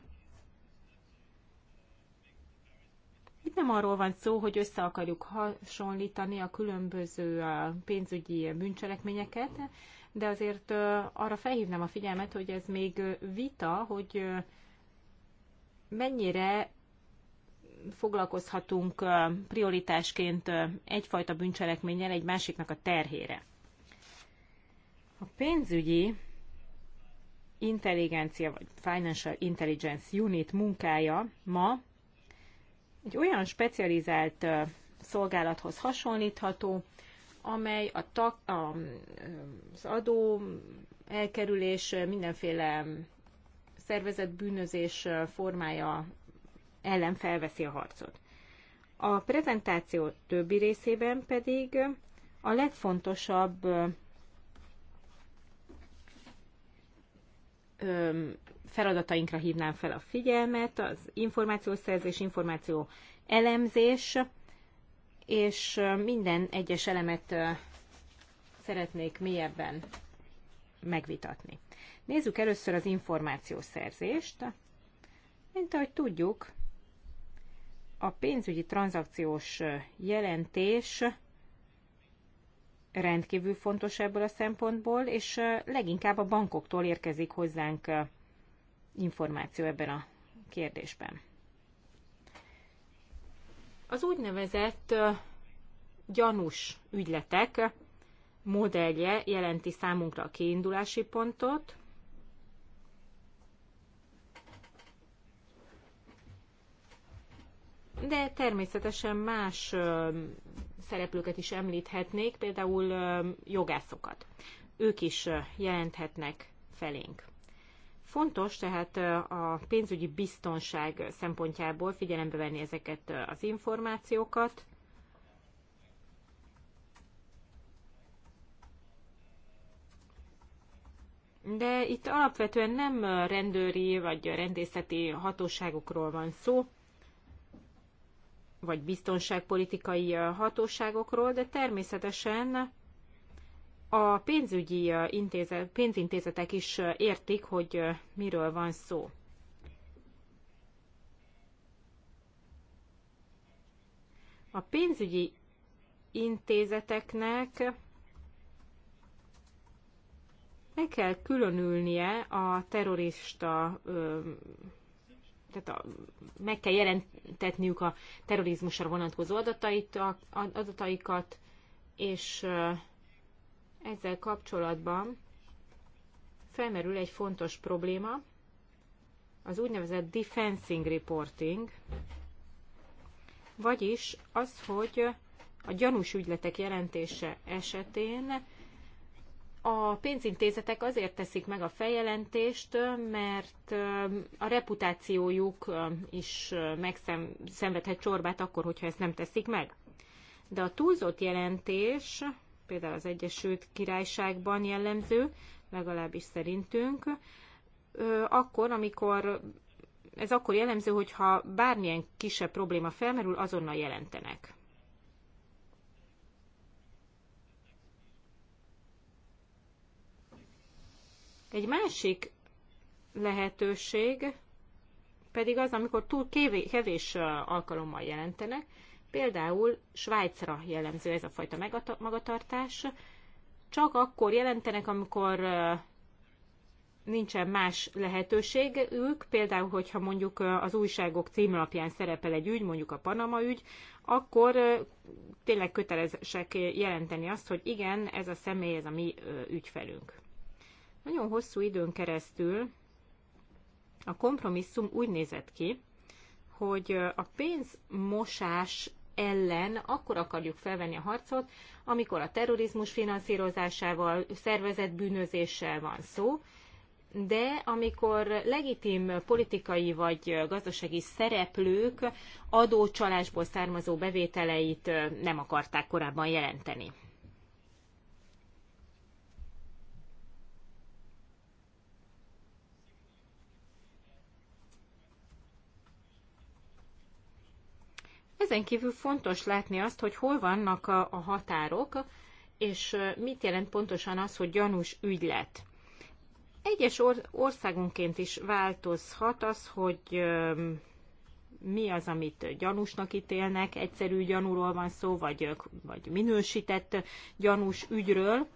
[SPEAKER 5] Itt nem arról van szó, hogy össze akarjuk hasonlítani a különböző eh, pénzügyi bűncselekményeket, de azért arra felhívnám a figyelmet, hogy ez még vita, hogy mennyire foglalkozhatunk prioritásként egyfajta bűncselekménnyel egy másiknak a terhére. A pénzügyi intelligencia, vagy Financial Intelligence Unit munkája ma egy olyan specializált szolgálathoz hasonlítható, amely a tak, a, az adó elkerülés mindenféle szervezett bűnözés formája ellen felveszi a harcot. A prezentáció többi részében pedig a legfontosabb feladatainkra hívnám fel a figyelmet, az információszerzés, információ elemzés, és minden egyes elemet szeretnék mélyebben megvitatni. Nézzük először az információszerzést. Mint ahogy tudjuk, a pénzügyi tranzakciós jelentés rendkívül fontos ebből a szempontból, és leginkább a bankoktól érkezik hozzánk információ ebben a kérdésben. Az úgynevezett gyanús ügyletek modellje jelenti számunkra a kiindulási pontot, de természetesen más szereplőket is említhetnék, például jogászokat. Ők is jelenthetnek felénk. Fontos tehát a pénzügyi biztonság szempontjából figyelembe venni ezeket az információkat. De itt alapvetően nem rendőri vagy rendészeti hatóságokról van szó, vagy biztonságpolitikai hatóságokról, de természetesen a pénzügyi intézet, pénzintézetek is értik, hogy miről van szó. A pénzügyi intézeteknek meg kell különülnie a terrorista tehát a, meg kell jelentetniük a terrorizmusra vonatkozó adatait, a, adataikat, és ezzel kapcsolatban felmerül egy fontos probléma, az úgynevezett defensing reporting, vagyis az, hogy a gyanús ügyletek jelentése esetén a pénzintézetek azért teszik meg a feljelentést, mert a reputációjuk is megszenvedhet csorbát akkor, hogyha ezt nem teszik meg. De a túlzott jelentés, például az Egyesült Királyságban jellemző, legalábbis szerintünk, akkor, amikor ez akkor jellemző, hogyha bármilyen kisebb probléma felmerül, azonnal jelentenek. Egy másik lehetőség pedig az, amikor túl kevés alkalommal jelentenek, például Svájcra jellemző ez a fajta magatartás, csak akkor jelentenek, amikor nincsen más lehetőségük, például, hogyha mondjuk az újságok címlapján szerepel egy ügy, mondjuk a Panama ügy, akkor tényleg kötelezsek jelenteni azt, hogy igen, ez a személy, ez a mi ügyfelünk. Nagyon hosszú időn keresztül a kompromisszum úgy nézett ki, hogy a pénzmosás ellen akkor akarjuk felvenni a harcot, amikor a terrorizmus finanszírozásával, szervezett bűnözéssel van szó, de amikor legitim politikai vagy gazdasági szereplők adócsalásból származó bevételeit nem akarták korábban jelenteni. Ezen kívül fontos látni azt, hogy hol vannak a, a határok, és mit jelent pontosan az, hogy gyanús ügylet. Egyes or- országunként is változhat az, hogy ö, mi az, amit gyanúsnak ítélnek, egyszerű gyanúról van szó, vagy, vagy minősített gyanús ügyről.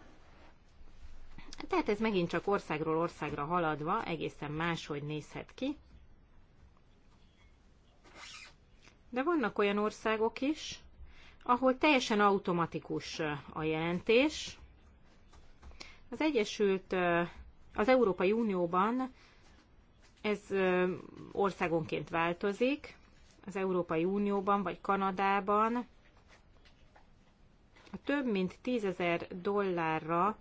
[SPEAKER 5] Tehát ez megint csak országról országra haladva egészen máshogy nézhet ki. De vannak olyan országok is, ahol teljesen automatikus a jelentés. Az Egyesült, az Európai Unióban ez országonként változik. Az Európai Unióban vagy Kanadában a több mint tízezer dollárra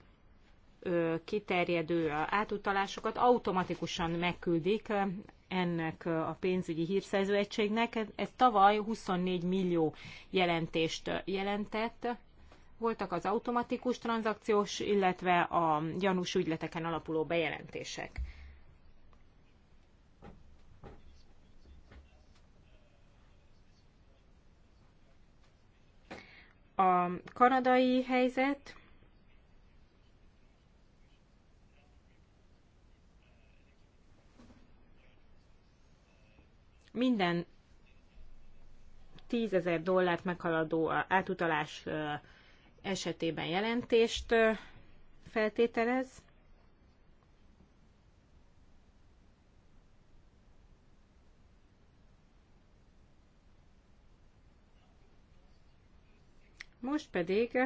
[SPEAKER 5] kiterjedő átutalásokat automatikusan megküldik ennek a pénzügyi hírszerző egységnek. Ez tavaly 24 millió jelentést jelentett. Voltak az automatikus tranzakciós, illetve a gyanús ügyleteken alapuló bejelentések. A kanadai helyzet minden 10 ezer dollárt meghaladó átutalás esetében jelentést feltételez. Most pedig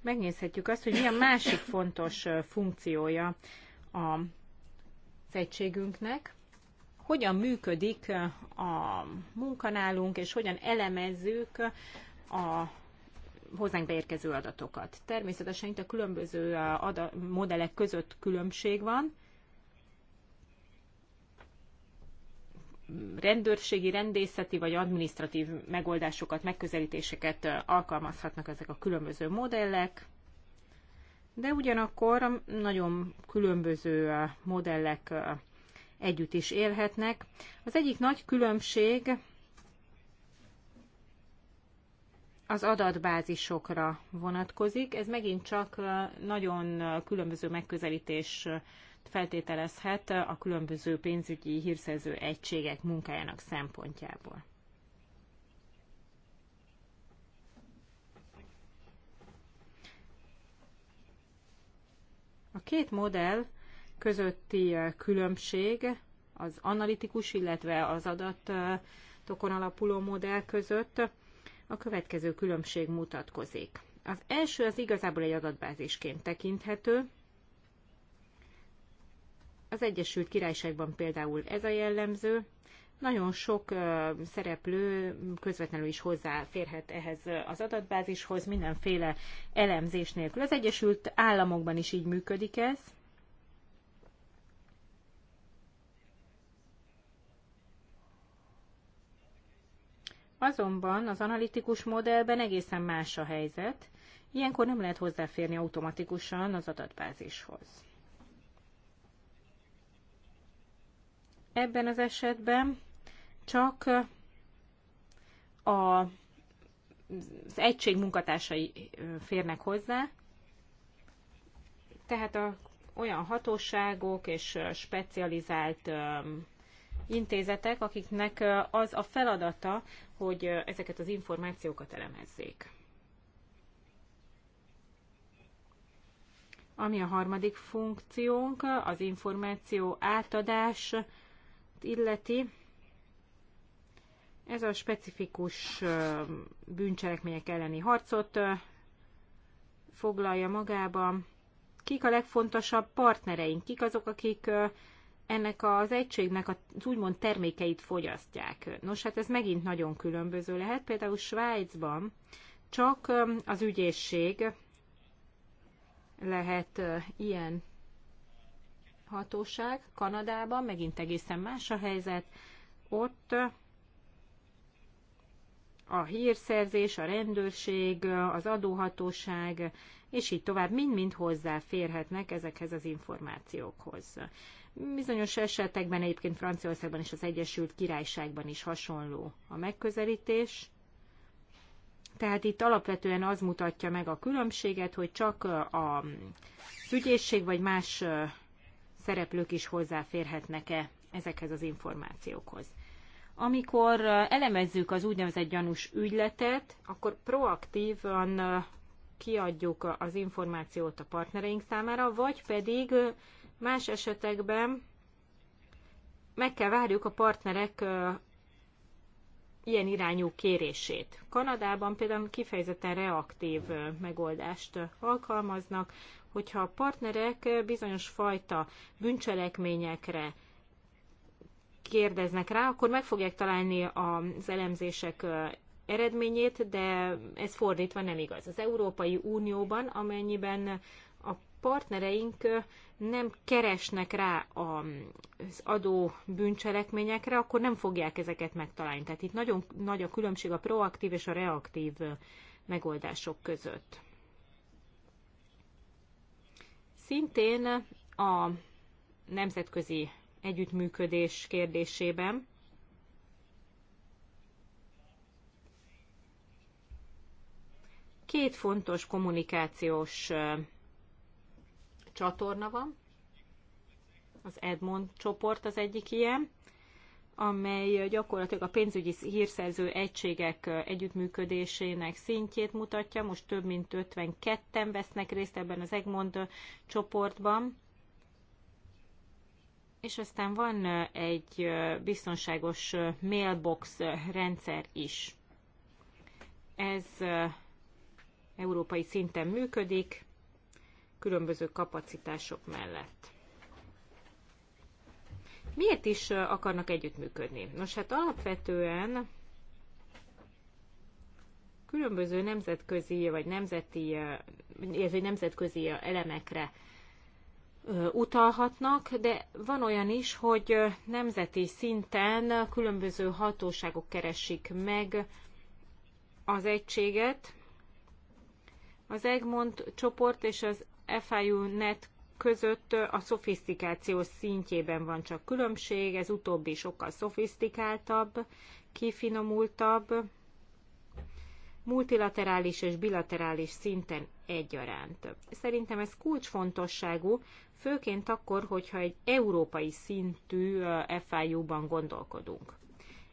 [SPEAKER 5] megnézhetjük azt, hogy mi a másik fontos funkciója a egységünknek hogyan működik eh, a munkanálunk és hogyan elemezzük a hozzánk beérkező adatokat. Természetesen itt a különböző eh, ada- modellek között különbség van. Rendőrségi, rendészeti vagy administratív megoldásokat, megközelítéseket eh, alkalmazhatnak ezek a különböző modellek, de ugyanakkor nagyon különböző modellek együtt is élhetnek. Az egyik nagy különbség az adatbázisokra vonatkozik. Ez megint csak nagyon különböző megközelítés feltételezhet a különböző pénzügyi hírszerző egységek munkájának szempontjából. A két modell közötti különbség az analitikus, illetve az adatokon alapuló modell között a következő különbség mutatkozik. Az első az igazából egy adatbázisként tekinthető. Az Egyesült Királyságban például ez a jellemző. Nagyon sok szereplő közvetlenül is hozzáférhet ehhez az adatbázishoz, mindenféle elemzés nélkül. Az Egyesült Államokban is így működik ez. Azonban az analitikus modellben egészen más a helyzet, ilyenkor nem lehet hozzáférni automatikusan az adatbázishoz. Ebben az esetben csak a az egység munkatársai férnek hozzá, tehát a, olyan hatóságok és specializált intézetek, akiknek az a feladata, hogy ezeket az információkat elemezzék. Ami a harmadik funkciónk, az információ átadás illeti, ez a specifikus bűncselekmények elleni harcot foglalja magába. Kik a legfontosabb partnereink, kik azok, akik ennek az egységnek az úgymond termékeit fogyasztják. Nos, hát ez megint nagyon különböző lehet. Például Svájcban csak az ügyészség lehet ilyen hatóság, Kanadában megint egészen más a helyzet. Ott a hírszerzés, a rendőrség, az adóhatóság, és így tovább mind-mind hozzáférhetnek ezekhez az információkhoz. Bizonyos esetekben egyébként Franciaországban és az Egyesült Királyságban is hasonló a megközelítés. Tehát itt alapvetően az mutatja meg a különbséget, hogy csak a ügyészség vagy más szereplők is hozzáférhetnek-e ezekhez az információkhoz. Amikor elemezzük az úgynevezett gyanús ügyletet, akkor proaktívan kiadjuk az információt a partnereink számára, vagy pedig Más esetekben meg kell várjuk a partnerek ilyen irányú kérését. Kanadában például kifejezetten reaktív megoldást alkalmaznak, hogyha a partnerek bizonyos fajta bűncselekményekre kérdeznek rá, akkor meg fogják találni az elemzések eredményét, de ez fordítva nem igaz. Az Európai Unióban, amennyiben partnereink nem keresnek rá az adó bűncselekményekre, akkor nem fogják ezeket megtalálni. Tehát itt nagyon nagy a különbség a proaktív és a reaktív megoldások között. Szintén a nemzetközi együttműködés kérdésében két fontos kommunikációs csatorna van. Az Edmond csoport az egyik ilyen, amely gyakorlatilag a pénzügyi hírszerző egységek együttműködésének szintjét mutatja. Most több mint 52-en vesznek részt ebben az Egmond csoportban. És aztán van egy biztonságos mailbox rendszer is. Ez európai szinten működik, különböző kapacitások mellett. Miért is akarnak együttműködni? Nos, hát alapvetően különböző nemzetközi vagy nemzeti, ez egy nemzetközi elemekre utalhatnak, de van olyan is, hogy nemzeti szinten különböző hatóságok keresik meg az egységet. Az Egmont csoport és az FIU-net között a szofisztikáció szintjében van csak különbség, ez utóbbi sokkal szofisztikáltabb, kifinomultabb, multilaterális és bilaterális szinten egyaránt. Szerintem ez kulcsfontosságú, főként akkor, hogyha egy európai szintű FIU-ban gondolkodunk.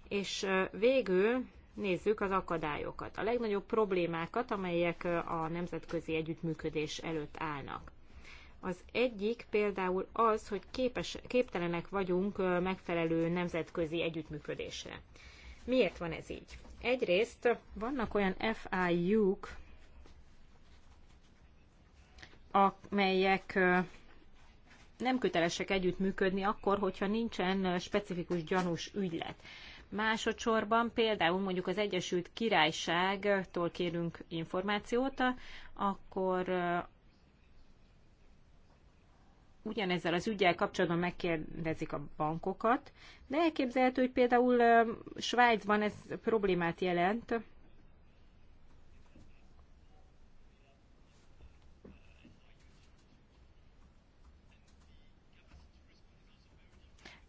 [SPEAKER 5] És végül nézzük az akadályokat, a legnagyobb problémákat, amelyek a nemzetközi együttműködés előtt állnak. Az egyik például az, hogy képes, képtelenek vagyunk megfelelő nemzetközi együttműködésre. Miért van ez így? Egyrészt vannak olyan FIU-k, amelyek nem kötelesek együttműködni akkor, hogyha nincsen specifikus gyanús ügylet. Másodszorban például mondjuk az Egyesült Királyságtól kérünk információt, akkor ugyanezzel az ügyel kapcsolatban megkérdezik a bankokat, de elképzelhető, hogy például Svájcban ez problémát jelent,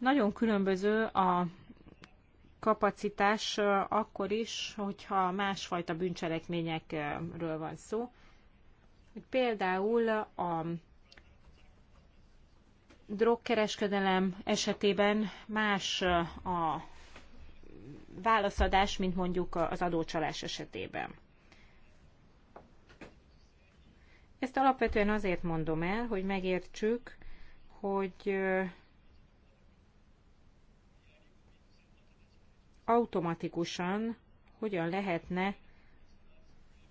[SPEAKER 5] Nagyon különböző a kapacitás akkor is, hogyha másfajta bűncselekményekről van szó. Például a drogkereskedelem esetében más a válaszadás, mint mondjuk az adócsalás esetében. Ezt alapvetően azért mondom el, hogy megértsük, hogy automatikusan hogyan lehetne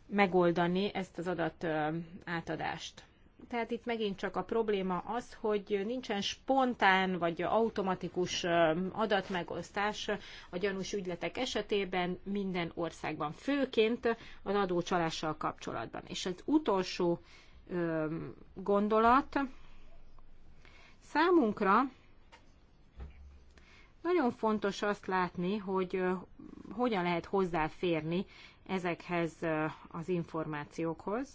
[SPEAKER 5] megoldani ezt az adat átadást. Tehát itt megint csak a probléma az, hogy nincsen spontán vagy automatikus adatmegosztás a gyanús ügyletek esetében minden országban, főként az adócsalással kapcsolatban. És az utolsó gondolat számunkra nagyon fontos azt látni, hogy hogyan lehet hozzáférni ezekhez az információkhoz.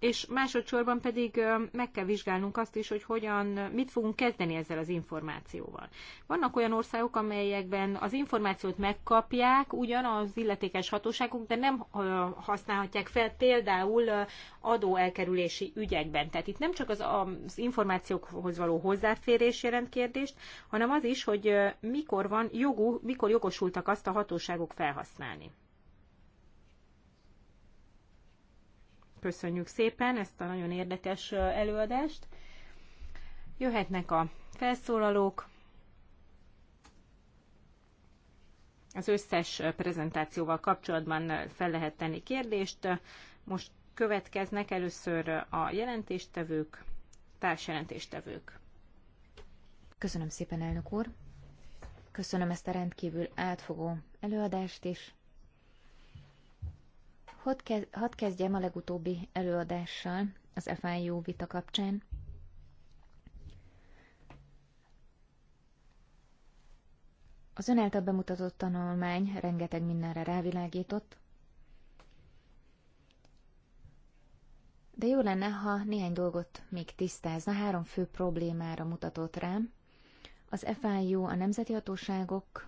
[SPEAKER 5] és másodszorban pedig meg kell vizsgálnunk azt is, hogy hogyan, mit fogunk kezdeni ezzel az információval. Vannak olyan országok, amelyekben az információt megkapják ugyanaz illetékes hatóságok, de nem használhatják fel például adóelkerülési ügyekben. Tehát itt nem csak az, az információkhoz való hozzáférés jelent kérdést, hanem az is, hogy mikor van jogú, mikor jogosultak azt a hatóságok felhasználni. Köszönjük szépen ezt a nagyon érdekes előadást. Jöhetnek a felszólalók. Az összes prezentációval kapcsolatban fel lehet tenni kérdést. Most következnek először a jelentéstevők, társjelentéstevők.
[SPEAKER 2] Köszönöm szépen, elnök úr! Köszönöm ezt a rendkívül átfogó előadást is. Hadd kezdjem a legutóbbi előadással az FIU vita kapcsán. Az ön által bemutatott tanulmány rengeteg mindenre rávilágított, de jó lenne, ha néhány dolgot még tisztázna. Három fő problémára mutatott rám. Az FIU a nemzeti hatóságokhoz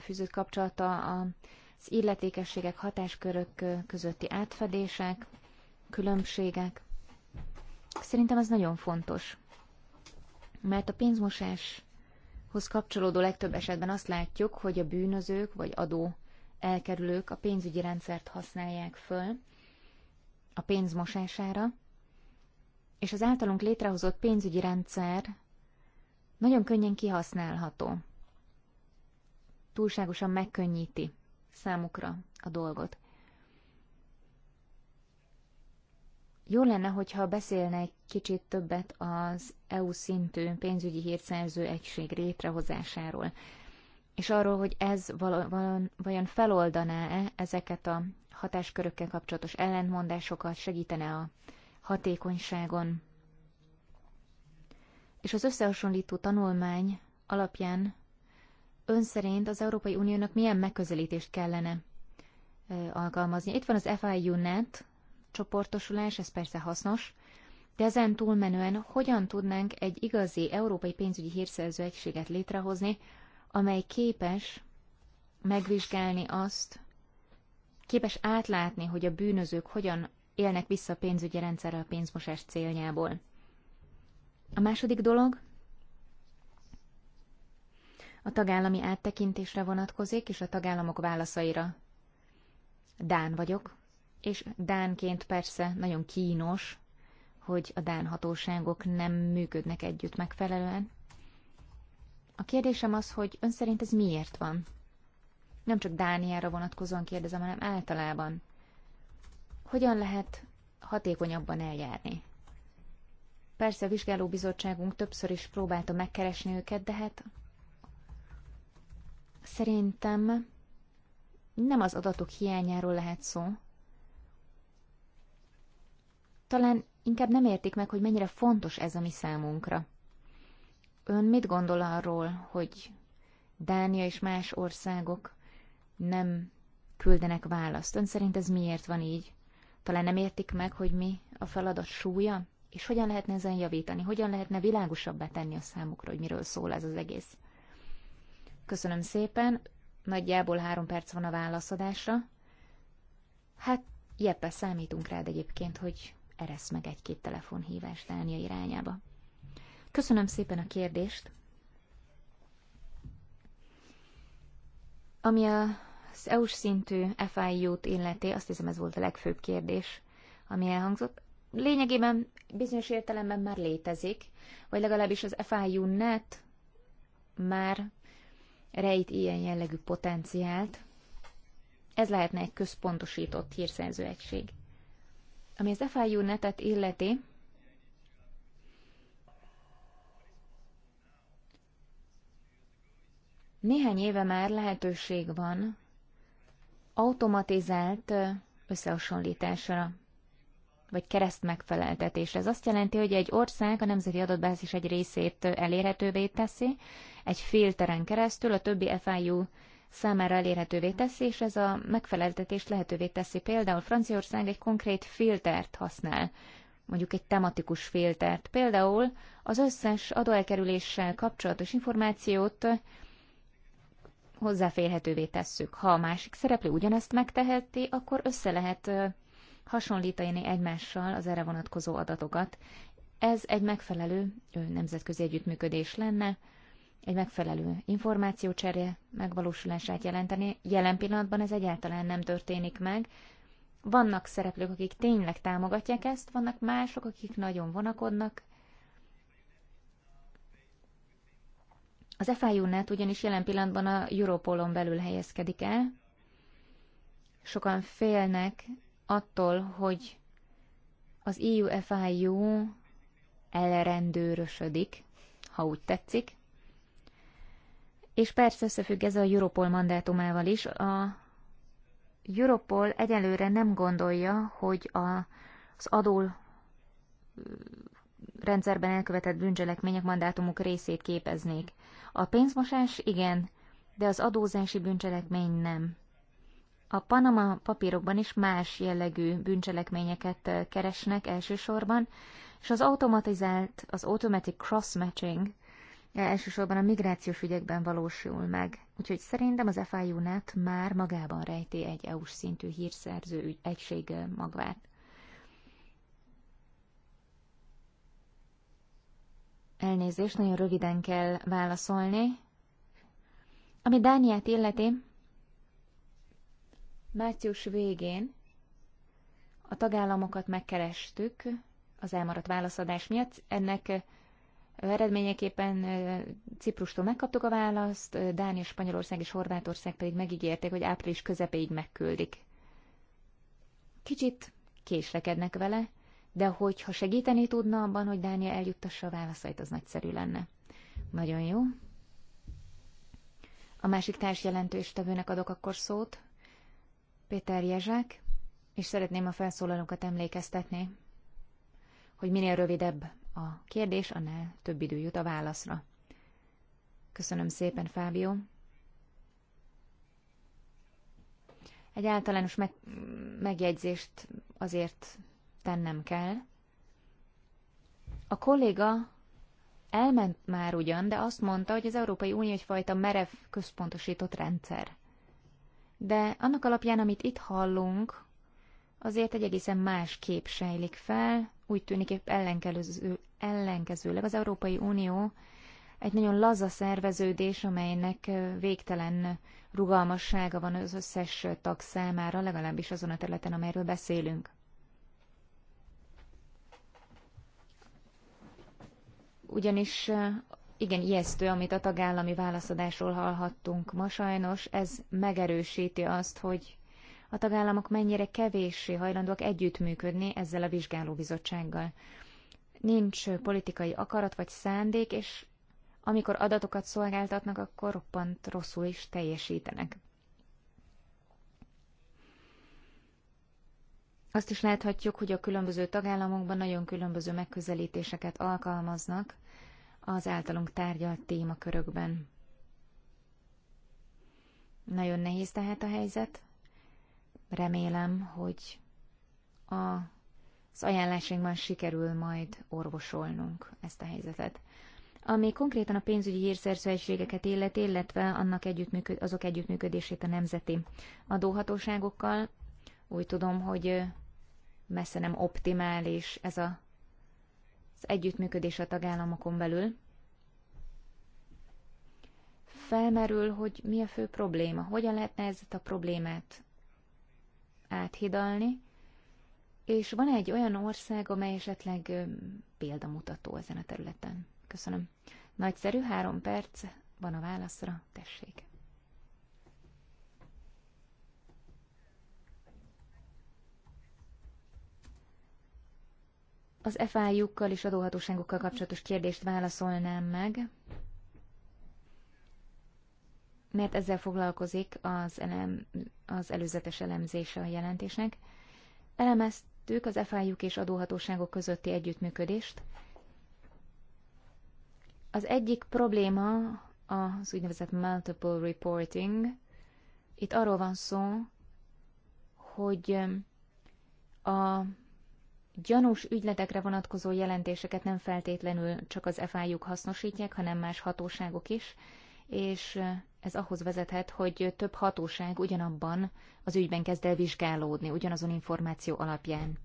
[SPEAKER 2] fűzött kapcsolata a az illetékességek, hatáskörök közötti átfedések, különbségek. Szerintem ez nagyon fontos, mert a pénzmosáshoz kapcsolódó legtöbb esetben azt látjuk, hogy a bűnözők vagy adó elkerülők a pénzügyi rendszert használják föl a pénzmosására, és az általunk létrehozott pénzügyi rendszer nagyon könnyen kihasználható. Túlságosan megkönnyíti számukra a dolgot. Jó lenne, hogyha beszélne egy kicsit többet az EU szintű pénzügyi hírszerző egység létrehozásáról, és arról, hogy ez valon, vajon feloldaná-e ezeket a hatáskörökkel kapcsolatos ellentmondásokat, segítene a hatékonyságon. És az összehasonlító tanulmány alapján ön szerint az Európai Uniónak milyen megközelítést kellene alkalmazni? Itt van az FIU-net csoportosulás, ez persze hasznos, de ezen túlmenően hogyan tudnánk egy igazi európai pénzügyi hírszerző egységet létrehozni, amely képes megvizsgálni azt, képes átlátni, hogy a bűnözők hogyan élnek vissza a pénzügyi rendszerrel a pénzmosás céljából. A második dolog, a tagállami áttekintésre vonatkozik, és a tagállamok válaszaira. Dán vagyok, és Dánként persze nagyon kínos, hogy a Dán hatóságok nem működnek együtt megfelelően. A kérdésem az, hogy ön szerint ez miért van? Nem csak Dániára vonatkozóan kérdezem, hanem általában. Hogyan lehet hatékonyabban eljárni? Persze a vizsgálóbizottságunk többször is próbálta megkeresni őket, de hát Szerintem nem az adatok hiányáról lehet szó. Talán inkább nem értik meg, hogy mennyire fontos ez a mi számunkra. Ön mit gondol arról, hogy Dánia és más országok nem küldenek választ? Ön szerint ez miért van így? Talán nem értik meg, hogy mi a feladat súlya? És hogyan lehetne ezen javítani? Hogyan lehetne világosabbá tenni a számukra, hogy miről szól ez az egész? Köszönöm szépen. Nagyjából három perc van a válaszadásra. Hát, jeppe, számítunk rád egyébként, hogy eresz meg egy-két telefonhívást Dánia irányába. Köszönöm szépen a kérdést. Ami az EU-s szintű FIU-t illeti, azt hiszem ez volt a legfőbb kérdés, ami elhangzott. Lényegében bizonyos értelemben már létezik, vagy legalábbis az FIU net már rejt ilyen jellegű potenciált. Ez lehetne egy központosított hírszerző egység. Ami az FIU netet illeti, néhány éve már lehetőség van automatizált összehasonlításra vagy kereszt megfeleltetés. Ez azt jelenti, hogy egy ország a nemzeti adatbázis egy részét elérhetővé teszi, egy filteren keresztül a többi FIU számára elérhetővé teszi, és ez a megfeleltetést lehetővé teszi. Például Franciaország egy konkrét filtert használ, mondjuk egy tematikus filtert. Például az összes adóelkerüléssel kapcsolatos információt hozzáférhetővé tesszük. Ha a másik szereplő ugyanezt megteheti, akkor össze lehet hasonlítani egymással az erre vonatkozó adatokat. Ez egy megfelelő nemzetközi együttműködés lenne, egy megfelelő információcserje megvalósulását jelenteni. Jelen pillanatban ez egyáltalán nem történik meg. Vannak szereplők, akik tényleg támogatják ezt, vannak mások, akik nagyon vonakodnak. Az FIU-net ugyanis jelen pillanatban a Europolon belül helyezkedik el. Sokan félnek attól, hogy az EU-FIU elrendőrösödik, ha úgy tetszik, és persze összefügg ez a Europol mandátumával is. A Europol egyelőre nem gondolja, hogy a, az adó rendszerben elkövetett bűncselekmények mandátumuk részét képeznék. A pénzmosás igen, de az adózási bűncselekmény nem. A Panama papírokban is más jellegű bűncselekményeket keresnek elsősorban, és az automatizált, az automatic cross-matching e, elsősorban a migrációs ügyekben valósul meg. Úgyhogy szerintem az FIU-net már magában rejti egy EU-s szintű hírszerző ügy, egység magvát. Elnézést, nagyon röviden kell válaszolni. Ami Dániát illeti, Március végén a tagállamokat megkerestük az elmaradt válaszadás miatt. Ennek eredményeképpen Ciprustól megkaptuk a választ, Dánia, Spanyolország és Horvátország pedig megígérték, hogy április közepéig megküldik. Kicsit késlekednek vele, de hogyha segíteni tudna abban, hogy Dánia eljuttassa a válaszait, az nagyszerű lenne. Nagyon jó. A másik társ jelentős tevőnek adok akkor szót. Péter Jezsák, és szeretném a felszólalókat emlékeztetni, hogy minél rövidebb a kérdés, annál több idő jut a válaszra. Köszönöm szépen, Fábio. Egy általános meg, megjegyzést azért tennem kell. A kolléga elment már ugyan, de azt mondta, hogy az Európai Unió egyfajta merev központosított rendszer de annak alapján, amit itt hallunk, azért egy egészen más kép sejlik fel, úgy tűnik épp ellenkező, ellenkezőleg az Európai Unió egy nagyon laza szerveződés, amelynek végtelen rugalmassága van az összes tag számára, legalábbis azon a területen, amelyről beszélünk. Ugyanis igen ijesztő, amit a tagállami válaszadásról hallhattunk ma sajnos. Ez megerősíti azt, hogy a tagállamok mennyire kevéssé hajlandóak együttműködni ezzel a vizsgálóbizottsággal. Nincs politikai akarat vagy szándék, és amikor adatokat szolgáltatnak, akkor roppant rosszul is teljesítenek. Azt is láthatjuk, hogy a különböző tagállamokban nagyon különböző megközelítéseket alkalmaznak – az általunk tárgyalt témakörökben. Nagyon nehéz tehát a helyzet. Remélem, hogy a, az ajánlásainkban sikerül majd orvosolnunk ezt a helyzetet. Ami konkrétan a pénzügyi hírszerzőségeket illet, illetve annak együttműköd, azok együttműködését a nemzeti adóhatóságokkal, úgy tudom, hogy messze nem optimális ez a az együttműködés a tagállamokon belül, felmerül, hogy mi a fő probléma, hogyan lehetne ezt a problémát áthidalni, és van egy olyan ország, amely esetleg példamutató ezen a területen. Köszönöm. Nagyszerű, három perc van a válaszra, tessék. Az FI-jukkal és adóhatóságokkal kapcsolatos kérdést válaszolnám meg, mert ezzel foglalkozik az, elem, az előzetes elemzése a jelentésnek. Elemeztük az FI-juk és adóhatóságok közötti együttműködést. Az egyik probléma az úgynevezett multiple reporting. Itt arról van szó, hogy a gyanús ügyletekre vonatkozó jelentéseket nem feltétlenül csak az FIU-k hasznosítják, hanem más hatóságok is, és ez ahhoz vezethet, hogy több hatóság ugyanabban az ügyben kezd el vizsgálódni, ugyanazon információ alapján.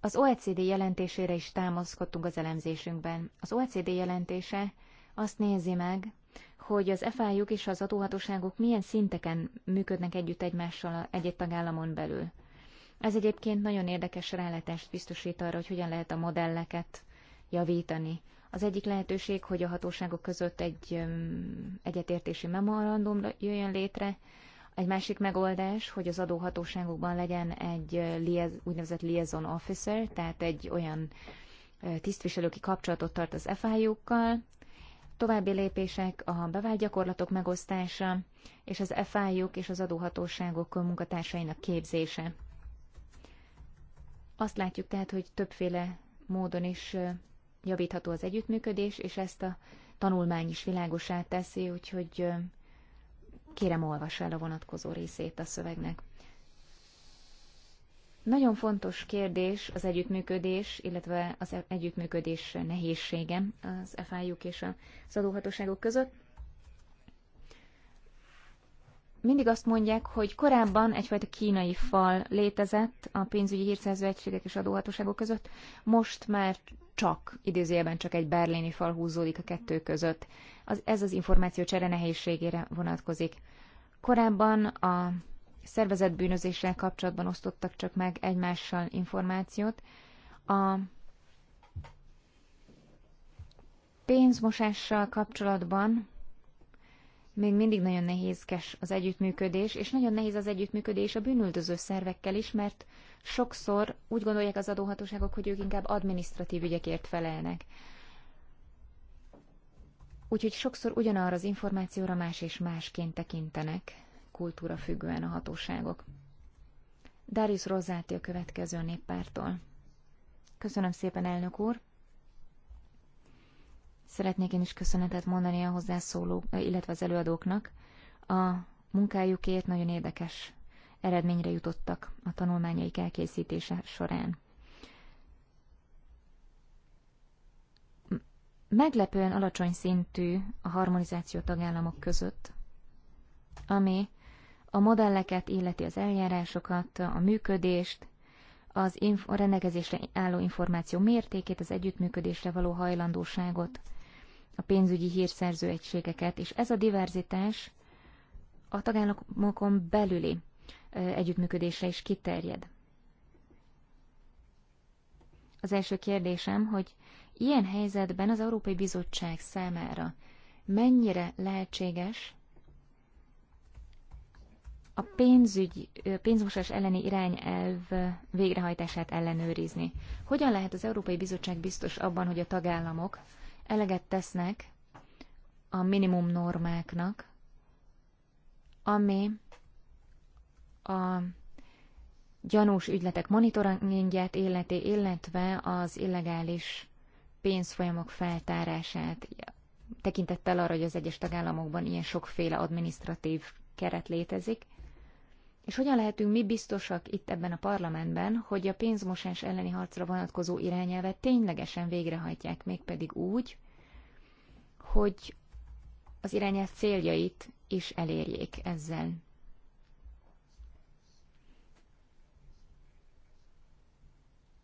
[SPEAKER 2] Az OECD jelentésére is támaszkodtunk az elemzésünkben. Az OECD jelentése azt nézi meg, hogy az FIU-k és az adóhatóságok milyen szinteken működnek együtt egymással egy-egy tagállamon belül. Ez egyébként nagyon érdekes rálátást biztosít arra, hogy hogyan lehet a modelleket javítani. Az egyik lehetőség, hogy a hatóságok között egy egyetértési memorandum jöjjön létre, egy másik megoldás, hogy az adóhatóságokban legyen egy úgynevezett liaison officer, tehát egy olyan tisztviselő, aki kapcsolatot tart az fiu További lépések a bevált gyakorlatok megosztása és az FI-juk és az adóhatóságok munkatársainak képzése. Azt látjuk tehát, hogy többféle módon is javítható az együttműködés, és ezt a tanulmány is világosá teszi, úgyhogy kérem olvassa el a vonatkozó részét a szövegnek. Nagyon fontos kérdés az együttműködés, illetve az e- együttműködés nehézsége az fiu és az adóhatóságok között. Mindig azt mondják, hogy korábban egyfajta kínai fal létezett a pénzügyi hírszerző egységek és adóhatóságok között, most már csak, idézőjelben csak egy berléni fal húzódik a kettő között. Az, ez az információ csere nehézségére vonatkozik. Korábban a szervezetbűnözéssel kapcsolatban osztottak csak meg egymással információt. A pénzmosással kapcsolatban még mindig nagyon nehézkes az együttműködés, és nagyon nehéz az együttműködés a bűnüldöző szervekkel is, mert sokszor úgy gondolják az adóhatóságok, hogy ők inkább administratív ügyekért felelnek. Úgyhogy sokszor ugyanarra az információra más és másként tekintenek kultúra függően a hatóságok. Darius Rozáti a következő néppártól. Köszönöm szépen, elnök úr! Szeretnék én is köszönetet mondani a hozzászóló, eh, illetve az előadóknak. A munkájukért nagyon érdekes eredményre jutottak a tanulmányaik elkészítése során. Meglepően alacsony szintű a harmonizáció tagállamok között, ami a modelleket, illeti az eljárásokat, a működést, az inf- a rendelkezésre álló információ mértékét, az együttműködésre való hajlandóságot, a pénzügyi hírszerző egységeket, és ez a diverzitás a tagállamokon belüli együttműködésre is kiterjed. Az első kérdésem, hogy ilyen helyzetben az Európai Bizottság számára mennyire lehetséges a pénzügy, pénzmosás elleni irányelv végrehajtását ellenőrizni. Hogyan lehet az Európai Bizottság biztos abban, hogy a tagállamok eleget tesznek a minimum normáknak, ami a gyanús ügyletek monitoringját életé illetve az illegális pénzfolyamok feltárását, tekintettel arra, hogy az egyes tagállamokban ilyen sokféle administratív keret létezik. És hogyan lehetünk mi biztosak itt ebben a parlamentben, hogy a pénzmosás elleni harcra vonatkozó irányelvet ténylegesen végrehajtják, mégpedig úgy, hogy az irányelv céljait is elérjék ezzel.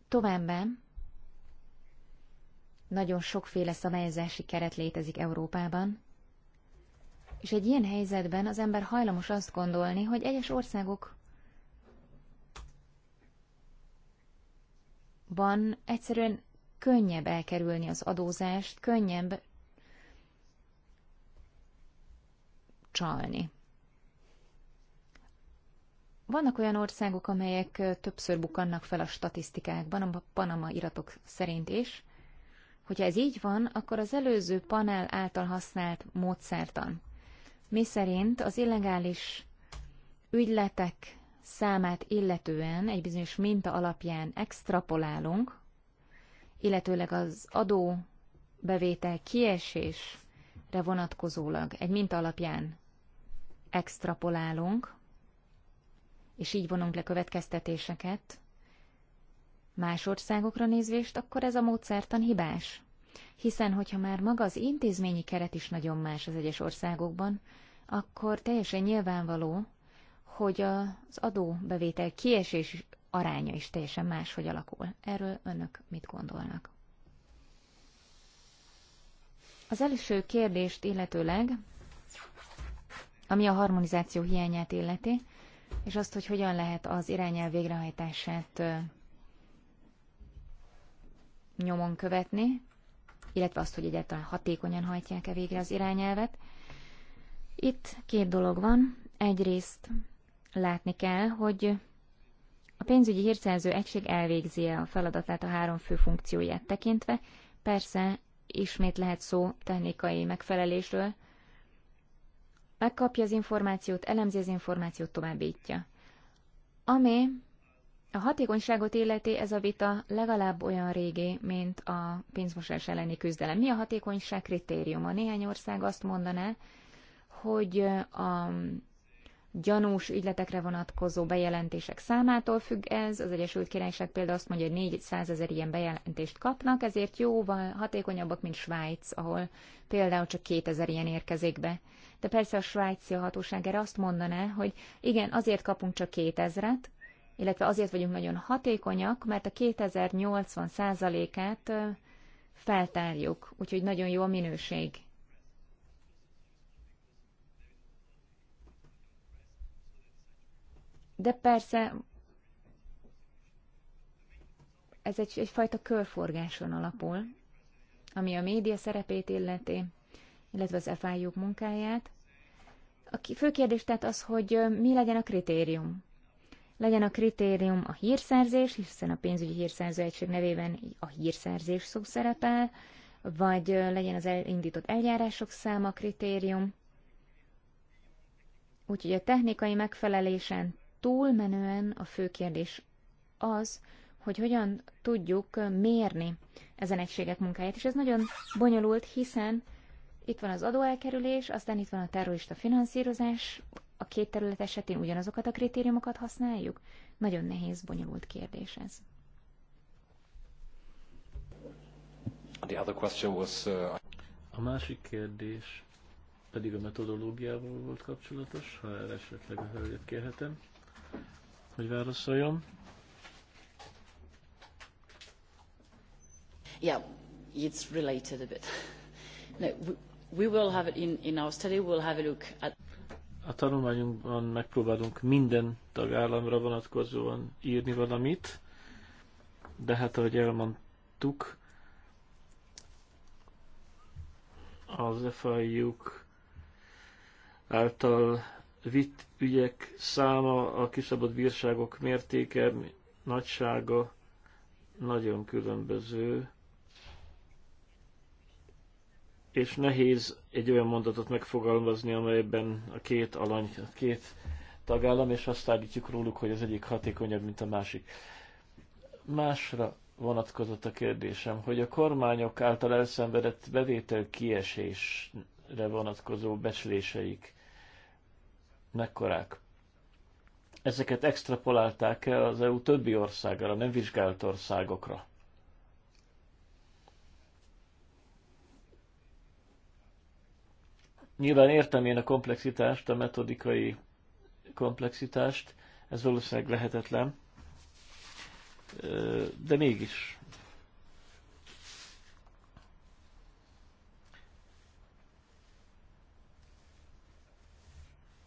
[SPEAKER 2] Továbbá nagyon sokféle szabályozási keret létezik Európában, és egy ilyen helyzetben az ember hajlamos azt gondolni, hogy egyes országok van egyszerűen könnyebb elkerülni az adózást, könnyebb csalni. Vannak olyan országok, amelyek többször bukannak fel a statisztikákban, a Panama iratok szerint is. Hogyha ez így van, akkor az előző panel által használt módszertan miszerint az illegális ügyletek számát illetően egy bizonyos minta alapján extrapolálunk, illetőleg az adó bevétel kiesésre vonatkozólag egy minta alapján extrapolálunk, és így vonunk le következtetéseket, más országokra nézvést, akkor ez a módszertan hibás. Hiszen, hogyha már maga az intézményi keret is nagyon más az egyes országokban, akkor teljesen nyilvánvaló, hogy az adóbevétel kiesés aránya is teljesen máshogy alakul. Erről önök mit gondolnak? Az első kérdést illetőleg, ami a harmonizáció hiányát illeti, és azt, hogy hogyan lehet az irányelv végrehajtását nyomon követni, illetve azt, hogy egyáltalán hatékonyan hajtják-e végre az irányelvet. Itt két dolog van. Egyrészt látni kell, hogy a pénzügyi hírszerző egység elvégzi -e a feladatát a három fő funkcióját tekintve. Persze ismét lehet szó technikai megfelelésről. Megkapja az információt, elemzi az információt, továbbítja. Ami a hatékonyságot illeti ez a vita legalább olyan régi, mint a pénzmosás elleni küzdelem. Mi a hatékonyság kritériuma? Néhány ország azt mondaná, hogy a gyanús ügyletekre vonatkozó bejelentések számától függ ez. Az Egyesült Királyság például azt mondja, hogy 400 ezer ilyen bejelentést kapnak, ezért jóval hatékonyabbak, mint Svájc, ahol például csak 2000 ilyen érkezik be. De persze a svájci hatóság erre azt mondaná, hogy igen, azért kapunk csak 2000-et, illetve azért vagyunk nagyon hatékonyak, mert a 2080 százalékát feltárjuk, úgyhogy nagyon jó a minőség De persze ez egy, egyfajta körforgáson alapul, ami a média szerepét illeti, illetve az fiu munkáját. A fő kérdés tehát az, hogy mi legyen a kritérium. Legyen a kritérium a hírszerzés, hiszen a pénzügyi hírszerző egység nevében a hírszerzés szó szerepel, vagy legyen az elindított eljárások száma kritérium. Úgyhogy a technikai megfelelésen túlmenően a fő kérdés az, hogy hogyan tudjuk mérni ezen egységek munkáját. És ez nagyon bonyolult, hiszen itt van az adóelkerülés, aztán itt van a terrorista finanszírozás, a két terület esetén ugyanazokat a kritériumokat használjuk? Nagyon nehéz, bonyolult kérdés ez.
[SPEAKER 1] The other question was, uh... A másik
[SPEAKER 4] kérdés pedig a metodológiával volt kapcsolatos, ha erre esetleg a hölgyet kérhetem hogy válaszoljon.
[SPEAKER 5] Yeah, it's related a bit. No, we will have it in, in our study, we'll have a look at
[SPEAKER 4] a tanulmányunkban megpróbálunk minden tagállamra vonatkozóan írni valamit, de hát ahogy elmondtuk, az FIU-k által vitt ügyek száma, a kiszabott bírságok mértéke, nagysága nagyon különböző, és nehéz egy olyan mondatot megfogalmazni, amelyben a két alany, a két tagállam, és azt állítjuk róluk, hogy az egyik hatékonyabb, mint a másik. Másra vonatkozott a kérdésem, hogy a kormányok által elszenvedett bevétel kiesésre vonatkozó becsléseik mekkorák. Ezeket extrapolálták-e az EU többi országára, nem vizsgált országokra? Nyilván értem én a komplexitást, a metodikai komplexitást, ez valószínűleg lehetetlen, de mégis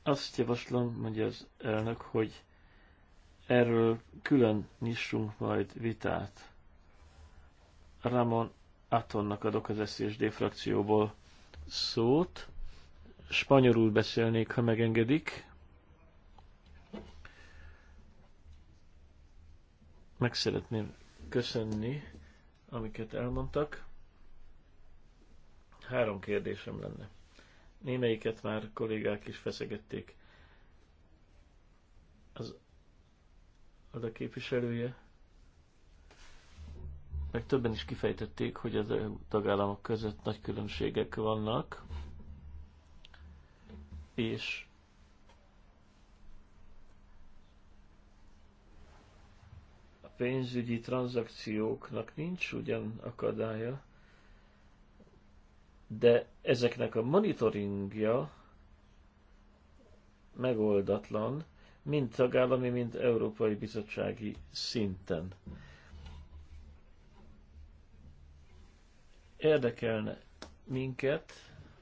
[SPEAKER 4] Azt javaslom, mondja az elnök, hogy erről külön nyissunk majd vitát. Ramon Atonnak adok az SZSD frakcióból szót. Spanyolul beszélnék, ha megengedik. Meg szeretném köszönni, amiket elmondtak. Három kérdésem lenne némelyiket már kollégák is feszegették. Az a képviselője. Meg többen is kifejtették, hogy az tagállamok között nagy különbségek vannak, és a pénzügyi tranzakcióknak nincs ugyan akadálya, de ezeknek a monitoringja megoldatlan, mind tagállami, mind európai bizottsági szinten. Érdekelne minket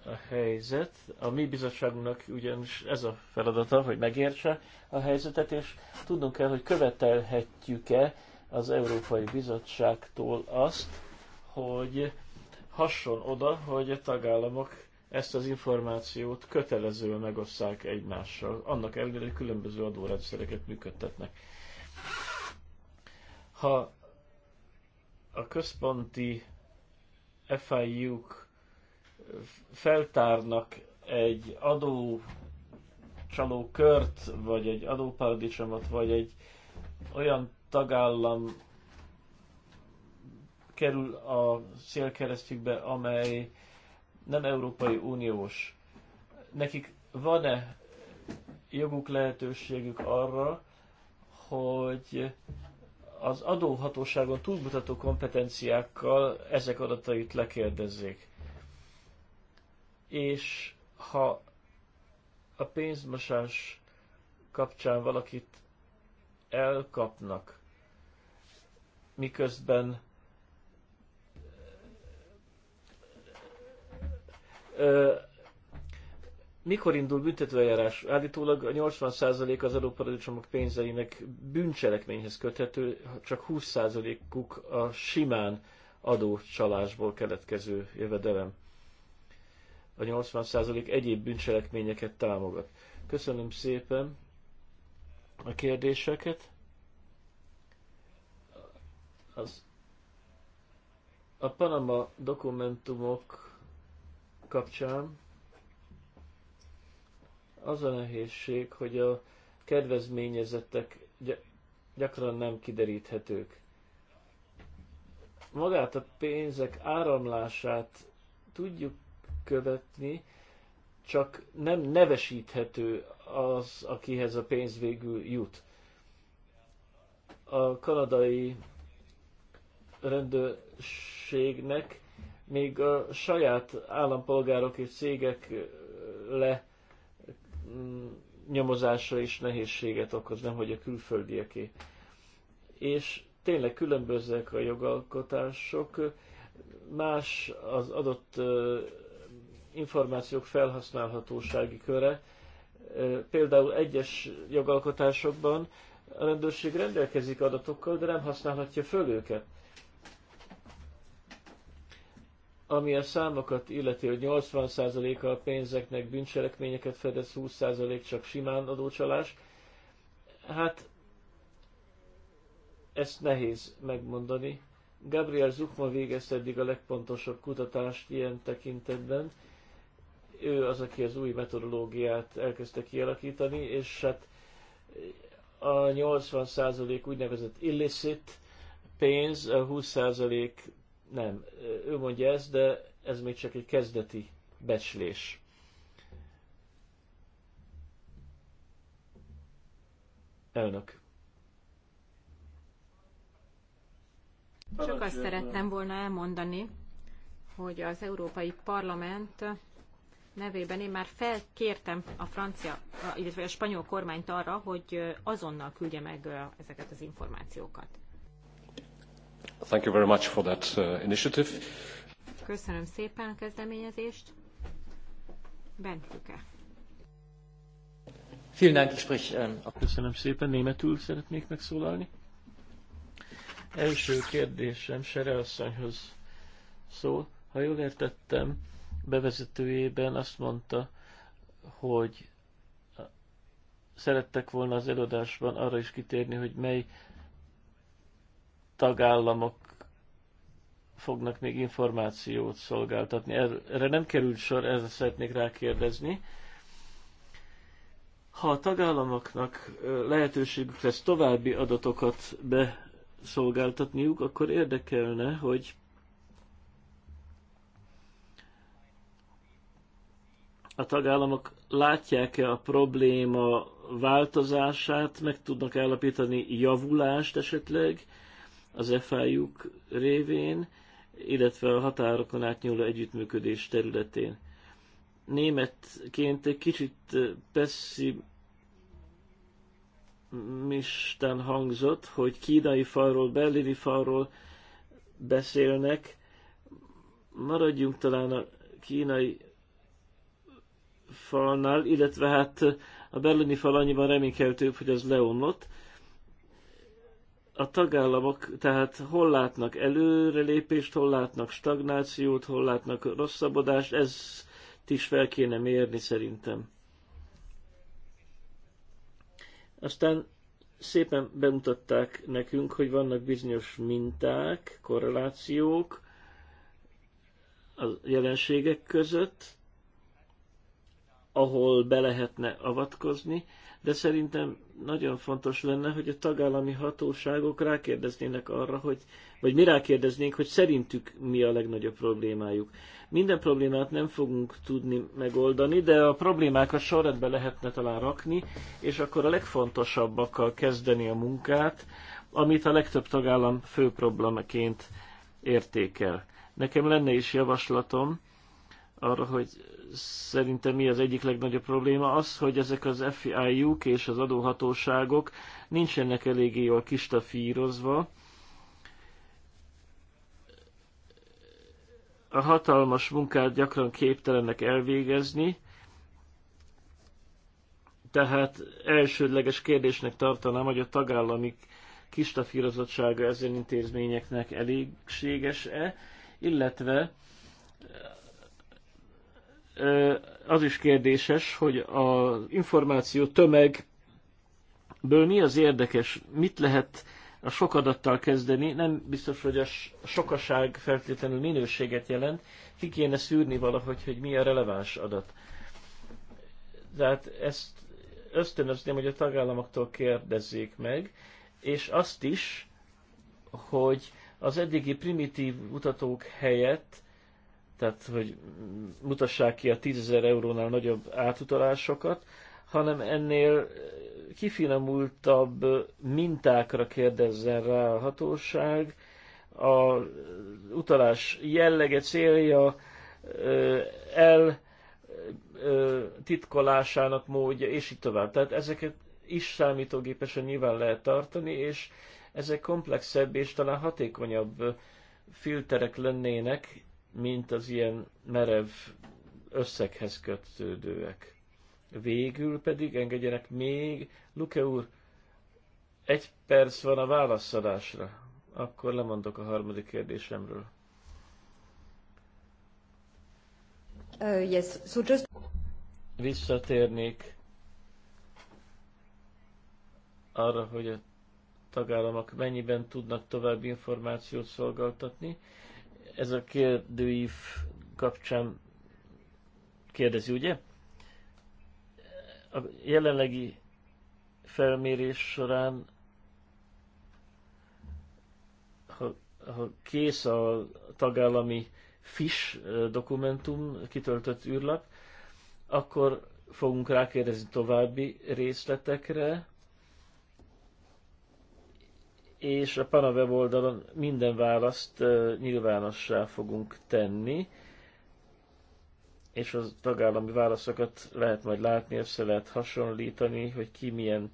[SPEAKER 4] a helyzet. A mi bizottságunknak ugyanis ez a feladata, hogy megértse a helyzetet, és tudnunk kell, hogy követelhetjük-e az Európai Bizottságtól azt, hogy hasson oda, hogy a tagállamok ezt az információt kötelezően megosszák egymással, annak ellenére, hogy különböző adórendszereket működtetnek. Ha a központi FIU-k feltárnak egy adó csaló kört vagy egy adóparadicsomot, vagy egy olyan tagállam kerül a szélkeresztjükbe, amely nem Európai Uniós. Nekik van-e joguk, lehetőségük arra, hogy az adóhatóságon túlmutató kompetenciákkal ezek adatait lekérdezzék. És ha a pénzmosás kapcsán valakit elkapnak, miközben mikor indul büntetőeljárás? Állítólag a 80% az adóparadicsomok pénzeinek bűncselekményhez köthető, csak 20%-uk a simán adócsalásból keletkező jövedelem. A 80% egyéb bűncselekményeket támogat. Köszönöm szépen a kérdéseket. Az a Panama dokumentumok kapcsán az a nehézség, hogy a kedvezményezettek gyakran nem kideríthetők. Magát a pénzek áramlását tudjuk követni, csak nem nevesíthető az, akihez a pénz végül jut. A kanadai rendőrségnek még a saját állampolgárok és cégek le mm, nyomozása is nehézséget okoz, nem hogy a külföldieké. És tényleg különbözőek a jogalkotások, más az adott információk felhasználhatósági köre. Például egyes jogalkotásokban a rendőrség rendelkezik adatokkal, de nem használhatja föl őket. ami a számokat illeti, hogy 80%-a a pénzeknek bűncselekményeket fedez, 20% csak simán adócsalás, hát ezt nehéz megmondani. Gabriel Zuckman végezte eddig a legpontosabb kutatást ilyen tekintetben. Ő az, aki az új metodológiát elkezdte kialakítani, és hát a 80% úgynevezett illicit pénz, a 20% nem, ő mondja ezt, de ez még csak egy kezdeti becslés. Elnök.
[SPEAKER 5] Csak azt szerettem volna elmondani, hogy az Európai Parlament nevében én már felkértem a francia, illetve a spanyol kormányt arra, hogy azonnal küldje meg ezeket az információkat.
[SPEAKER 1] Thank you very much for that uh, initiative.
[SPEAKER 5] Köszönöm szépen a kezdeményezést. Bentluke.
[SPEAKER 1] Vielen Dank, ich sprich. Ähm, Köszönöm
[SPEAKER 4] szépen, németül szeretnék megszólalni. Első kérdésem Sere asszonyhoz szól. Ha jól értettem, bevezetőjében azt mondta, hogy szerettek volna az előadásban arra is kitérni, hogy mely tagállamok fognak még információt szolgáltatni. Er-, erre nem került sor, ezzel szeretnék rákérdezni. Ha a tagállamoknak lehetőségük lesz további adatokat beszolgáltatniuk, akkor érdekelne, hogy a tagállamok látják-e a probléma változását, meg tudnak állapítani javulást esetleg, az FIU-k révén, illetve a határokon átnyúló együttműködés területén. Németként egy kicsit pessimistán hangzott, hogy kínai falról, berlini falról beszélnek. Maradjunk talán a kínai falnál, illetve hát a berlini fal annyiban reménykeltőbb, hogy az leomlott, a tagállamok tehát hol látnak előrelépést, hol látnak stagnációt, hol látnak rosszabbodást, ezt is fel kéne mérni szerintem. Aztán szépen bemutatták nekünk, hogy vannak bizonyos minták, korrelációk a jelenségek között, ahol be lehetne avatkozni, de szerintem nagyon fontos lenne, hogy a tagállami hatóságok rákérdeznének arra, hogy, vagy mi rákérdeznénk, hogy szerintük mi a legnagyobb problémájuk. Minden problémát nem fogunk tudni megoldani, de a problémákat sorrendbe lehetne talán rakni, és akkor a legfontosabbakkal kezdeni a munkát, amit a legtöbb tagállam fő problémaként értékel. Nekem lenne is javaslatom arra, hogy szerintem mi az egyik legnagyobb probléma, az, hogy ezek az FIU-k és az adóhatóságok nincsenek eléggé jól kistafírozva. A hatalmas munkát gyakran képtelenek elvégezni, tehát elsődleges kérdésnek tartanám, hogy a tagállami kistafírozottsága ezen intézményeknek elégséges-e, illetve az is kérdéses, hogy az információ tömegből mi az érdekes, mit lehet a sok adattal kezdeni, nem biztos, hogy a sokaság feltétlenül minőséget jelent, ki kéne szűrni valahogy, hogy mi a releváns adat. Tehát ezt ösztönözném, hogy a tagállamoktól kérdezzék meg, és azt is, hogy az eddigi primitív mutatók helyett tehát hogy mutassák ki a 10.000 eurónál nagyobb átutalásokat, hanem ennél kifinomultabb mintákra kérdezzen rá a hatóság, a utalás jellege, célja, el titkolásának módja, és így tovább. Tehát ezeket is számítógépesen nyilván lehet tartani, és ezek komplexebb és talán hatékonyabb filterek lennének, mint az ilyen merev összeghez kötődőek. Végül pedig engedjenek még, Luke úr, egy perc van a válaszadásra. Akkor lemondok a harmadik kérdésemről.
[SPEAKER 5] Uh, yes, so just...
[SPEAKER 4] Visszatérnék arra, hogy a tagállamok mennyiben tudnak további információt szolgáltatni ez a kérdőív kapcsán kérdezi, ugye? A jelenlegi felmérés során, ha, ha kész a tagállami FIS dokumentum, kitöltött űrlap, akkor fogunk rákérdezni további részletekre, és a PANA weboldalon minden választ nyilvánossá fogunk tenni, és az tagállami válaszokat lehet majd látni, össze lehet hasonlítani, hogy ki milyen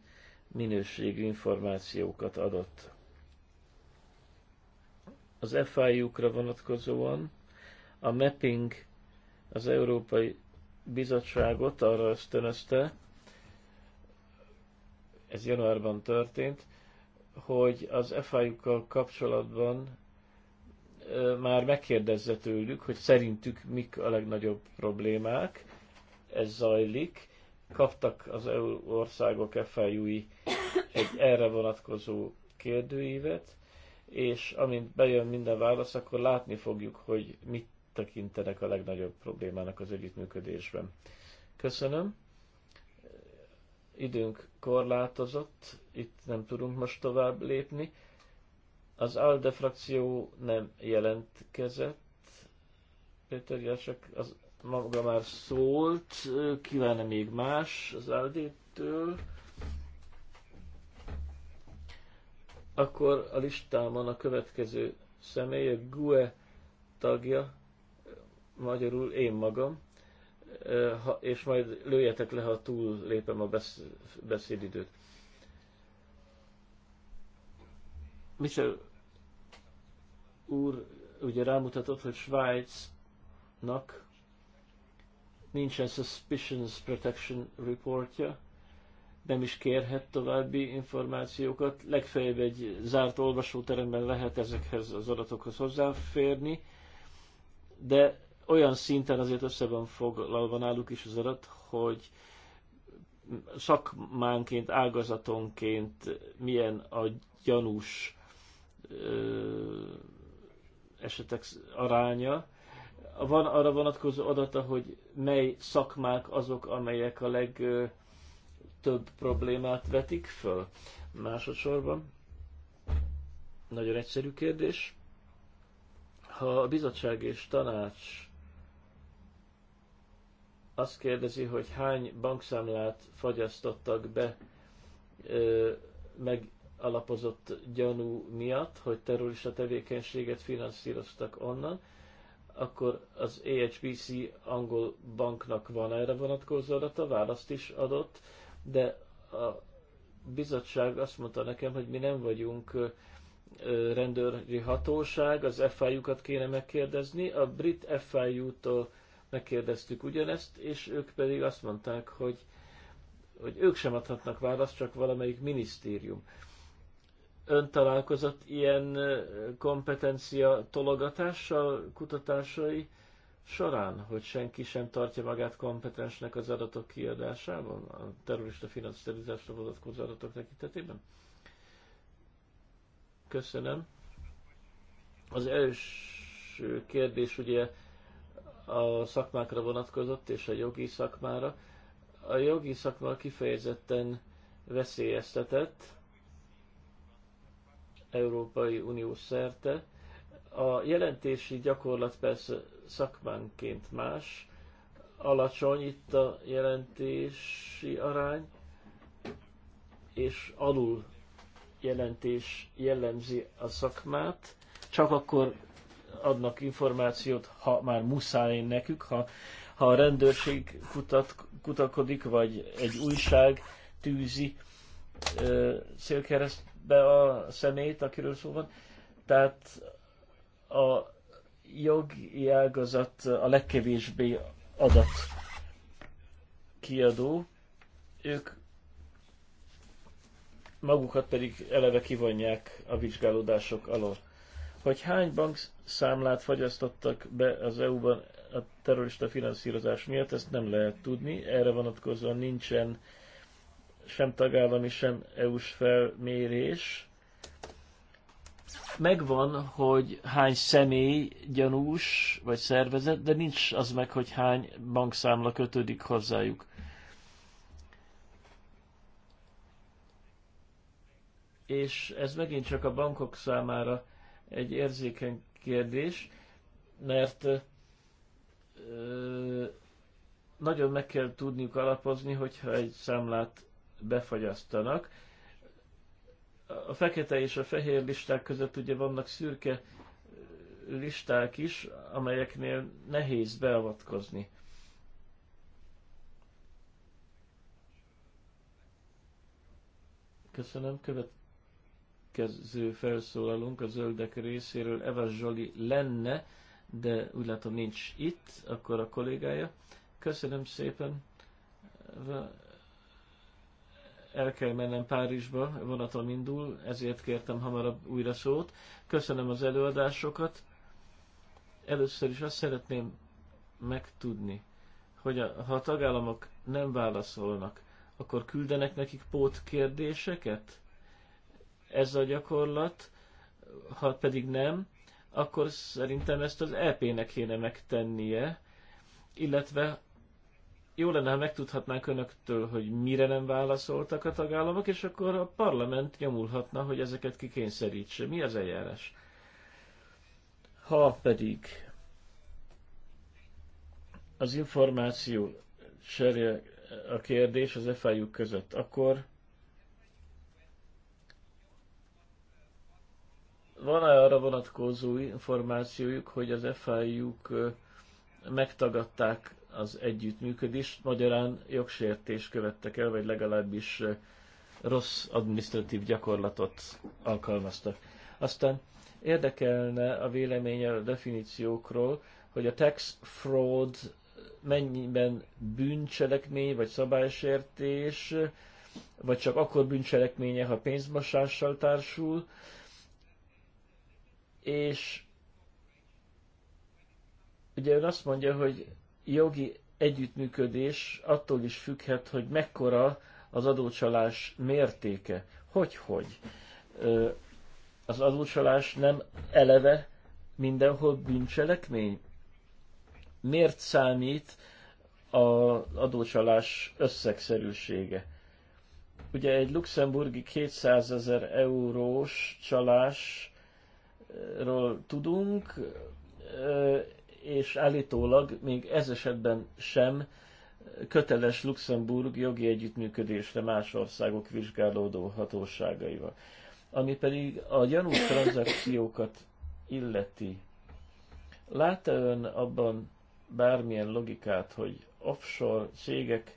[SPEAKER 4] minőségű információkat adott. Az FIU-kra vonatkozóan a mapping az Európai Bizottságot arra ösztönözte, ez januárban történt, hogy az FIU-kkal kapcsolatban már megkérdezze tőlük, hogy szerintük mik a legnagyobb problémák, ez zajlik. Kaptak az EU országok FIU-i egy erre vonatkozó kérdőívet, és amint bejön minden válasz, akkor látni fogjuk, hogy mit tekintenek a legnagyobb problémának az együttműködésben. Köszönöm időnk korlátozott, itt nem tudunk most tovább lépni. Az ALDE frakció nem jelentkezett. Péter Jasek az maga már szólt, kívánne még más az ALDE-től. Akkor a listámon a következő személy, a GUE tagja, magyarul én magam és majd lőjetek le, ha túl lépem a beszédidőt. Michel úr ugye rámutatott, hogy Svájcnak nincsen Suspicions Protection reportja, nem is kérhet további információkat, legfeljebb egy zárt olvasóteremben lehet ezekhez az adatokhoz hozzáférni, de olyan szinten azért össze van foglalva náluk is az adat, hogy szakmánként, ágazatonként milyen a gyanús esetek aránya. Van arra vonatkozó adata, hogy mely szakmák azok, amelyek a legtöbb problémát vetik föl másodszorban. Nagyon egyszerű kérdés. Ha a bizottság és tanács azt kérdezi, hogy hány bankszámlát fagyasztottak be ö, megalapozott gyanú miatt, hogy terrorista tevékenységet finanszíroztak onnan, akkor az AHBC angol banknak van erre vonatkozó adata, választ is adott, de a bizottság azt mondta nekem, hogy mi nem vagyunk rendőri hatóság, az FIU-kat kéne megkérdezni. A brit FIU-tól megkérdeztük ugyanezt, és ők pedig azt mondták, hogy, hogy ők sem adhatnak választ, csak valamelyik minisztérium. Ön találkozott ilyen kompetencia tologatással kutatásai során, hogy senki sem tartja magát kompetensnek az adatok kiadásában, a terrorista finanszírozásra vonatkozó adatok tekintetében? Köszönöm. Az első kérdés ugye a szakmákra vonatkozott, és a jogi szakmára. A jogi szakma kifejezetten veszélyeztetett Európai Unió szerte. A jelentési gyakorlat persze szakmánként más, alacsony itt a jelentési arány, és alul jelentés jellemzi a szakmát, csak akkor adnak információt, ha már muszáj nekük, ha, ha a rendőrség kutat, kutakodik, vagy egy újság tűzi ö, szélkeresztbe a szemét, akiről szó van. Tehát a jogi ágazat a legkevésbé adat kiadó, ők magukat pedig eleve kivonják a vizsgálódások alól hogy hány bankszámlát fagyasztottak be az EU-ban a terrorista finanszírozás miatt, ezt nem lehet tudni. Erre vonatkozóan nincsen sem tagállami, sem EU-s felmérés. Megvan, hogy hány személy gyanús vagy szervezet, de nincs az meg, hogy hány bankszámla kötődik hozzájuk. És ez megint csak a bankok számára egy érzékeny kérdés, mert ö, nagyon meg kell tudniuk alapozni, hogyha egy számlát befagyasztanak. A fekete és a fehér listák között ugye vannak szürke listák is, amelyeknél nehéz beavatkozni. Köszönöm, követ következő felszólalunk a zöldek részéről Eva Zsoli lenne, de úgy látom nincs itt, akkor a kollégája. Köszönöm szépen. El kell mennem Párizsba, vonatom indul, ezért kértem hamarabb újra szót. Köszönöm az előadásokat. Először is azt szeretném megtudni, hogy a, ha a tagállamok nem válaszolnak, akkor küldenek nekik pótkérdéseket? ez a gyakorlat, ha pedig nem, akkor szerintem ezt az EP-nek kéne megtennie, illetve jó lenne, ha megtudhatnánk önöktől, hogy mire nem válaszoltak a tagállamok, és akkor a parlament nyomulhatna, hogy ezeket kikényszerítse. Mi az eljárás? Ha pedig az információ cserje a kérdés az FIU között, akkor van-e arra vonatkozó információjuk, hogy az FIU-k megtagadták az együttműködést, magyarán jogsértés követtek el, vagy legalábbis rossz administratív gyakorlatot alkalmaztak. Aztán érdekelne a véleménye a definíciókról, hogy a tax fraud mennyiben bűncselekmény, vagy szabálysértés, vagy csak akkor bűncselekménye, ha pénzmosással társul, és ugye ön azt mondja, hogy jogi együttműködés attól is függhet, hogy mekkora az adócsalás mértéke. Hogy, hogy? Az adócsalás nem eleve mindenhol bűncselekmény? Miért számít az adócsalás összegszerűsége? Ugye egy luxemburgi 200 ezer eurós csalás ról tudunk, és állítólag még ez esetben sem köteles Luxemburg jogi együttműködésre más országok vizsgálódó hatóságaival. Ami pedig a gyanú tranzakciókat illeti. Látta ön abban bármilyen logikát, hogy offshore cégek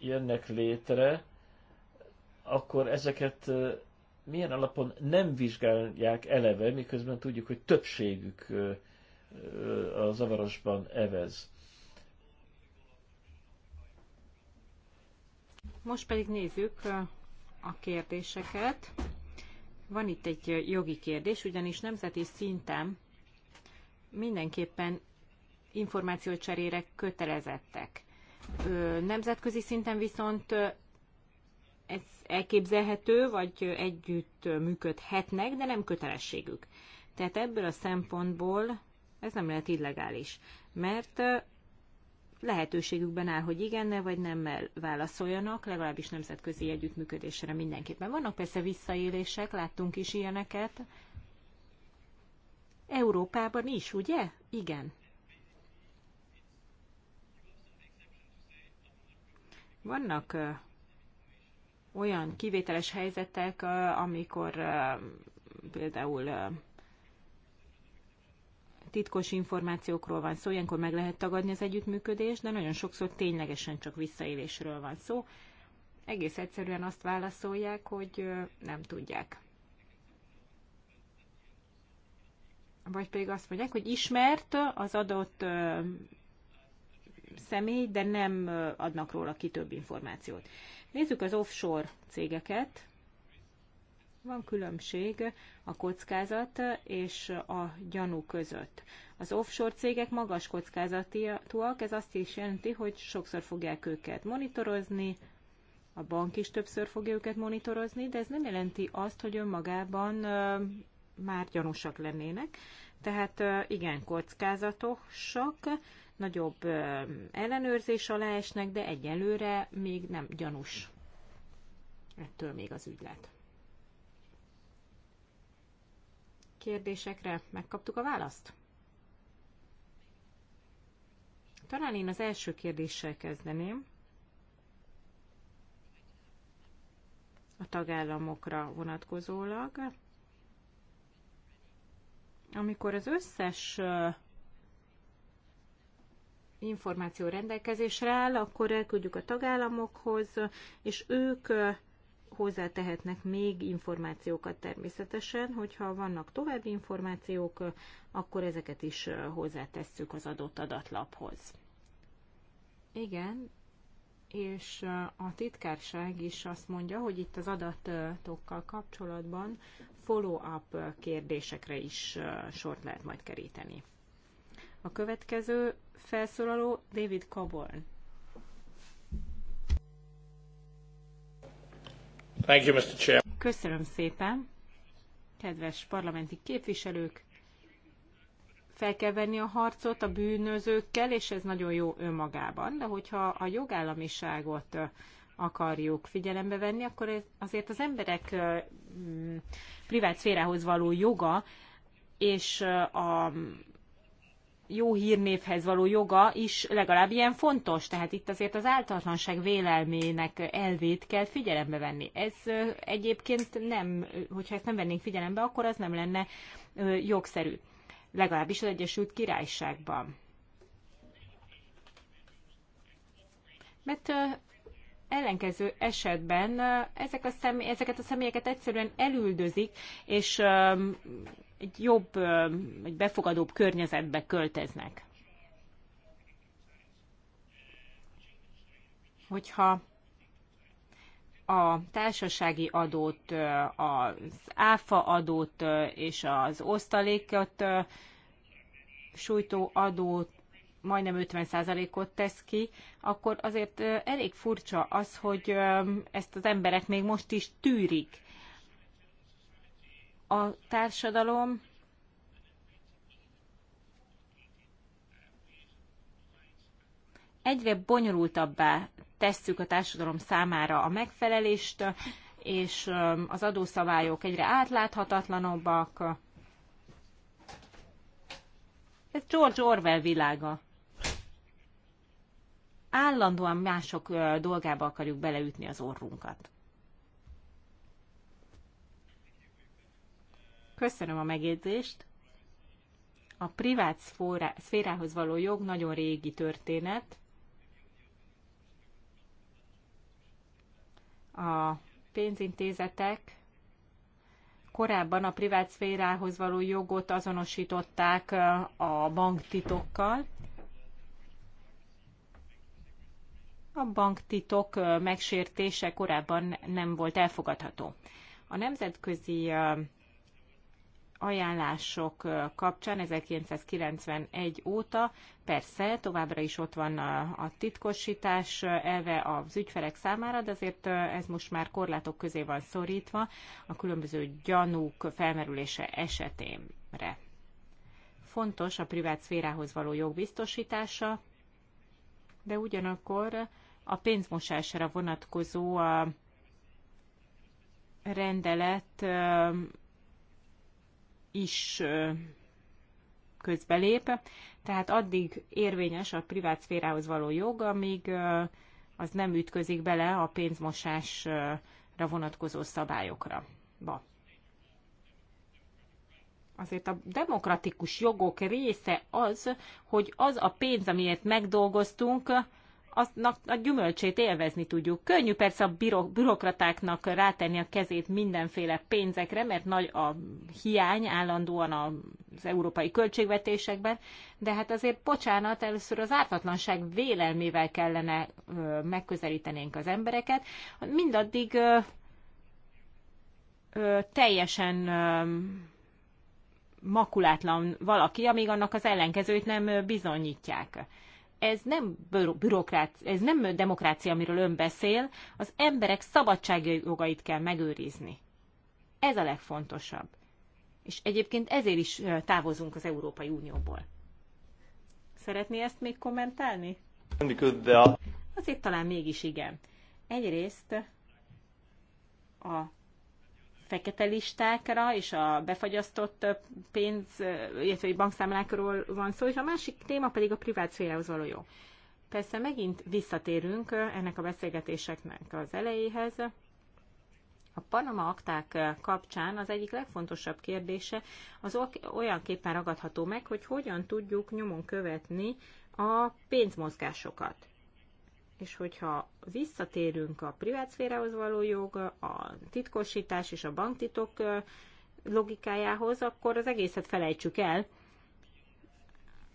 [SPEAKER 4] jönnek létre, akkor ezeket milyen alapon nem vizsgálják eleve, miközben tudjuk, hogy többségük a zavarosban evez.
[SPEAKER 5] Most pedig nézzük a kérdéseket. Van itt egy jogi kérdés, ugyanis nemzeti szinten mindenképpen információcserére kötelezettek. Nemzetközi szinten viszont ez elképzelhető, vagy együtt működhetnek, de nem kötelességük. Tehát ebből a szempontból ez nem lehet illegális, mert lehetőségükben áll, hogy igennel vagy nemmel válaszoljanak, legalábbis nemzetközi együttműködésre mindenképpen. Vannak persze visszaélések, láttunk is ilyeneket. Európában is, ugye? Igen. Vannak olyan kivételes helyzetek, amikor például titkos információkról van szó, ilyenkor meg lehet tagadni az együttműködést, de nagyon sokszor ténylegesen csak visszaélésről van szó. Egész egyszerűen azt válaszolják, hogy nem tudják. Vagy pedig azt mondják, hogy ismert az adott személy, de nem adnak róla ki több információt. Nézzük az offshore cégeket. Van különbség a kockázat és a gyanú között. Az offshore cégek magas kockázatúak, ez azt is jelenti, hogy sokszor fogják őket monitorozni, a bank is többször fogja őket monitorozni, de ez nem jelenti azt, hogy önmagában már gyanúsak lennének. Tehát igen, kockázatosak, nagyobb ellenőrzés alá esnek, de egyelőre még nem gyanús ettől még az ügylet. Kérdésekre megkaptuk a választ? Talán én az első kérdéssel kezdeném. A tagállamokra vonatkozólag. Amikor az összes információ rendelkezésre áll, akkor elküldjük a tagállamokhoz, és ők hozzátehetnek még információkat természetesen, hogyha vannak további információk, akkor ezeket is hozzátesszük az adott adatlaphoz. Igen, és a titkárság is azt mondja, hogy itt az adatokkal kapcsolatban follow-up kérdésekre is sort lehet majd keríteni. A következő felszólaló David Coburn. Thank you, Mr. Chair. Köszönöm szépen, kedves parlamenti képviselők! Fel kell venni a harcot a bűnözőkkel, és ez nagyon jó önmagában, de hogyha a jogállamiságot akarjuk figyelembe venni, akkor ez azért az emberek privát szférához való joga és a jó hírnévhez való joga is legalább ilyen fontos. Tehát itt azért az általanság vélelmének elvét kell figyelembe venni. Ez egyébként nem, hogyha ezt nem vennénk figyelembe, akkor az nem lenne jogszerű. Legalábbis az Egyesült Királyságban. Mert ellenkező esetben ezek a személy, ezeket a személyeket egyszerűen elüldözik, és egy jobb, egy befogadóbb környezetbe költöznek. Hogyha a társasági adót, az áfa adót és az osztalékot sújtó adót majdnem 50%-ot tesz ki, akkor azért elég furcsa az, hogy ezt az emberek még most is tűrik a társadalom egyre bonyolultabbá tesszük a társadalom számára a megfelelést, és az adószabályok egyre átláthatatlanabbak. Ez George Orwell világa. Állandóan mások dolgába akarjuk beleütni az orrunkat. Köszönöm a megjegyzést. A privát szférához való jog nagyon régi történet. A pénzintézetek korábban a privát szférához való jogot azonosították a banktitokkal. A banktitok megsértése korábban nem volt elfogadható. A nemzetközi ajánlások kapcsán 1991 óta persze továbbra is ott van a, titkosítás elve az ügyfelek számára, de azért ez most már korlátok közé van szorítva a különböző gyanúk felmerülése esetémre. Fontos a privát szférához való jogbiztosítása, de ugyanakkor a pénzmosásra vonatkozó a rendelet is közbelép, tehát addig érvényes a privát szférához való jog, amíg az nem ütközik bele a pénzmosásra vonatkozó szabályokra. Ba. Azért a demokratikus jogok része az, hogy az a pénz, amiért megdolgoztunk, aznak a gyümölcsét élvezni tudjuk. Könnyű persze a bürokratáknak rátenni a kezét mindenféle pénzekre, mert nagy a hiány állandóan az európai költségvetésekben, de hát azért bocsánat, először az ártatlanság vélelmével kellene ö, megközelítenénk az embereket. Mindaddig ö, ö, teljesen ö, makulátlan valaki, amíg annak az ellenkezőt nem bizonyítják ez nem, bürokrácia, ez nem demokrácia, amiről ön beszél, az emberek szabadságjogait kell megőrizni. Ez a legfontosabb. És egyébként ezért is távozunk az Európai Unióból. Szeretné ezt még kommentálni? Azért talán mégis igen. Egyrészt a fekete listákra és a befagyasztott pénz, illetve bankszámlákról van szó, és a másik téma pedig a privát szférához való jó. Persze megint visszatérünk ennek a beszélgetéseknek az elejéhez. A Panama akták kapcsán az egyik legfontosabb kérdése az olyan képen ragadható meg, hogy hogyan tudjuk nyomon követni a pénzmozgásokat és hogyha visszatérünk a privátszférához való jog, a titkosítás és a banktitok logikájához, akkor az egészet felejtsük el,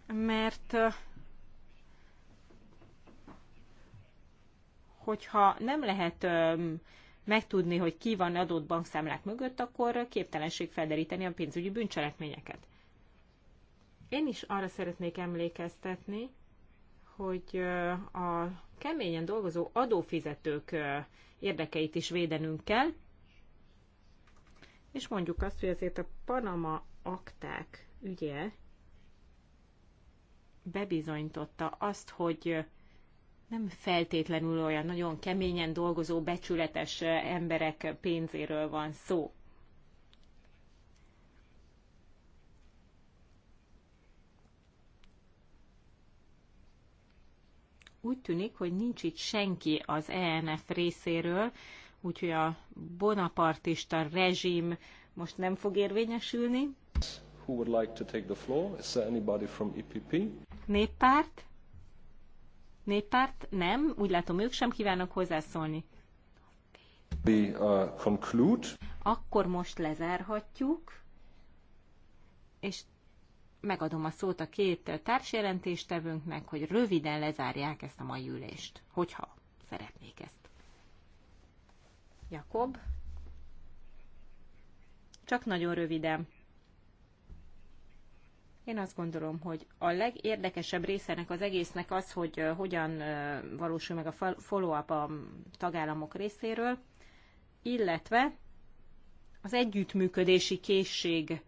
[SPEAKER 5] mert hogyha nem lehet megtudni, hogy ki van adott bankszámlák mögött, akkor képtelenség felderíteni a pénzügyi bűncselekményeket. Én is arra szeretnék emlékeztetni, hogy a keményen dolgozó adófizetők érdekeit is védenünk kell, és mondjuk azt, hogy azért a Panama akták ügye bebizonyította azt, hogy nem feltétlenül olyan nagyon keményen dolgozó, becsületes emberek pénzéről van szó. úgy tűnik, hogy nincs itt senki az ENF részéről, úgyhogy a bonapartista rezsim most nem fog érvényesülni.
[SPEAKER 1] Who would like to take the floor? Is there anybody from EPP?
[SPEAKER 5] Néppárt? Néppárt? Nem, úgy látom, ők sem kívánnak hozzászólni.
[SPEAKER 1] We, uh, conclude.
[SPEAKER 5] Akkor most lezárhatjuk, és megadom a szót a két társjelentéstevőnknek, hogy röviden lezárják ezt a mai ülést, hogyha szeretnék ezt. Jakob? Csak nagyon röviden. Én azt gondolom, hogy a legérdekesebb részenek az egésznek az, hogy hogyan valósul meg a follow-up a tagállamok részéről, illetve az együttműködési készség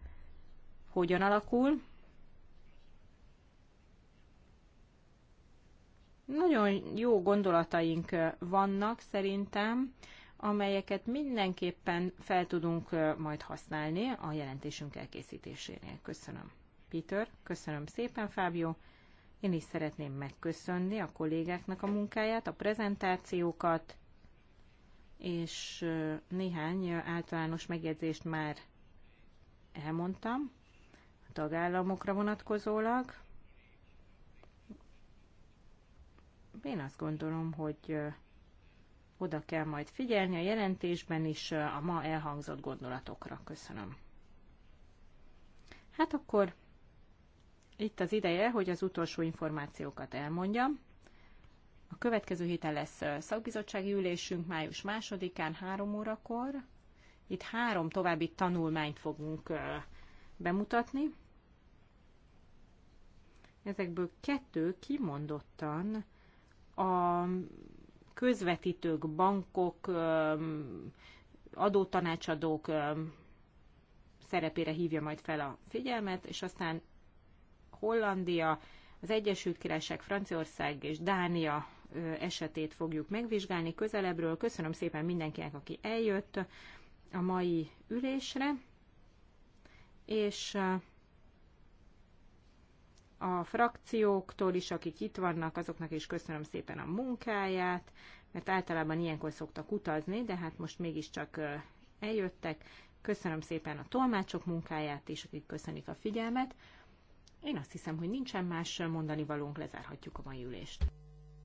[SPEAKER 5] hogyan alakul, Nagyon jó gondolataink vannak szerintem, amelyeket mindenképpen fel tudunk majd használni a jelentésünk elkészítésénél. Köszönöm. Peter, köszönöm szépen, Fábio. Én is szeretném megköszönni a kollégáknak a munkáját, a prezentációkat, és néhány általános megjegyzést már elmondtam a tagállamokra vonatkozólag. én azt gondolom, hogy oda kell majd figyelni a jelentésben is a ma elhangzott gondolatokra. Köszönöm. Hát akkor itt az ideje, hogy az utolsó információkat elmondjam. A következő héten lesz szakbizottsági ülésünk május másodikán három órakor. Itt három további tanulmányt fogunk bemutatni. Ezekből kettő kimondottan a közvetítők, bankok, adótanácsadók szerepére hívja majd fel a figyelmet, és aztán Hollandia, az Egyesült Királyság, Franciaország és Dánia esetét fogjuk megvizsgálni közelebbről. Köszönöm szépen mindenkinek, aki eljött a mai ülésre, és a frakcióktól is, akik itt vannak, azoknak is köszönöm szépen a munkáját, mert általában ilyenkor szoktak utazni, de hát most mégiscsak eljöttek. Köszönöm szépen a tolmácsok munkáját is, akik köszönik a figyelmet. Én azt hiszem, hogy nincsen más mondani valónk, lezárhatjuk a mai ülést.